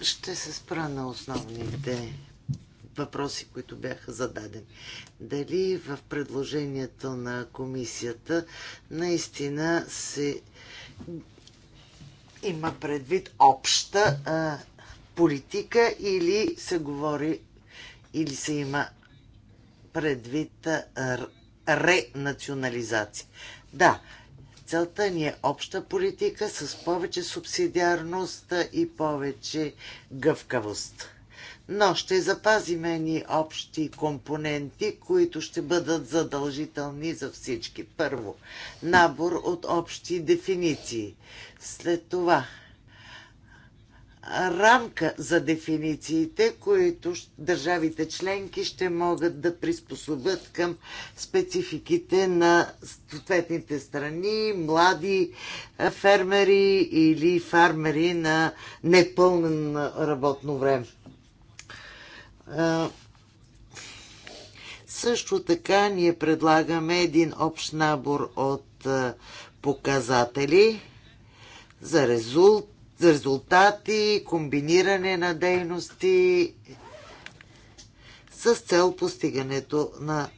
B: Ще се спра на основните въпроси, които бяха зададени. Дали в предложението на комисията наистина се има предвид обща а, политика или се говори или се има предвид а, ренационализация. Да, целта ни е обща политика с повече субсидиарност и повече гъвкавост но ще запазим едни общи компоненти, които ще бъдат задължителни за всички. Първо, набор от общи дефиниции. След това, рамка за дефинициите, които държавите членки ще могат да приспособят към спецификите на съответните страни, млади фермери или фармери на непълно работно време. Също така ние предлагаме един общ набор от показатели за, резултати, комбиниране на дейности с цел постигането на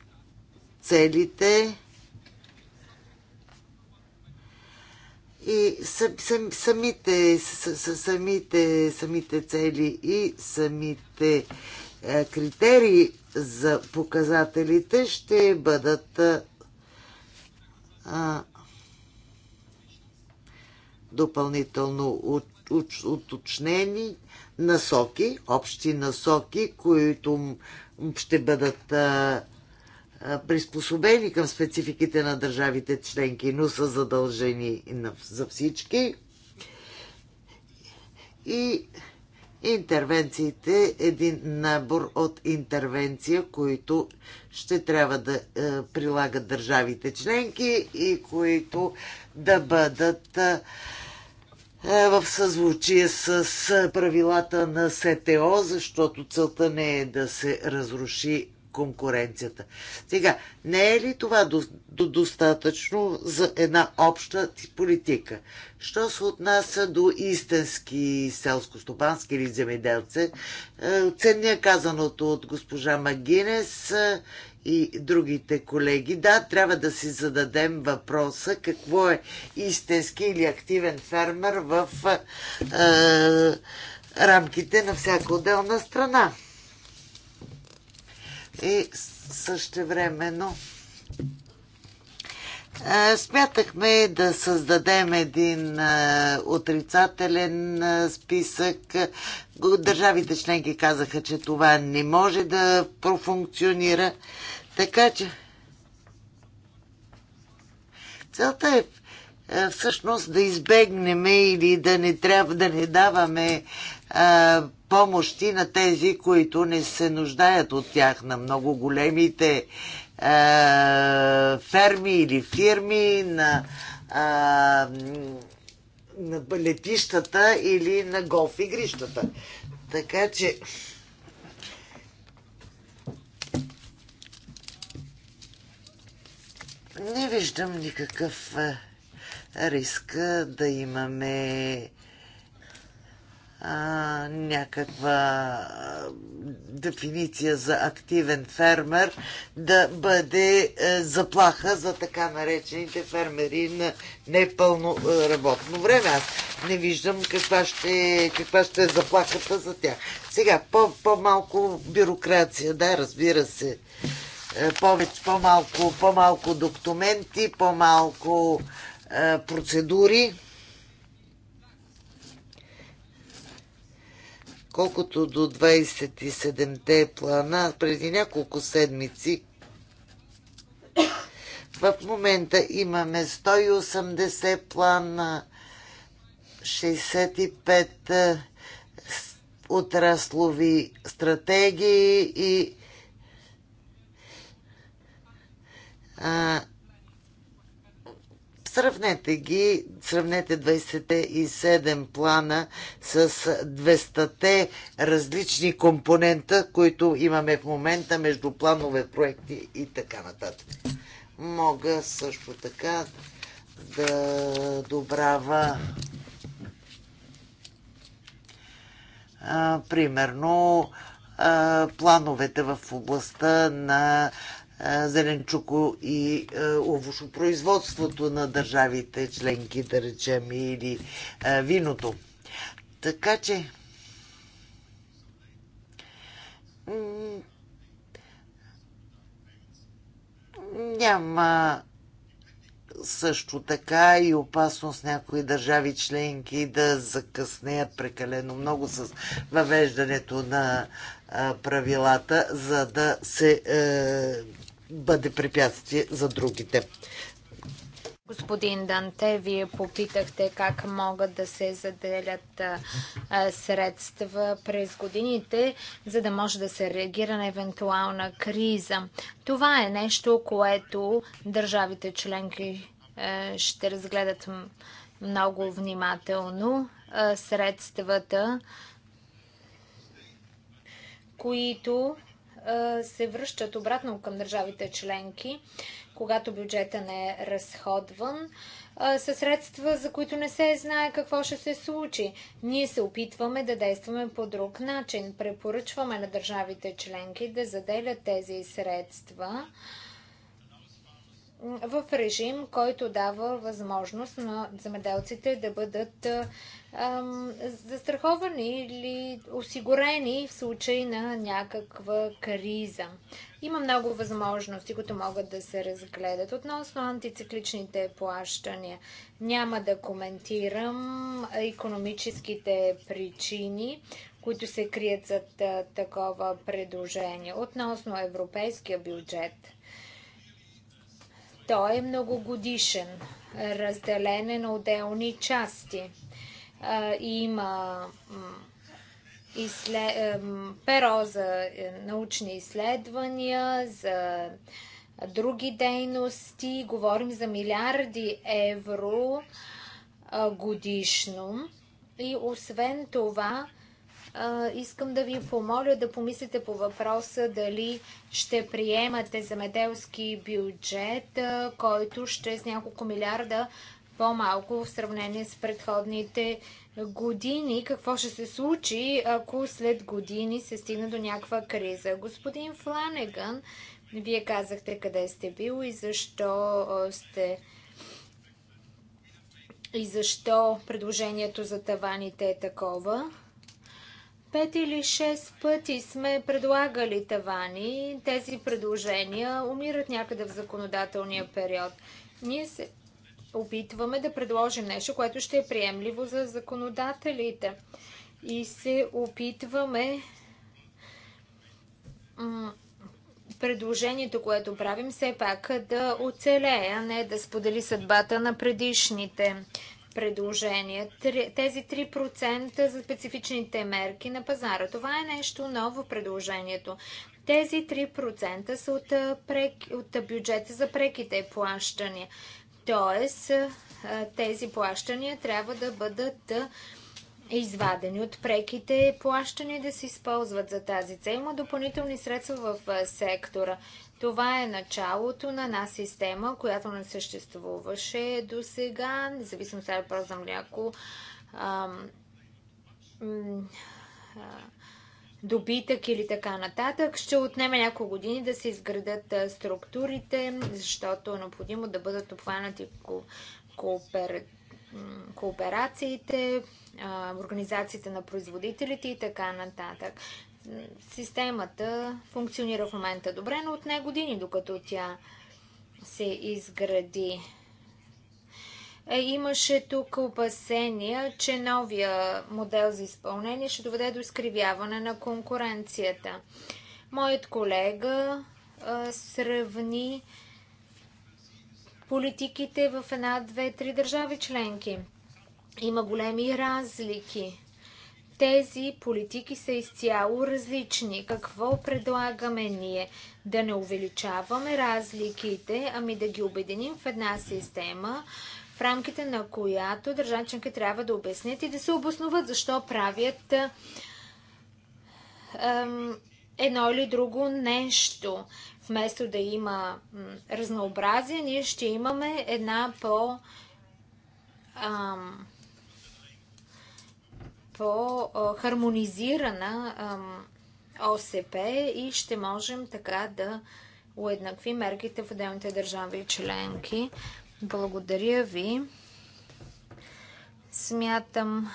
B: целите и самите, самите, самите цели и самите е, критерии за показателите ще бъдат е, допълнително уточнени насоки, общи насоки, които ще бъдат е, приспособени към спецификите на държавите членки, но са задължени за всички. И интервенциите, един набор от интервенция, които ще трябва да е, прилагат държавите членки и които да бъдат е, е в съзвучие с правилата на СТО, защото целта не е да се разруши конкуренцията. Сега, не е ли това до, до, достатъчно за една обща политика? Що се отнася до истински селско-стопански или земеделце, ценния казаното от госпожа Магинес е, и другите колеги. Да, трябва да си зададем въпроса какво е истински или активен фермер в е, е рамките на всяка отделна страна и същевременно Смятахме да създадем един отрицателен списък. Държавите членки казаха, че това не може да профункционира. Така че целта е всъщност да избегнем или да не трябва да не даваме помощи на тези, които не се нуждаят от тях, на много големите ферми или фирми, на, на летищата или на голф игрищата. Така че не виждам никакъв риск да имаме а, някаква дефиниция за активен фермер да бъде е, заплаха за така наречените фермери на непълно е, работно време. Аз не виждам каква ще, каква ще е заплахата за тях. Сега, по, по-малко бюрокрация, да, разбира се. Е, повече, по-малко, по-малко документи, по-малко процедури Колкото до 27-те плана, преди няколко седмици в момента имаме 180 плана, 65 е, отраслови стратегии и а, Сравнете ги, сравнете 27 плана с 200-те различни компонента, които имаме в момента между планове, проекти и така нататък. Мога също така да добрава а, примерно а, плановете в областта на зеленчуко и овощопроизводството на държавите членки, да речем, или виното. Така че няма също така и опасност някои държави членки да закъснеят прекалено много с въвеждането на правилата, за да се е, бъде препятствие за другите.
C: Господин Данте, вие попитахте как могат да се заделят средства през годините, за да може да се реагира на евентуална криза. Това е нещо, което държавите членки е, ще разгледат много внимателно. средствата, които се връщат обратно към държавите членки, когато бюджета не е разходван, са средства, за които не се знае какво ще се случи. Ние се опитваме да действаме по друг начин. Препоръчваме на държавите членки да заделят тези средства в режим, който дава възможност на земеделците да бъдат ам, застраховани или осигурени в случай на някаква криза. Има много възможности, които могат да се разгледат. Относно антицикличните плащания, няма да коментирам економическите причини, които се крият зад такова предложение. Относно европейския бюджет – той е многогодишен, разделен е на отделни части. Има е, перо за е, научни изследвания, за други дейности. Говорим за милиарди евро годишно. И освен това, искам да ви помоля да помислите по въпроса дали ще приемате земеделски бюджет, който ще е с няколко милиарда по-малко в сравнение с предходните години. Какво ще се случи, ако след години се стигне до някаква криза? Господин Фланеган, вие казахте къде сте бил и защо сте и защо предложението за таваните е такова. Пет или шест пъти сме предлагали тавани. Тези предложения умират някъде в законодателния период. Ние се опитваме да предложим нещо, което ще е приемливо за законодателите. И се опитваме предложението, което правим, все пак да оцелее, а не да сподели съдбата на предишните предложения. Тези 3% за специфичните мерки на пазара. Това е нещо ново в предложението. Тези 3% са от, от бюджета за преките плащания. Тоест, тези плащания трябва да бъдат извадени от преките плащания да се използват за тази цел. Има допълнителни средства в сектора. Това е началото на една система, която не съществуваше до сега, независимо сега е въпрос за мляко, добитък или така нататък. Ще отнеме няколко години да се изградат структурите, защото е необходимо да бъдат обхванати кооперациите, организациите на производителите и така нататък системата функционира в момента добре, но от не години, докато тя се изгради. Е, имаше тук опасения, че новия модел за изпълнение ще доведе до изкривяване на конкуренцията. Моят колега сравни политиките в една, две, три държави членки. Има големи разлики. Тези политики са изцяло различни. Какво предлагаме ние? Да не увеличаваме разликите, ами да ги обединим в една система, в рамките на която държанченки трябва да обяснят и да се обосноват защо правят ем, едно или друго нещо. Вместо да има разнообразие, ние ще имаме една по- ем, по-хармонизирана ОСП и ще можем така да уеднакви мерките в отделните държави и членки. Благодаря ви. Смятам,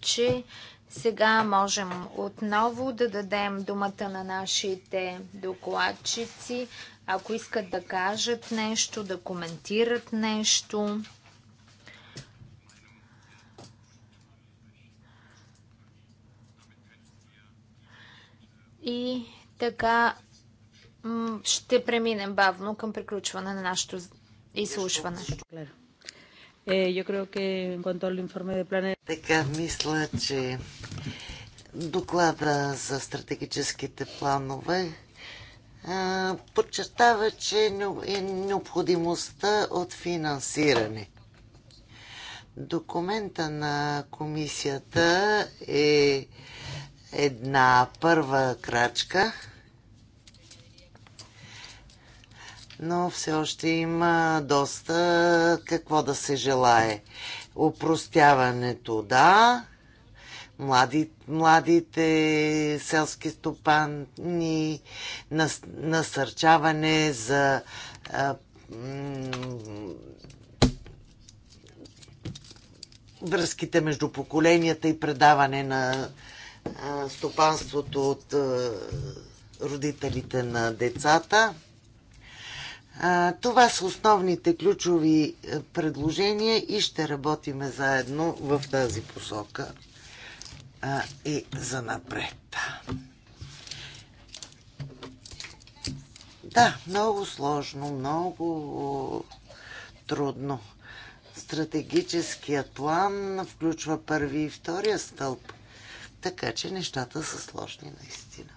C: че сега можем отново да дадем думата на нашите докладчици, ако искат да кажат нещо, да коментират нещо. И така ще преминем бавно към приключване на нашето изслушване.
B: Е, така, мисля, че доклада за стратегическите планове подчертава, че е необходимостта от финансиране. Документа на комисията е една първа крачка, но все още има доста какво да се желае. Опростяването, да, млади, младите селски стопани, нас, насърчаване за а, връзките между поколенията и предаване на стопанството от родителите на децата. Това са основните ключови предложения и ще работиме заедно в тази посока и за напред. Да, много сложно, много трудно. Стратегическият план включва първи и втория стълб. Така че нещата са сложни наистина.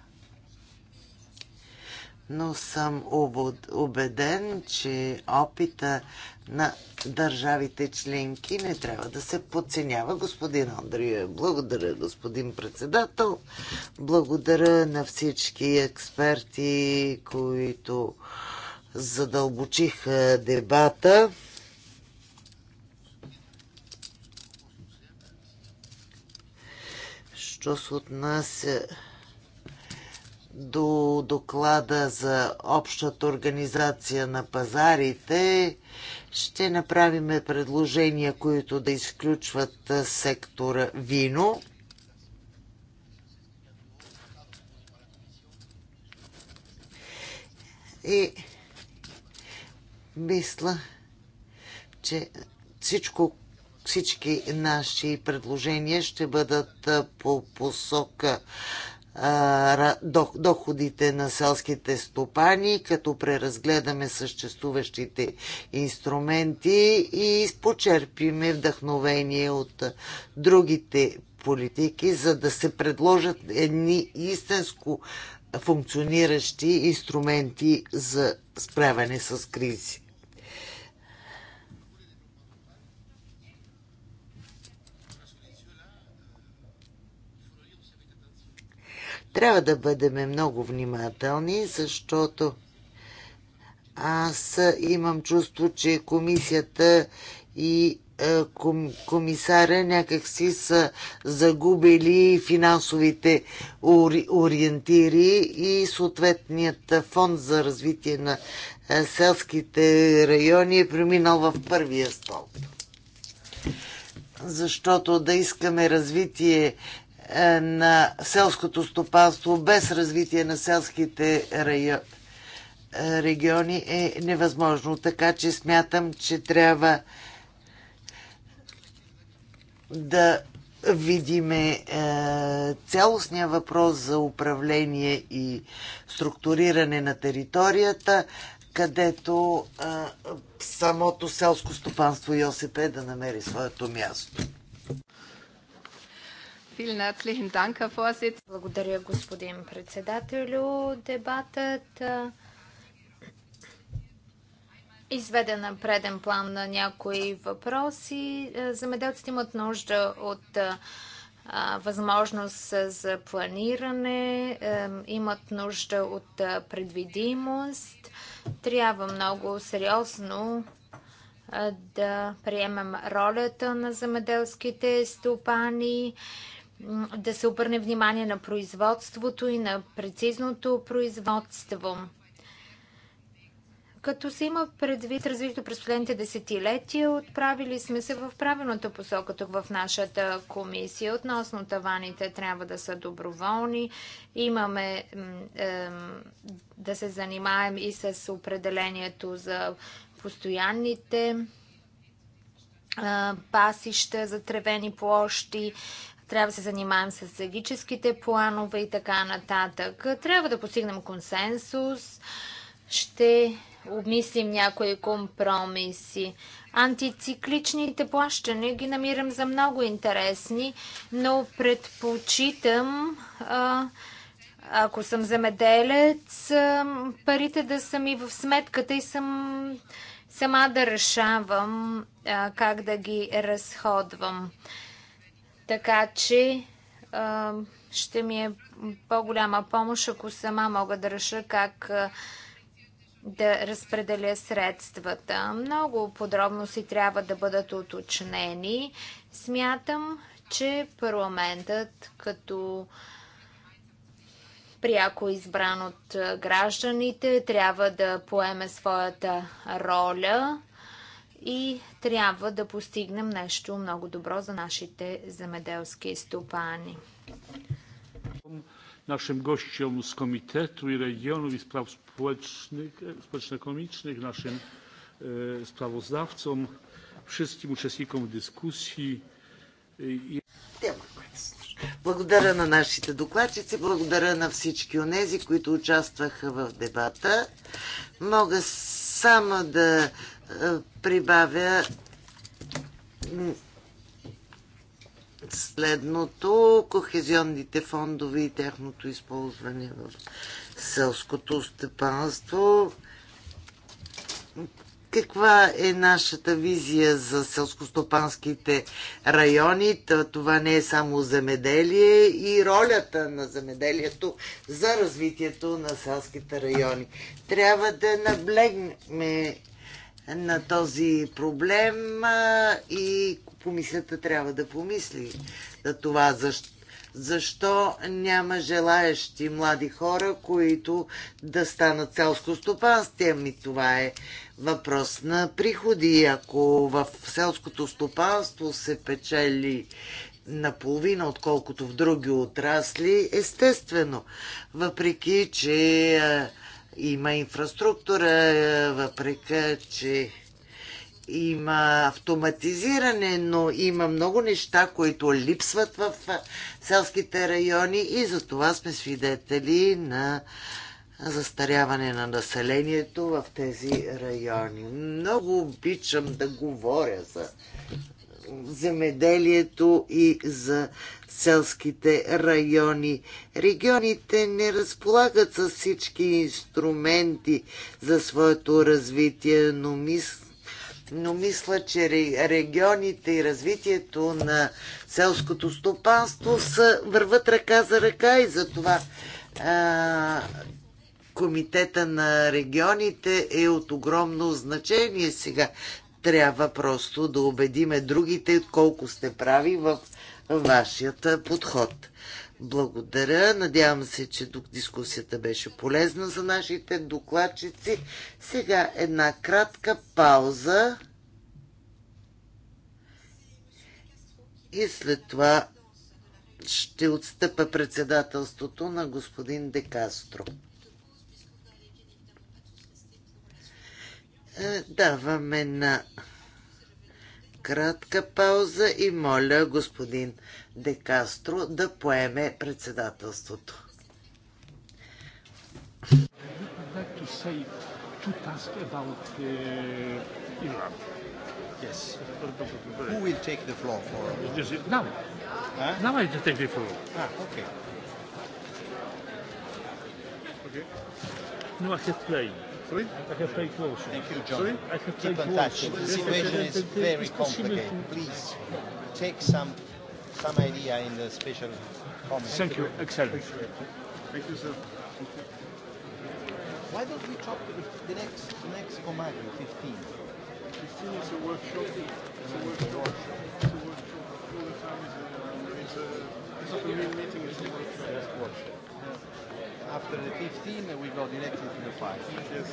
B: Но съм убеден, че опита на държавите членки не трябва да се подценява. Господин Андрия, благодаря, господин председател. Благодаря на всички експерти, които задълбочиха дебата. Що се отнася до доклада за общата организация на пазарите, ще направим предложения, които да изключват сектора вино. И мисля, че всичко, всички наши предложения ще бъдат по посока доходите на селските стопани, като преразгледаме съществуващите инструменти и почерпиме вдъхновение от другите политики, за да се предложат едни истинско функциониращи инструменти за справяне с кризи. Трябва да бъдем много внимателни, защото аз имам чувство, че комисията и е, комисаря някакси са загубили финансовите ориентири и съответният фонд за развитие на е, селските райони е преминал в първия столб. Защото да искаме развитие е, на селското стопанство без развитие на селските региони е невъзможно. Така че смятам, че трябва да видиме е, цялостния въпрос за управление и структуриране на територията, където е, самото селско стопанство и ОСП да намери своето място.
C: Благодаря, господин председателю. Дебатът изведе на преден план на някои въпроси. Замеделците имат нужда от възможност за планиране, имат нужда от предвидимост. Трябва много сериозно да приемем ролята на замеделските стопани да се обърне внимание на производството и на прецизното производство. Като се има предвид развито през последните десетилетия, отправили сме се в правилната посока тук в нашата комисия. Относно таваните трябва да са доброволни. Имаме е, да се занимаем и с определението за постоянните пасища, затревени площи, трябва да се занимаем с стратегическите планове и така нататък. Трябва да постигнем консенсус. Ще обмислим някои компромиси. Антицикличните плащане ги намирам за много интересни, но предпочитам, ако съм замеделец, парите да са ми в сметката и съм сама да решавам как да ги разходвам. Така че ще ми е по-голяма помощ, ако сама мога да реша как да разпределя средствата. Много подробности трябва да бъдат уточнени. Смятам, че парламентът като пряко избран от гражданите трябва да поеме своята роля и трябва да постигнем нещо много добро за нашите земеделски стопани.
A: Нашим гостям с Komitetu и Regionów и справ Społeczno-Ekonomicznych, naszym e, sprawozdawcom, wszystkim
B: Благодаря на нашите докладчици, благодаря на всички онези, които участваха в дебата. Мога само да прибавя следното кохезионните фондове и тяхното използване в селското степанство. Каква е нашата визия за селскостопанските райони? Това не е само земеделие и ролята на земеделието за развитието на селските райони. Трябва да наблегнем на този проблем и комисията трябва да помисли за това, защо, защо няма желаещи млади хора, които да станат селско стопанство. Ами това е въпрос на приходи. Ако в селското стопанство се печели наполовина, отколкото в други отрасли, естествено. Въпреки, че има инфраструктура, въпреки че има автоматизиране, но има много неща, които липсват в селските райони и за това сме свидетели на застаряване на населението в тези райони. Много обичам да говоря за земеделието и за селските райони. Регионите не разполагат с всички инструменти за своето развитие, но, мис... но мисля, че регионите и развитието на селското стопанство са върват ръка за ръка и затова а... Комитета на регионите е от огромно значение сега трябва просто да убедиме другите колко сте прави в вашият подход. Благодаря. Надявам се, че дискусията беше полезна за нашите докладчици. Сега една кратка пауза. И след това ще отстъпа председателството на господин Декастро. Е, даваме на кратка пауза и моля господин Декастро да поеме председателството.
A: Yes. Who will take the floor for? Now. Huh? Now I take the floor. Ah, okay. Okay. No, I have played. Sorry? I can take you Thank you, John. Sorry? I can take Keep in touch. The situation is very complicated.
B: Please take some, some idea in the special comments. Thank you. Excellent. Thank you, sir. Why don't we talk to the, the next, the next
A: command, 15? 15 is a workshop. It's a workshop. It's a workshop. All the time a, it's a, it's a meeting, it's a workshop after the 15 we go directly to the five. Yes.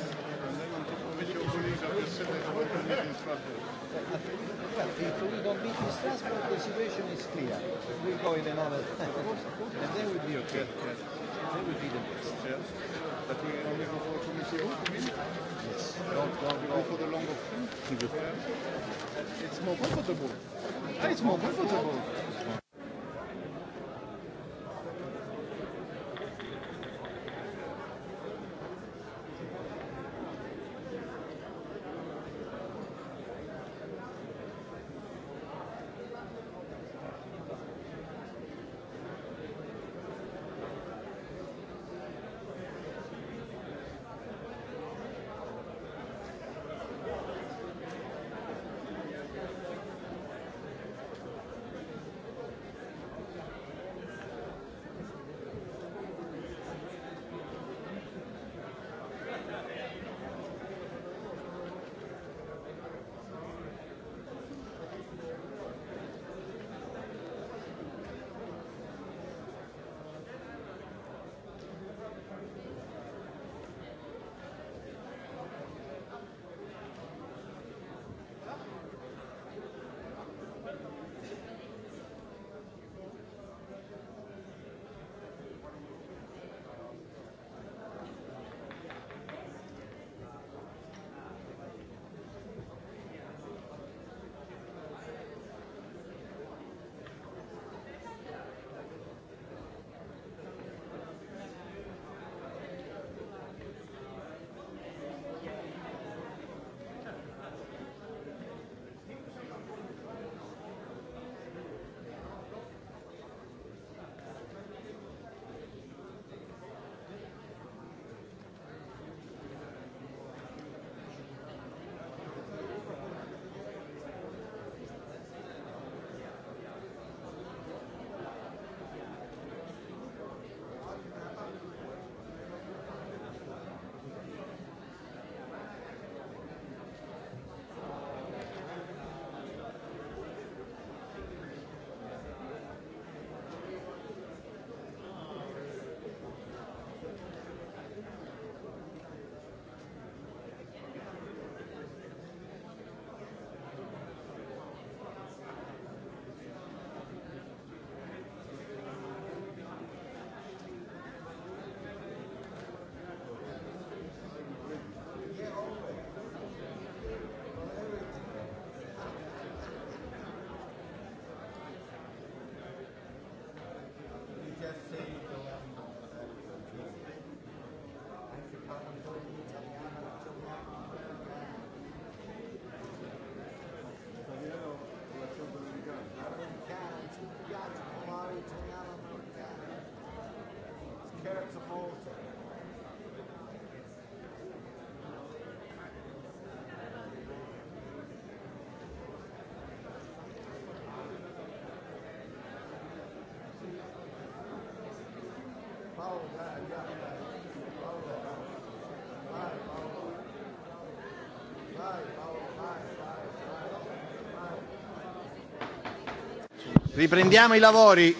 A: Well, if we don't meet in Strasbourg, the situation is clear. We go in another, time. and then we'll be okay. Then we'll be the best. But we only go for Commissaire Yes. Don't, don't go for the longer. It's more comfortable. It's more comfortable.
B: Riprendiamo i lavori.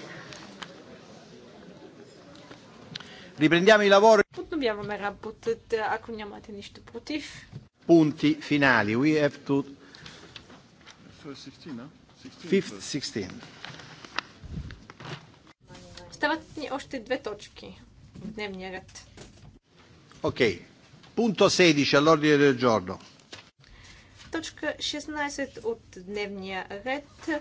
B: Riprendiamo i lavori.
D: Подновяваме работата, ако нямате нищо против.
B: Пунти финали. We have to... 15, 16.
D: Остават ни още две точки в дневния ред.
A: Окей. Okay. Пунто 16 all'ordine del giorno.
D: Точка 16 от дневния ред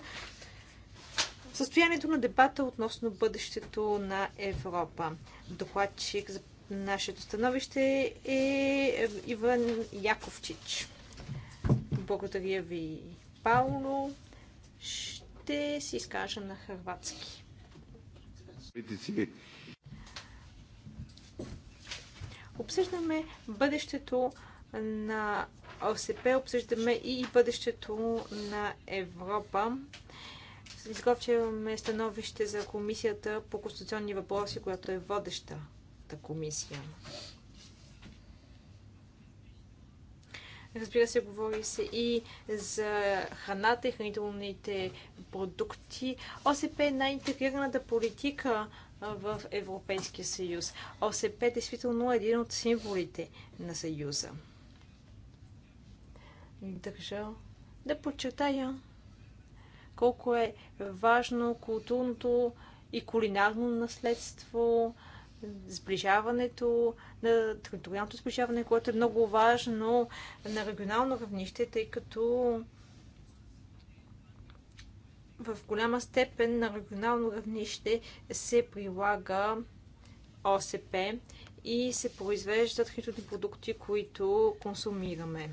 D: състоянието на дебата относно бъдещето на Европа. Докладчик за нашето становище е Иван Яковчич. Благодаря ви, Пауло. Ще си изкажа на хрватски. Обсъждаме бъдещето на ОСП, обсъждаме и бъдещето на Европа изготвяме становище за комисията по конституционни въпроси, която е водещата комисия. Разбира се, говори се и за храната и хранителните продукти. ОСП е най-интегрираната политика в Европейския съюз. ОСП е действително е един от символите на съюза. Държа да подчертая, колко е важно културното и кулинарно наследство, сближаването, на териториалното сближаване, което е много важно на регионално равнище, тъй като в голяма степен на регионално равнище се прилага ОСП и се произвеждат хранителни продукти, които консумираме.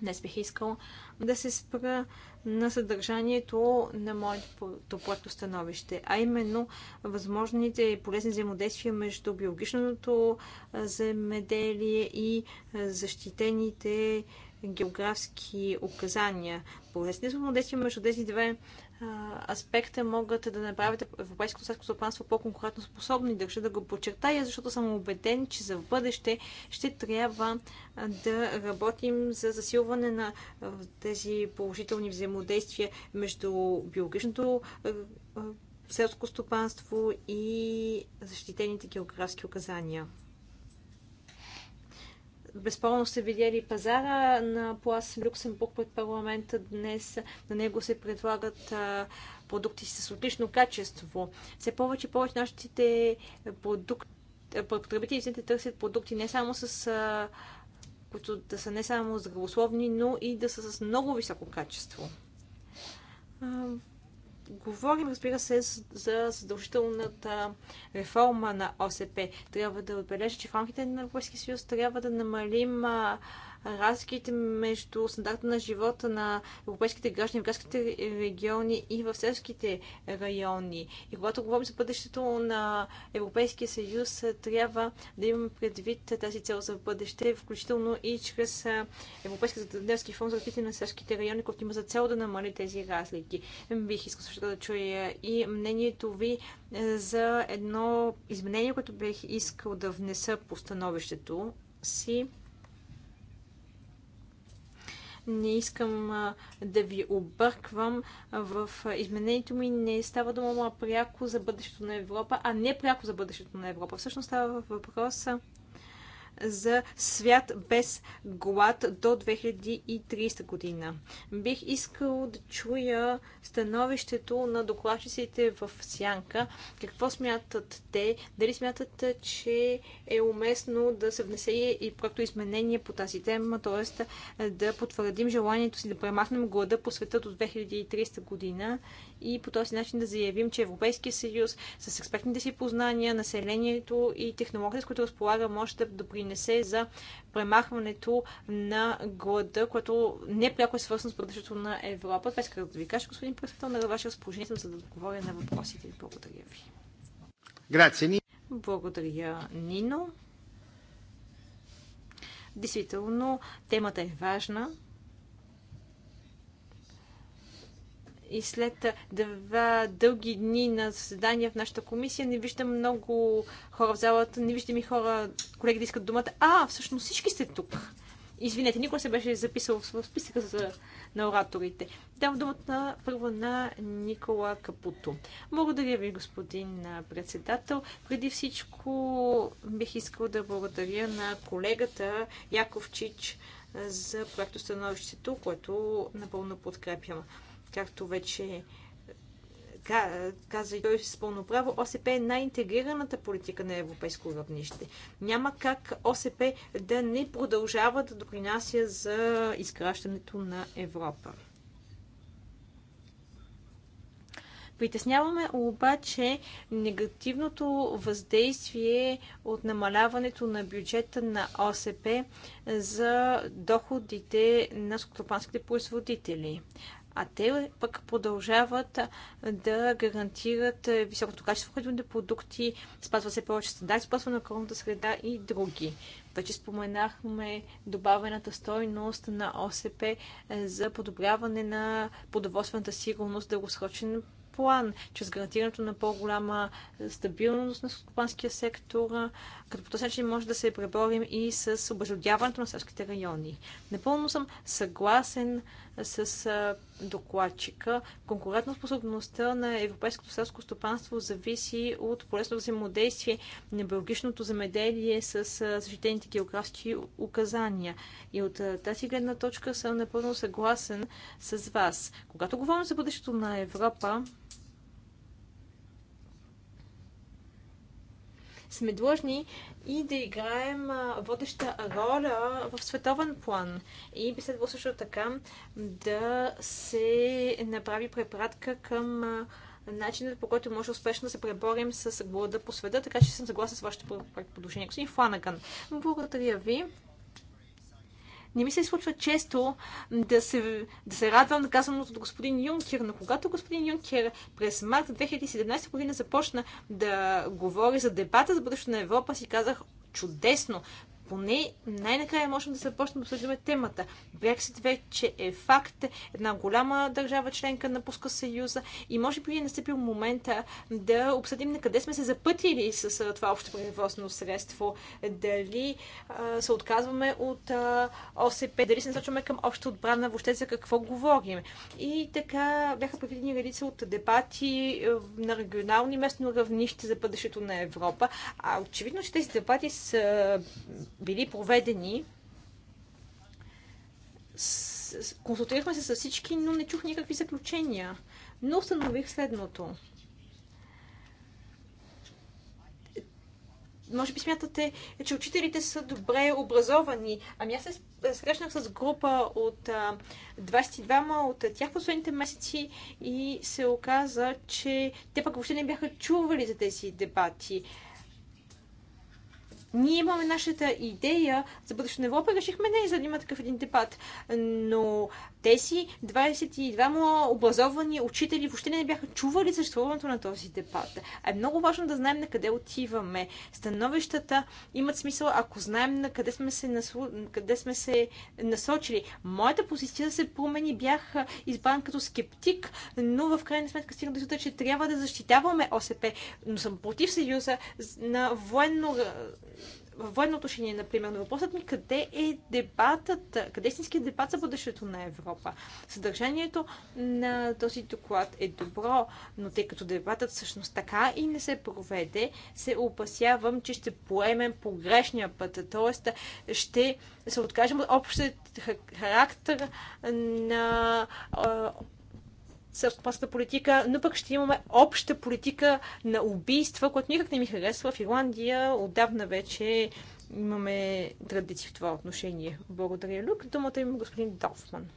D: Днес бих искал да се спра на съдържанието на моето плътно становище, а именно възможните и полезни взаимодействия между биологичното земеделие и защитените географски указания. Полеснително действие между тези две аспекта могат да направят европейското селско стопанство по-конкурентно способно и държа да го подчертая, защото съм убеден, че за в бъдеще ще трябва да работим за засилване на тези положителни взаимодействия между биологичното селско стопанство и защитените географски указания. Безспорно сте видяли пазара на Плас Люксембург пред парламента днес. На него се предлагат продукти с отлично качество. Все повече и повече нашите продукти, потребителите търсят продукти не само с които да са не само здравословни, но и да са с много високо качество говорим, разбира се, за задължителната реформа на ОСП. Трябва да отбележа, че в рамките на Европейския съюз трябва да намалим разликите между стандарта на живота на европейските граждани в градските региони и в селските райони. И когато говорим за бъдещето на Европейския съюз, трябва да имаме предвид тази цел за бъдеще, включително и чрез Европейския земеделски фонд за развитие на селските райони, който има за цел да намали тези разлики. Бих искал също да чуя и мнението ви за едно изменение, което бих искал да внеса по становището си не искам да ви обърквам. В изменението ми не става дума пряко за бъдещето на Европа, а не пряко за бъдещето на Европа. Всъщност става въпрос за свят без глад до 2030 година. Бих искал да чуя становището на докладчиците в Сянка. Какво смятат те? Дали смятат, че е уместно да се внесе и проекто изменение по тази тема, т.е. да потвърдим желанието си да премахнем глада по света до 2030 година и по този начин да заявим, че Европейския съюз с експертните си познания, населението и технологията, с които разполага, може да допринесе за премахването на глада, което непряко е свързано с бъдещето на Европа. Това исках да ви кажа, господин председател, на ваше разположение съм, за да отговоря на въпросите. Благодаря ви. Грация, Благодаря, Нино. Действително, темата е важна. И след два дълги дни на заседания в нашата комисия не виждам много хора в залата, не виждам и хора, колеги да искат думата. А, всъщност всички сте тук. Извинете, никой се беше записал в списъка за, на ораторите. Дам думата на, първо на Никола Капуто. Благодаря ви, господин председател. Преди всичко бих искал да благодаря на колегата Яковчич за становището, което напълно подкрепям. Както вече е, каза и той с пълно право, ОСП е най-интегрираната политика на европейско равнище. Няма как ОСП да не продължава да допринася за изграждането на Европа. Притесняваме обаче негативното въздействие от намаляването на бюджета на ОСП за доходите на скотопанските производители а те пък продължават да гарантират високото качество хранителните продукти, спазва се повече стандарти, спазва на околната среда и други. Вече споменахме добавената стойност на ОСП за подобряване на продоволствената сигурност, дългосрочен план, чрез гарантирането на по-голяма е, стабилност на стопанския сектор, е, като по този начин може да се преборим и с обезлюдяването на селските райони. Напълно съм съгласен е, с докладчика. способността на европейското селско стопанство зависи от полезно взаимодействие на биологичното земеделие с защитените географски указания. И от тази гледна точка съм напълно съгласен с вас. Когато говорим за бъдещето на Европа, сме длъжни и да играем водеща роля в световен план. И би следвало също така да се направи препратка към начинът по който може успешно да се преборим с глада по света, така че съм съгласна с вашето предположение. Господин Фланаган, благодаря ви. Не ми се случва често да се, да се радвам на казаното от господин Юнкер, но когато господин Юнкер през март 2017 година започна да говори за дебата за бъдещето на Европа, си казах чудесно поне най-накрая можем да започнем да обсъждаме темата. Брексит вече е факт. Една голяма държава членка напуска Съюза и може би е настъпил момента да обсъдим на къде сме се запътили с това общо превозно средство. Дали а, се отказваме от а, ОСП, дали се насочваме към обща отбрана, въобще за какво говорим. И така бяха предвидени редица от дебати е, на регионални местно равнище за бъдещето на Европа. А очевидно, че тези дебати са били проведени. Консултирахме се с всички, но не чух никакви заключения. Но установих следното. може би смятате, че учителите са добре образовани. Ами аз се срещнах с група от 22-ма от тях последните месеци и се оказа, че те пък въобще не бяха чували за тези дебати. Ние имаме нашата идея за бъдещето на Европа и решихме не за да има такъв един дебат. Но тези 22 образовани учители въобще не бяха чували съществуването на този дебат. А е много важно да знаем на къде отиваме. Становищата имат смисъл, ако знаем на къде сме се, наслу... къде сме се насочили. Моята позиция се промени. Бях избран като скептик, но в крайна сметка стигна до да че трябва да защитаваме ОСП. Но съм против съюза на военно във военно отношение, например, на въпросът ми е къде е дебатът, къде е истинският дебат за бъдещето на Европа. Съдържанието на този доклад е добро, но тъй като дебатът всъщност така и не се проведе, се опасявам, че ще поемем погрешния път, т.е. ще се откажем от общия характер на селскопанската политика, но пък ще имаме обща политика на убийства, което никак не ми харесва. В Ирландия отдавна вече имаме традиции в това отношение. Благодаря, Люк. Думата
C: има господин Долфман.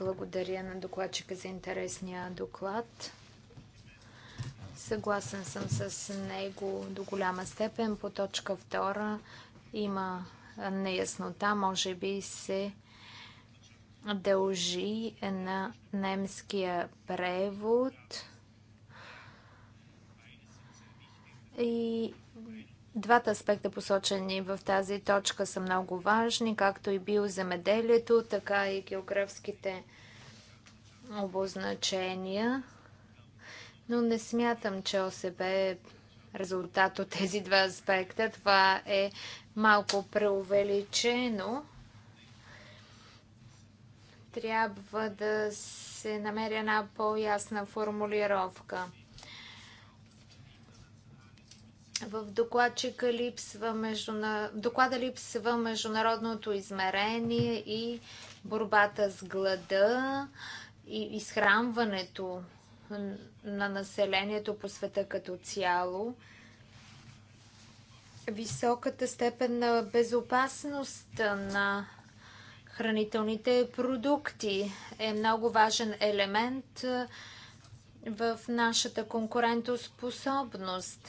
C: Благодаря на докладчика за интересния доклад. Съгласен съм с него до голяма степен. По точка втора има неяснота може би се дължи на немския превод и Двата аспекта, посочени в тази точка, са много важни, както и биоземеделието, така и географските обозначения. Но не смятам, че ОСБ е резултат от тези два аспекта. Това е малко преувеличено. Трябва да се намери една по-ясна формулировка. В докладчика липсва междуна... доклада липсва международното измерение и борбата с глада и изхранването на населението по света като цяло високата степен на безопасност на хранителните продукти е много важен елемент в нашата конкурентоспособност.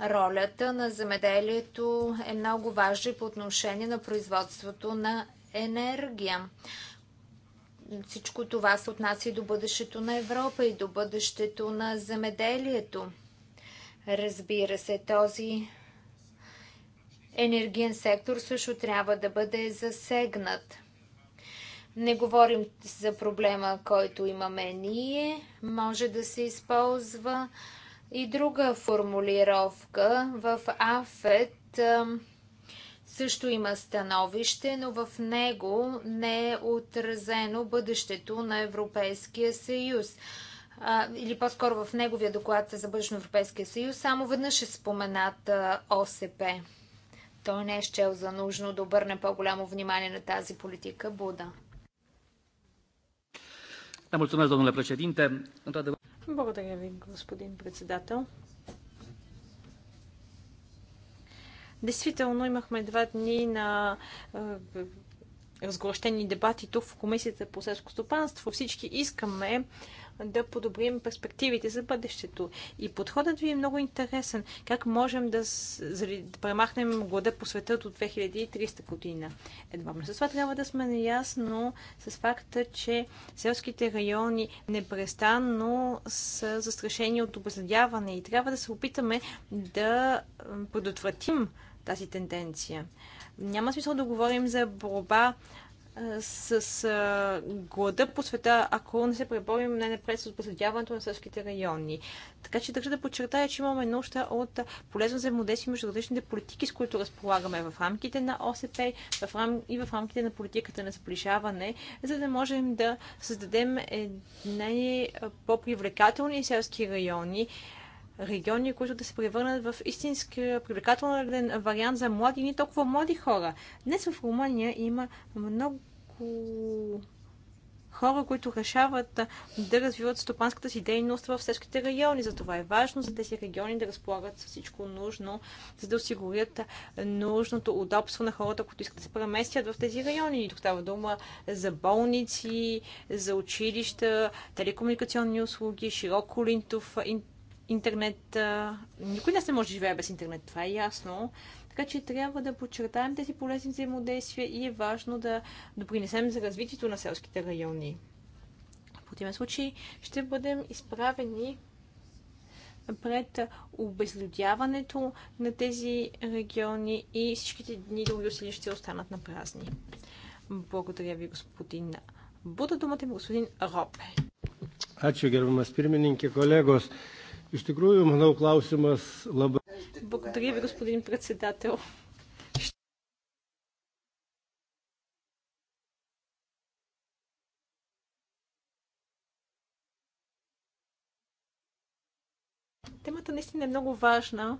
C: Ролята на земеделието е много важна по отношение на производството на енергия. Всичко това се отнася и до бъдещето на Европа и до бъдещето на земеделието. Разбира се, този енергиен сектор също трябва да бъде засегнат. Не говорим за проблема, който имаме ние. Може да се използва и друга формулировка. В АФЕТ също има становище, но в него не е отразено бъдещето на Европейския съюз. А, или по-скоро в неговия доклад за бъдещето на Европейския съюз, само веднъж е споменат ОСП. Той не е счел за нужно да обърне по-голямо внимание на тази политика. Буда. Благодаря
D: ви, господин председател. Действително имахме два дни на е, разглащени дебати тук в Комисията по селско стопанство. Всички искаме да подобрим перспективите за бъдещето. И подходът ви е много интересен. Как можем да, да премахнем глада по света до 2300 година? Едва с това трябва да сме наясно с факта, че селските райони непрестанно са застрашени от обезлюдяване и трябва да се опитаме да предотвратим тази тенденция. Няма смисъл да говорим за борба с с глада по света, ако не се преборим най-напред с последяването на сърските райони. Така че държа да подчертая, че имаме нужда от полезно взаимодействие между различните политики, с които разполагаме в рамките на ОСП в рам... и в рамките на политиката на сближаване, за да можем да създадем най-по-привлекателни селски райони, региони, които да се превърнат в истински привлекателен вариант за млади и не толкова млади хора. Днес в Румъния има много хора, които решават да развиват стопанската си дейност в селските райони. Затова е важно за тези региони да разполагат всичко нужно, за да осигурят нужното удобство на хората, които искат да се преместят в тези райони. И тук става дума за болници, за училища, телекомуникационни услуги, широко линтов интернет интернет. Никой не се може да живее без интернет, това е ясно. Така че трябва да подчертаем тези полезни взаимодействия и е важно да допринесем за развитието на селските райони. В противен случай ще бъдем изправени пред обезлюдяването на тези региони и всичките дни други усилия ще останат на празни. Благодаря ви, господин Буда. Думата ми господин Ропе.
A: Ačiū gerbiamas pirmininkė, колегос. Iš tikrųjų, manau, klausimas labai.
D: Благодаря ви, господин председател. Темата наистина е много важна.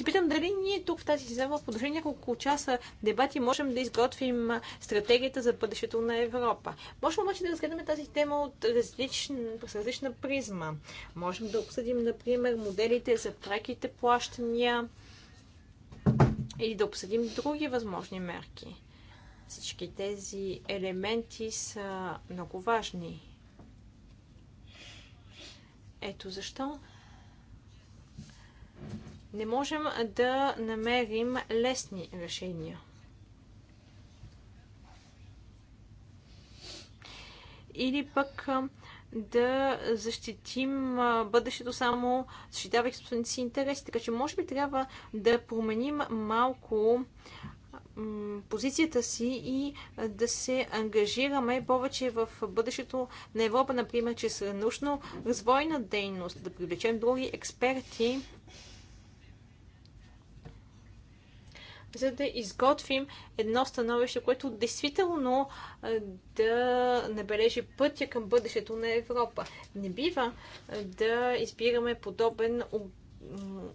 D: И питам дали ние тук в тази зала в продължение няколко часа дебати можем да изготвим стратегията за бъдещето на Европа. Можем обаче да разгледаме тази тема от различна, различна призма. Можем да обсъдим, например, моделите за преките плащания или да обсъдим други възможни мерки. Всички тези елементи са много важни. Ето защо не можем да намерим лесни решения. Или пък да защитим бъдещето само защитавайки собствените си интереси. Така че може би трябва да променим малко позицията си и да се ангажираме повече в бъдещето на Европа, например, че с научно-развойна дейност, да привлечем други експерти за да изготвим едно становище, което действително да набележи пътя към бъдещето на Европа. Не бива да избираме подобен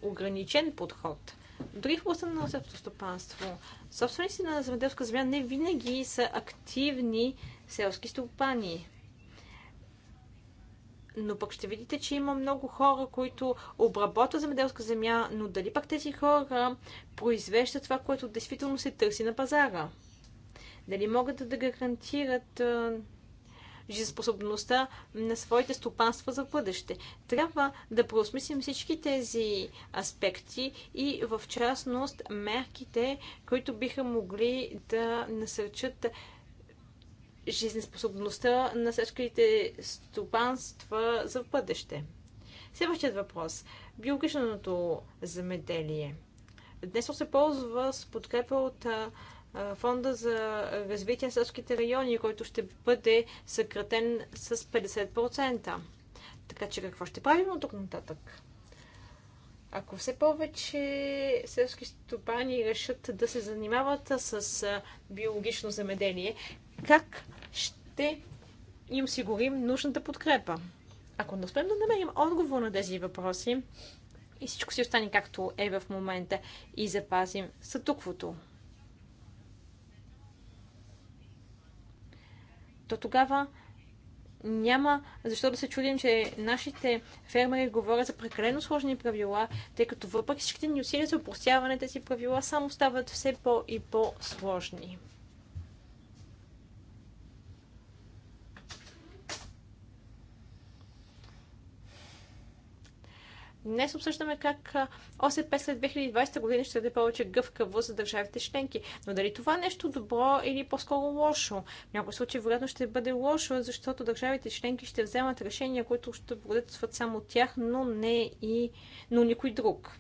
D: ограничен подход. Дори в областта на селскостопанство, собствениците на земеделска земя не винаги са активни селски стопани но пък ще видите, че има много хора, които обработват земеделска земя, но дали пък тези хора произвеждат това, което действително се търси на пазара? Дали могат да гарантират жизнеспособността на своите стопанства за бъдеще. Трябва да преосмислим всички тези аспекти и в частност мерките, които биха могли да насърчат жизнеспособността на селските стопанства за бъдеще. Следващият въпрос. Биологичното замеделие. Днес се ползва с подкрепа от фонда за развитие на селските райони, който ще бъде съкратен с 50%. Така че какво ще правим от тук нататък? Ако все повече селски стопани решат да се занимават с биологично замеделие, как ще им осигурим нужната подкрепа. Ако не успеем да намерим отговор на тези въпроси и всичко си остане както е в момента и запазим сътуквото. то тогава няма защо да се чудим, че нашите фермери говорят за прекалено сложни правила, тъй като въпреки всичките ни усилия за упростяване, тези правила само стават все по- и по-сложни. Днес обсъждаме как ОСП след 2020 година ще даде повече гъвкаво за държавите членки. Но дали това нещо добро или по-скоро лошо? В някои случаи вероятно ще бъде лошо, защото държавите членки ще вземат решения, които ще бъдат само тях, но не и но никой друг.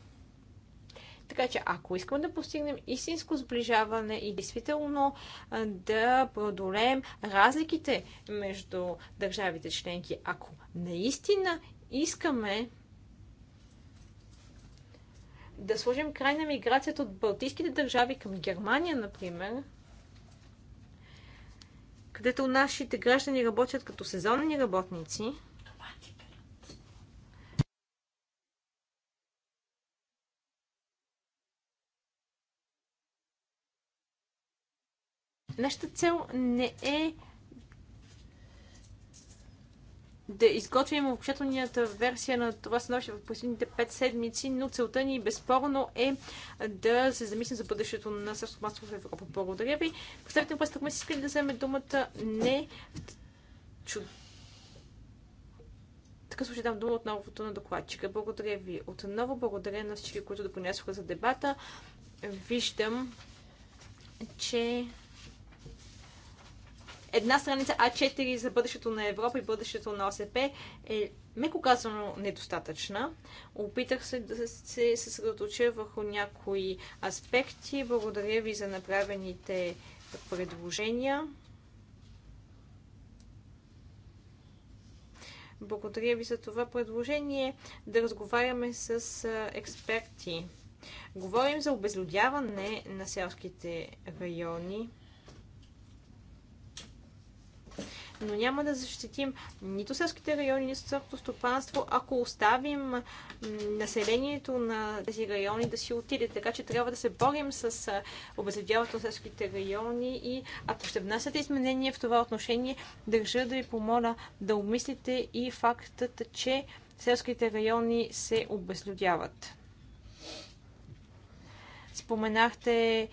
D: Така че, ако искаме да постигнем истинско сближаване и действително да преодолеем разликите между държавите членки, ако наистина искаме да сложим край на миграцията от балтийските държави към Германия, например, където нашите граждани работят като сезонни работници. Нашата цел не е да изготвим общателната версия на това становище в последните 5 седмици, но целта ни безспорно е да се замислим за бъдещето на масло в Европа. Благодаря ви. Представител на си искали да вземе думата? Не. Чудо. Така случай дам дума отново на докладчика. Благодаря ви отново. Благодаря на всички, които допринесоха за дебата. Виждам, че една страница А4 за бъдещето на Европа и бъдещето на ОСП е, меко казано, недостатъчна. Опитах се да се съсредоточа върху някои аспекти. Благодаря ви за направените предложения. Благодаря ви за това предложение да разговаряме с експерти. Говорим за обезлюдяване на селските райони. Но няма да защитим нито селските райони, нито селското стопанство, ако оставим населението на тези райони да си отиде. Така че трябва да се борим с обезлюдяването на селските райони и ако ще внасяте изменения в това отношение, държа да ви помоля да обмислите и фактът, че селските райони се обезлюдяват. Споменахте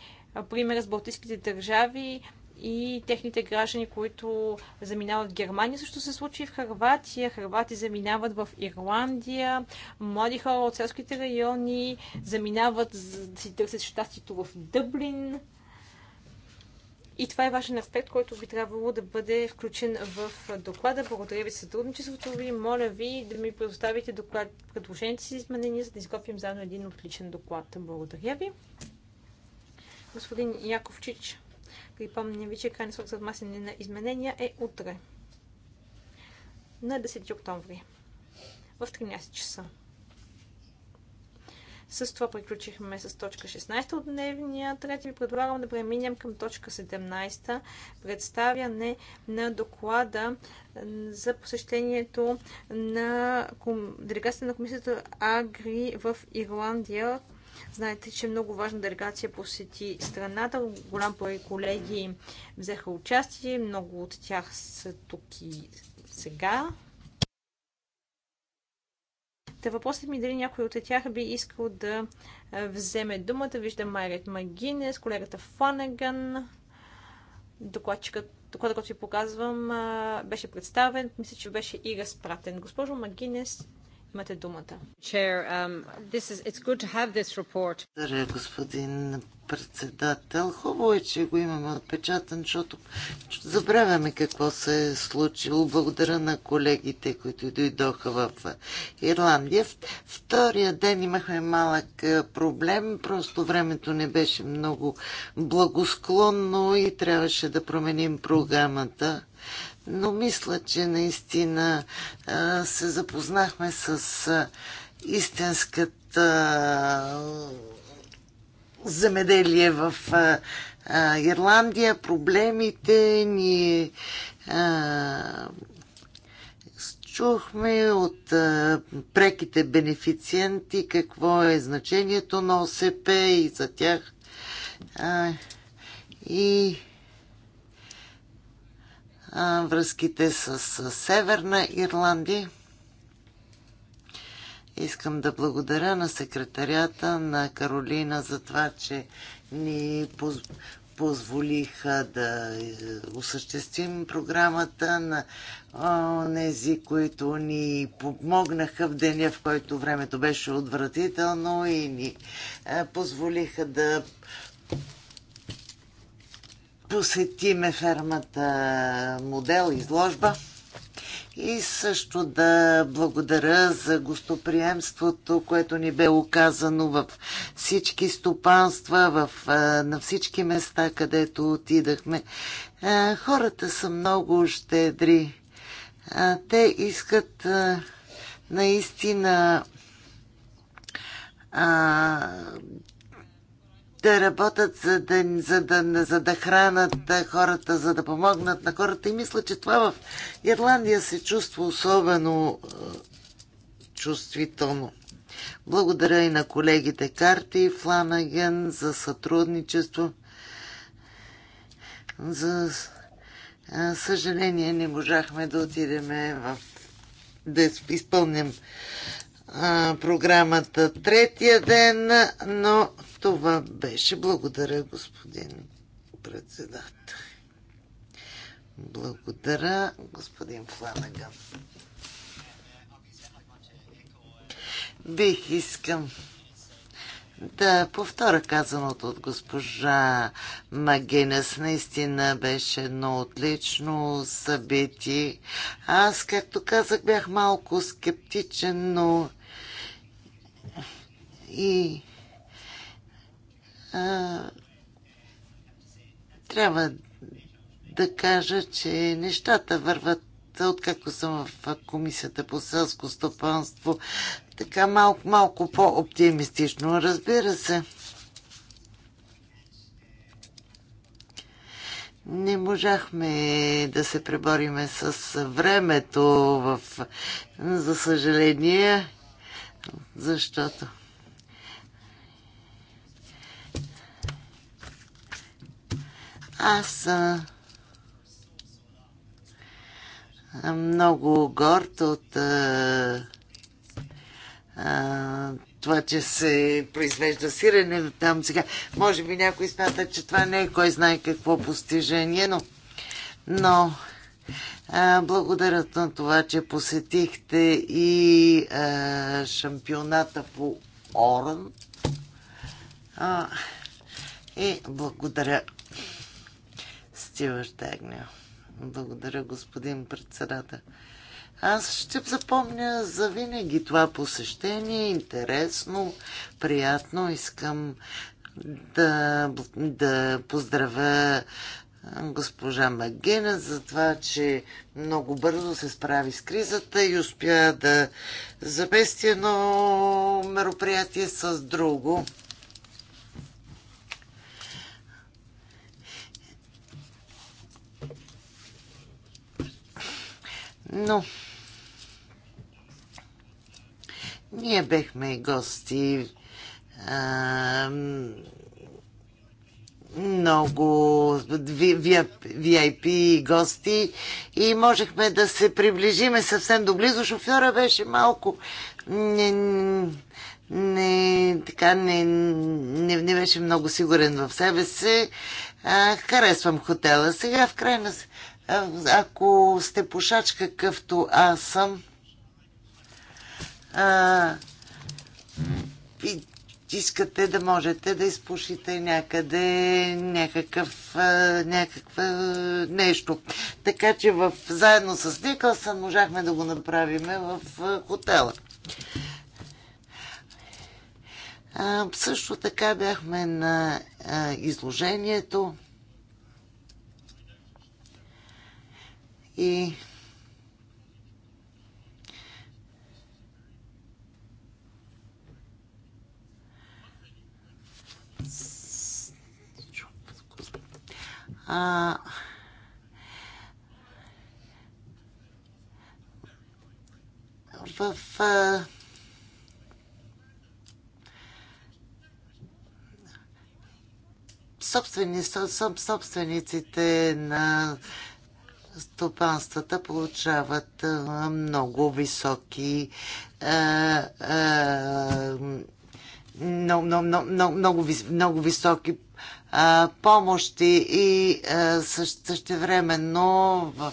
D: пример с балтийските държави и техните граждани, които заминават в Германия. Също се случи в Харватия. Харвати заминават в Ирландия. Млади хора от селските райони заминават за да си търсят щастието в Дъблин. И това е важен аспект, който би трябвало да бъде включен в доклада. Благодаря ви за сътрудничеството ви. Моля ви да ми предоставите доклад, предложението си изменения, за да изготвим заедно един отличен доклад. Благодаря ви. Господин Яковчич. Припомня ви, че крайен срок за внасяне на изменения е утре на 10 октомври в 13 часа. С това приключихме с точка 16 от дневния трет ви предлагам да преминем към точка 17 представяне на доклада за посещението на делегацията на комисията Агри в Ирландия Знаете, че много важна делегация посети страната. Голям брой колеги взеха участие. Много от тях са тук и сега. Та въпросът ми е дали някой от тях би искал да вземе думата. Виждам Майрет Магинес, колегата Фанеган, докладчикът Докладът, който ви показвам, беше представен. Мисля, че беше и разпратен. Госпожо Магинес, Имате думата. Um,
B: Благодаря, господин председател. Хубаво е, че го имаме отпечатан, защото забравяме какво се е случило. Благодаря на колегите, които дойдоха в Ирландия. Втория ден имахме малък е, проблем, просто времето не беше много благосклонно и трябваше да променим програмата но мисля, че наистина се запознахме с истинската земеделие в Ирландия, проблемите ни чухме от а, преките бенефициенти какво е значението на ОСП и за тях. А, и връзките с Северна Ирландия. Искам да благодаря на секретарията на Каролина за това, че ни позволиха да е, осъществим програмата на тези, които ни помогнаха в деня, в който времето беше отвратително и ни е, позволиха да посетиме фермата модел изложба и също да благодаря за гостоприемството, което ни бе оказано в всички стопанства, в, на всички места, където отидахме. Хората са много щедри. Те искат наистина да работят, за да, за да, за да хранат хората, за да помогнат на хората. И мисля, че това в Ирландия се чувства особено чувствително. Благодаря и на колегите Карти и Фланаген за сътрудничество. За съжаление не можахме да отидем в... да изпълним програмата третия ден, но това беше. Благодаря, господин председател. Благодаря, господин Фланаган. Бих искам да повторя казаното от госпожа Магенес. Наистина беше едно отлично събитие. Аз, както казах, бях малко скептичен, но и трябва да кажа, че нещата върват откакто съм в комисията по селско стопанство, така малко, малко по-оптимистично, разбира се. Не можахме да се пребориме с времето в... за съжаление, защото Аз а, много горд от а, а, това, че се произвежда сирене там сега. Може би някой смята, че това не е кой знае какво постижение, но, но а, благодаря на това, че посетихте и а, шампионата по Оран. А, и благодаря Стивърт Агнио. Благодаря, господин председател. Аз ще запомня за винаги това посещение. Интересно, приятно. Искам да, да поздравя госпожа Магена за това, че много бързо се справи с кризата и успя да замести едно мероприятие с друго. Но ние бехме и гости а, много VIP гости и можехме да се приближиме съвсем доблизо. Шофьора беше малко не, не, така, не, не, не беше много сигурен в себе си. харесвам хотела. Сега в крайна ако сте пушач какъвто аз съм, а, искате да можете да изпушите някъде някакъв, някаква нещо. Така че в, заедно с Николсън можахме да го направим в хотела. А, също така бяхме на а, изложението И а, в в... собствени, собствениците на стопанствата получават много високи много, много, високи помощи и също, същевременно в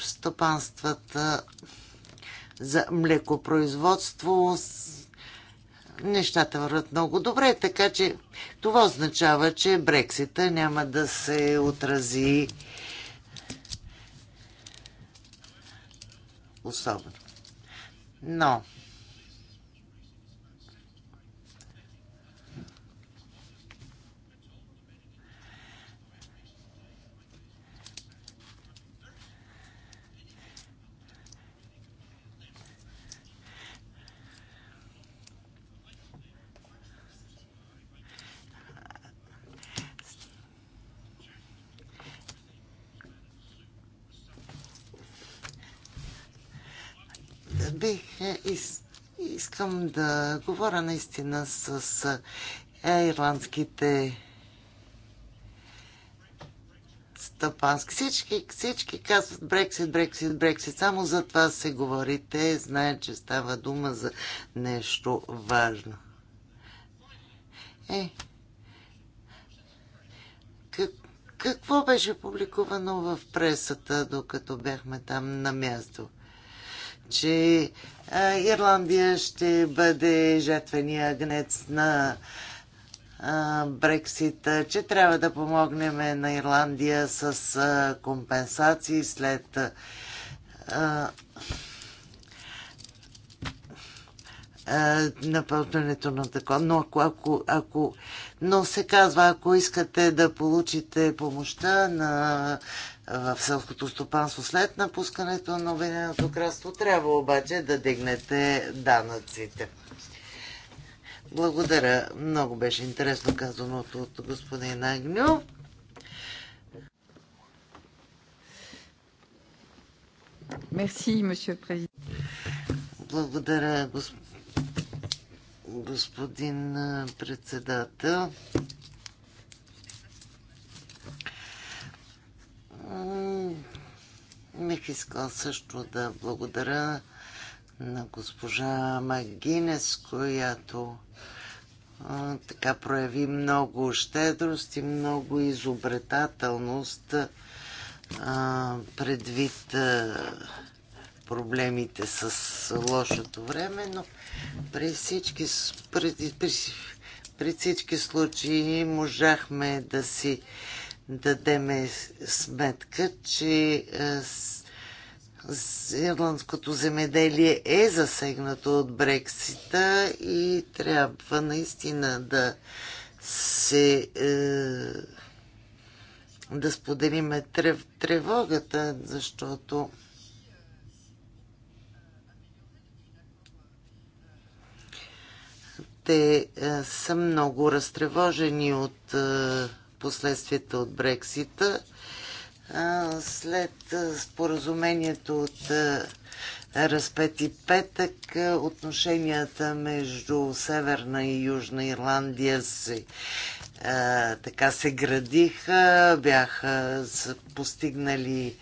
B: стопанствата за млекопроизводство нещата върват много добре, така че това означава, че Брексита няма да се отрази особено. Но Бих е, из... искам да говоря наистина с е, ирландските стъпански. Всички, всички казват Брексит, Брексит, Брексит. Само за това се говори. Те знаят, че става дума за нещо важно. Е, как, какво беше публикувано в пресата, докато бяхме там на място? че Ирландия ще бъде жертвения гнец на Брексит, че трябва да помогнем на Ирландия с компенсации след напълването на такова. Но ако, ако, ако, но се казва, ако искате да получите помощта на в селското стопанство след напускането на Обединеното кралство. Трябва обаче да дигнете данъците. Благодаря. Много беше интересно казаното от господин Агню. Мерси, месье президент. Благодаря, господин председател. Мих искал също да благодаря на госпожа Магинес, която а, така прояви много щедрост и много изобретателност а, предвид а, проблемите с лошото време, но при всички, при, при, при всички случаи можахме да си дадеме сметка, че е, ирландското земеделие е засегнато от Брексита и трябва наистина да се е, да споделиме тревогата, защото те е, са много разтревожени от последствията от Брексита. След споразумението от разпети петък отношенията между Северна и Южна Ирландия се така се градиха, бяха постигнали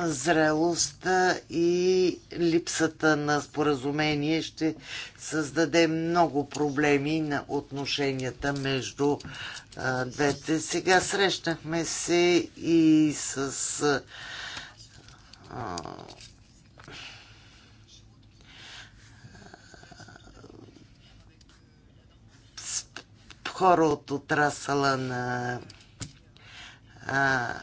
B: зрелостта и липсата на споразумение ще създаде много проблеми на отношенията между двете. Сега срещнахме се и с а, хора от отрасъла на а,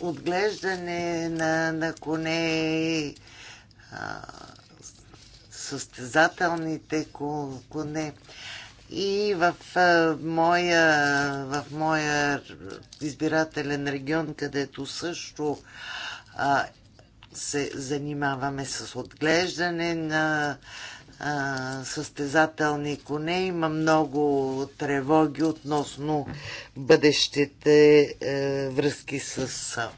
B: отглеждане на, на коне, а, състезателните коне. И в а, моя, в моя избирателен регион, където също а, се занимаваме с отглеждане на а, състезателни коне. Има много тревоги относно бъдещите е, връзки с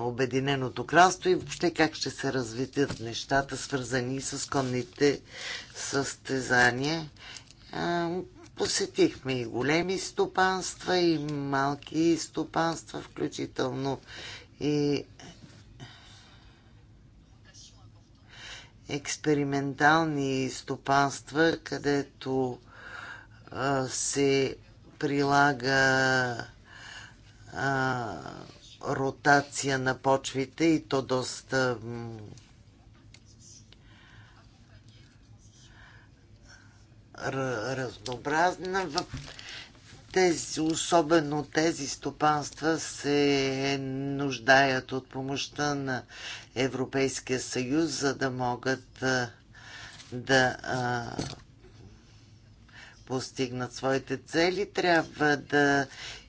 B: Обединеното кралство и въобще как ще се развитят нещата, свързани с конните състезания. посетихме и големи стопанства, и малки стопанства, включително и експериментални стопанства, където се прилага а, ротация на почвите и то доста разнообразна. В тези, особено тези стопанства се нуждаят от помощта на Европейския съюз, за да могат да постигнат своите цели, трябва да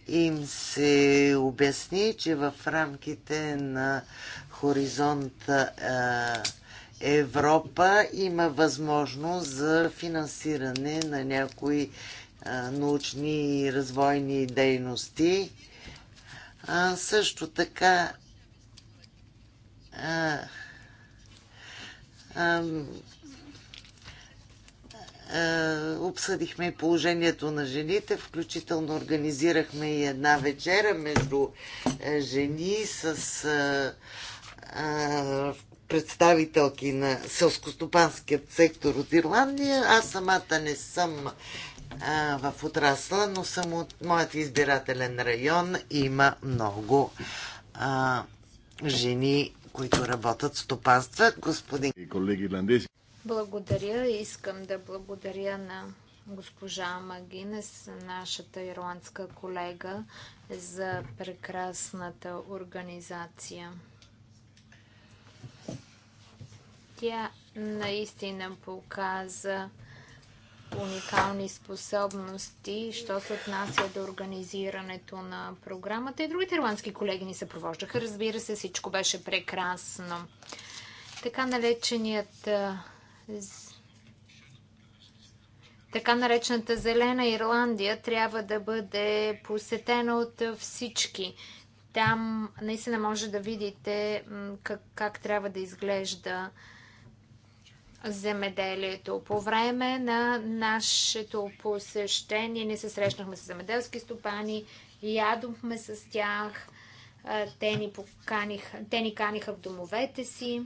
B: им се обясни, че в рамките на хоризонт Европа има възможност за финансиране на някои научни и развойни дейности. А, също така обсъдихме положението на жените, включително организирахме и една вечера между е, жени с е, е, представителки на селскостопанският сектор от Ирландия. Аз самата не съм а, в отрасла, но съм от моят избирателен район. Има много а, жени които работят стопанства. Господин. Колеги ирландези.
C: Благодаря. Искам да благодаря на госпожа Магинес, нашата ирландска колега, за прекрасната организация. Тя наистина показа уникални способности, що се отнася до организирането на програмата. И другите ирландски колеги ни съпровождаха. Разбира се, всичко беше прекрасно. Така нареченият така наречената Зелена Ирландия трябва да бъде посетена от всички. Там наистина може да видите как, как трябва да изглежда земеделието. По време на нашето посещение ние се срещнахме с земеделски стопани, ядохме с тях, те ни, поканиха, те ни каниха в домовете си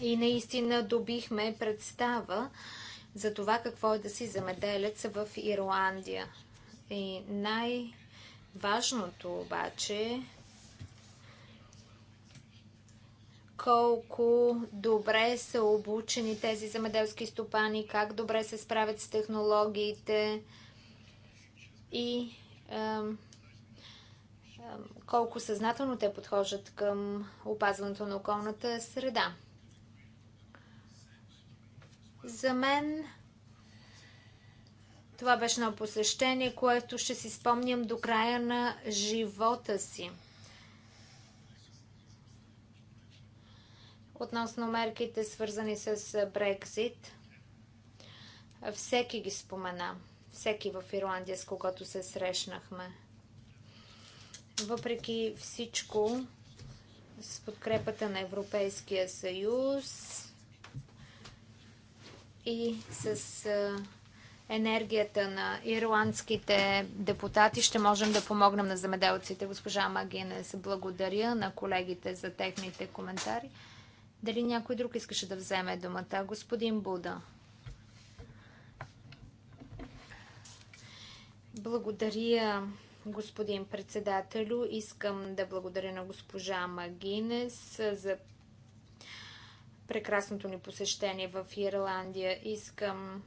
C: и наистина добихме представа за това какво е да си земеделец в Ирландия. И най- Важното обаче колко добре са обучени тези земеделски стопани, как добре се справят с технологиите и колко съзнателно те подхождат към опазването на околната среда. За мен това беше едно посещение, което ще си спомням до края на живота си. относно мерките, свързани с Брекзит. Всеки ги спомена. Всеки в Ирландия, с когото се срещнахме. Въпреки всичко, с подкрепата на Европейския съюз и с енергията на ирландските депутати ще можем да помогнем на замеделците. Госпожа Магинес, благодаря на колегите за техните коментари. Дали някой друг искаше да вземе думата? Господин Буда. Благодаря, господин председателю. Искам да благодаря на госпожа Магинес за прекрасното ни посещение в Ирландия. Искам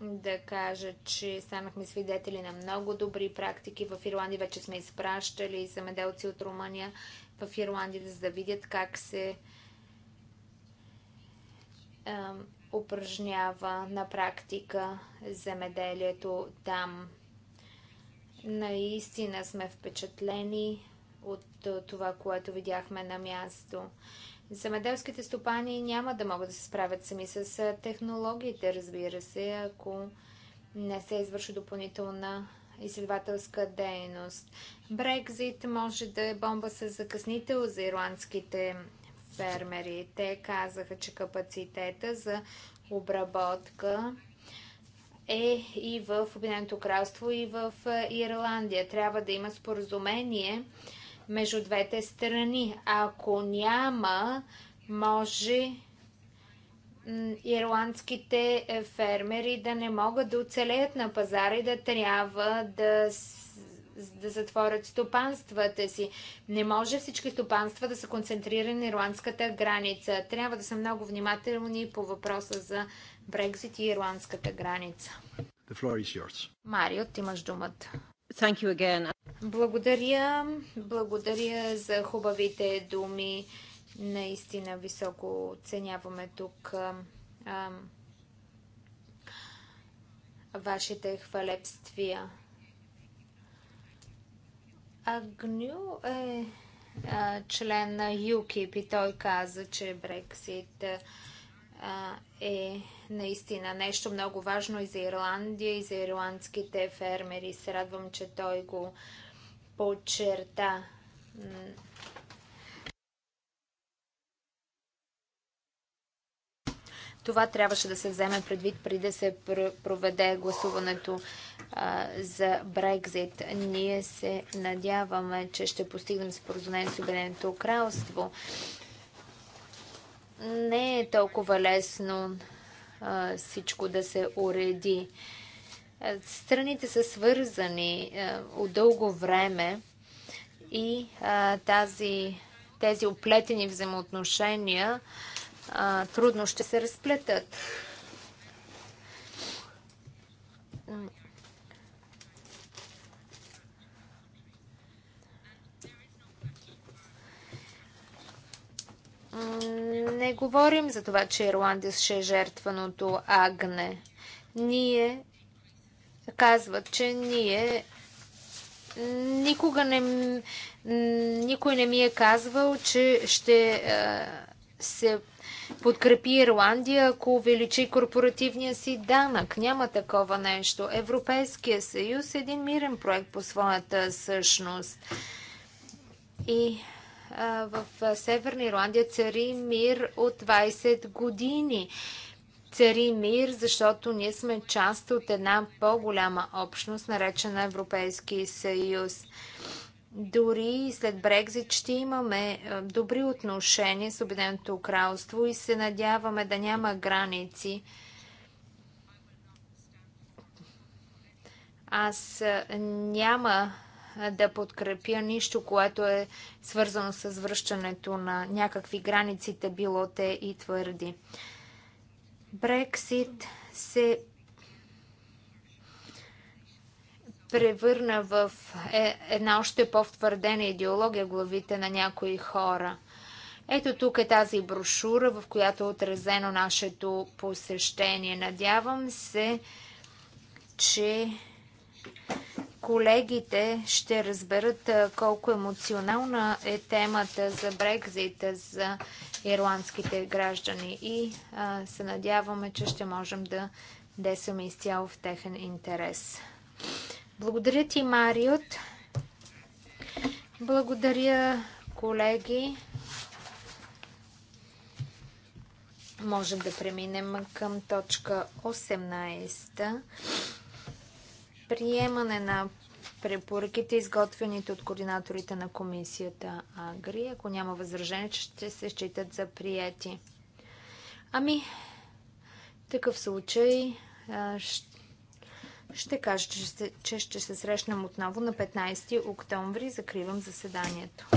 C: да кажа, че станахме свидетели на много добри практики. В Ирландия вече сме изпращали замеделци от Румъния в Ирландия, за да видят как се упражнява на практика земеделието там. Наистина сме впечатлени от това, което видяхме на място. Земеделските стопани няма да могат да се справят сами с технологиите, разбира се, ако не се извърши допълнителна изследователска дейност. Брекзит може да е бомба с закъснител за ирландските фермери. Те казаха, че капацитета за обработка е и в Обединеното кралство, и в е, Ирландия. Трябва да има споразумение между двете страни. Ако няма, може ирландските е, фермери да не могат да оцелеят на пазара и да трябва да се да затворят стопанствата си. Не може всички стопанства да са концентрирани на ирландската граница. Трябва да са много внимателни по въпроса за Брекзит и ирландската граница. Марио, ти имаш думата. Thank you again. Благодаря. Благодаря за хубавите думи. Наистина високо оценяваме тук вашите хвалебствия. Агню е член на ЮКИП и той каза, че Брексит е наистина нещо много важно и за Ирландия, и за ирландските фермери. Се радвам, че той го подчерта. Това трябваше да се вземе предвид преди да се проведе гласуването за Брекзит. Ние се надяваме, че ще постигнем споразумение с Обединеното кралство. Не е толкова лесно всичко да се уреди. Страните са свързани от дълго време и тази, тези оплетени взаимоотношения а, трудно ще се разплетат. Не говорим за това, че Ирландия ще е жертваното агне. Ние казват, че ние никога не, никой не ми е казвал, че ще се подкрепи Ирландия, ако увеличи корпоративния си данък. Няма такова нещо. Европейския съюз е един мирен проект по своята същност. И а, в Северна Ирландия цари мир от 20 години цари мир, защото ние сме част от една по-голяма общност, наречена Европейски съюз. Дори след Брекзит ще имаме добри отношения с Обединеното кралство и се надяваме да няма граници. Аз няма да подкрепя нищо, което е свързано с връщането на някакви границите, било те и твърди. Брексит се превърна в е, една още по-втвърдена идеология в главите на някои хора. Ето тук е тази брошура, в която е отразено нашето посещение. Надявам се, че колегите ще разберат колко емоционална е темата за Брекзита за ирландските граждани и а, се надяваме, че ще можем да десаме изцяло в техен интерес. Благодаря ти, Мариот. Благодаря, колеги. Можем да преминем към точка 18. Приемане на препоръките, изготвените от координаторите на комисията Агри. Ако няма възражение, че ще се считат за прияти. Ами, такъв случай ще ще кажа, че ще се срещнем отново на 15 октомври. Закривам заседанието.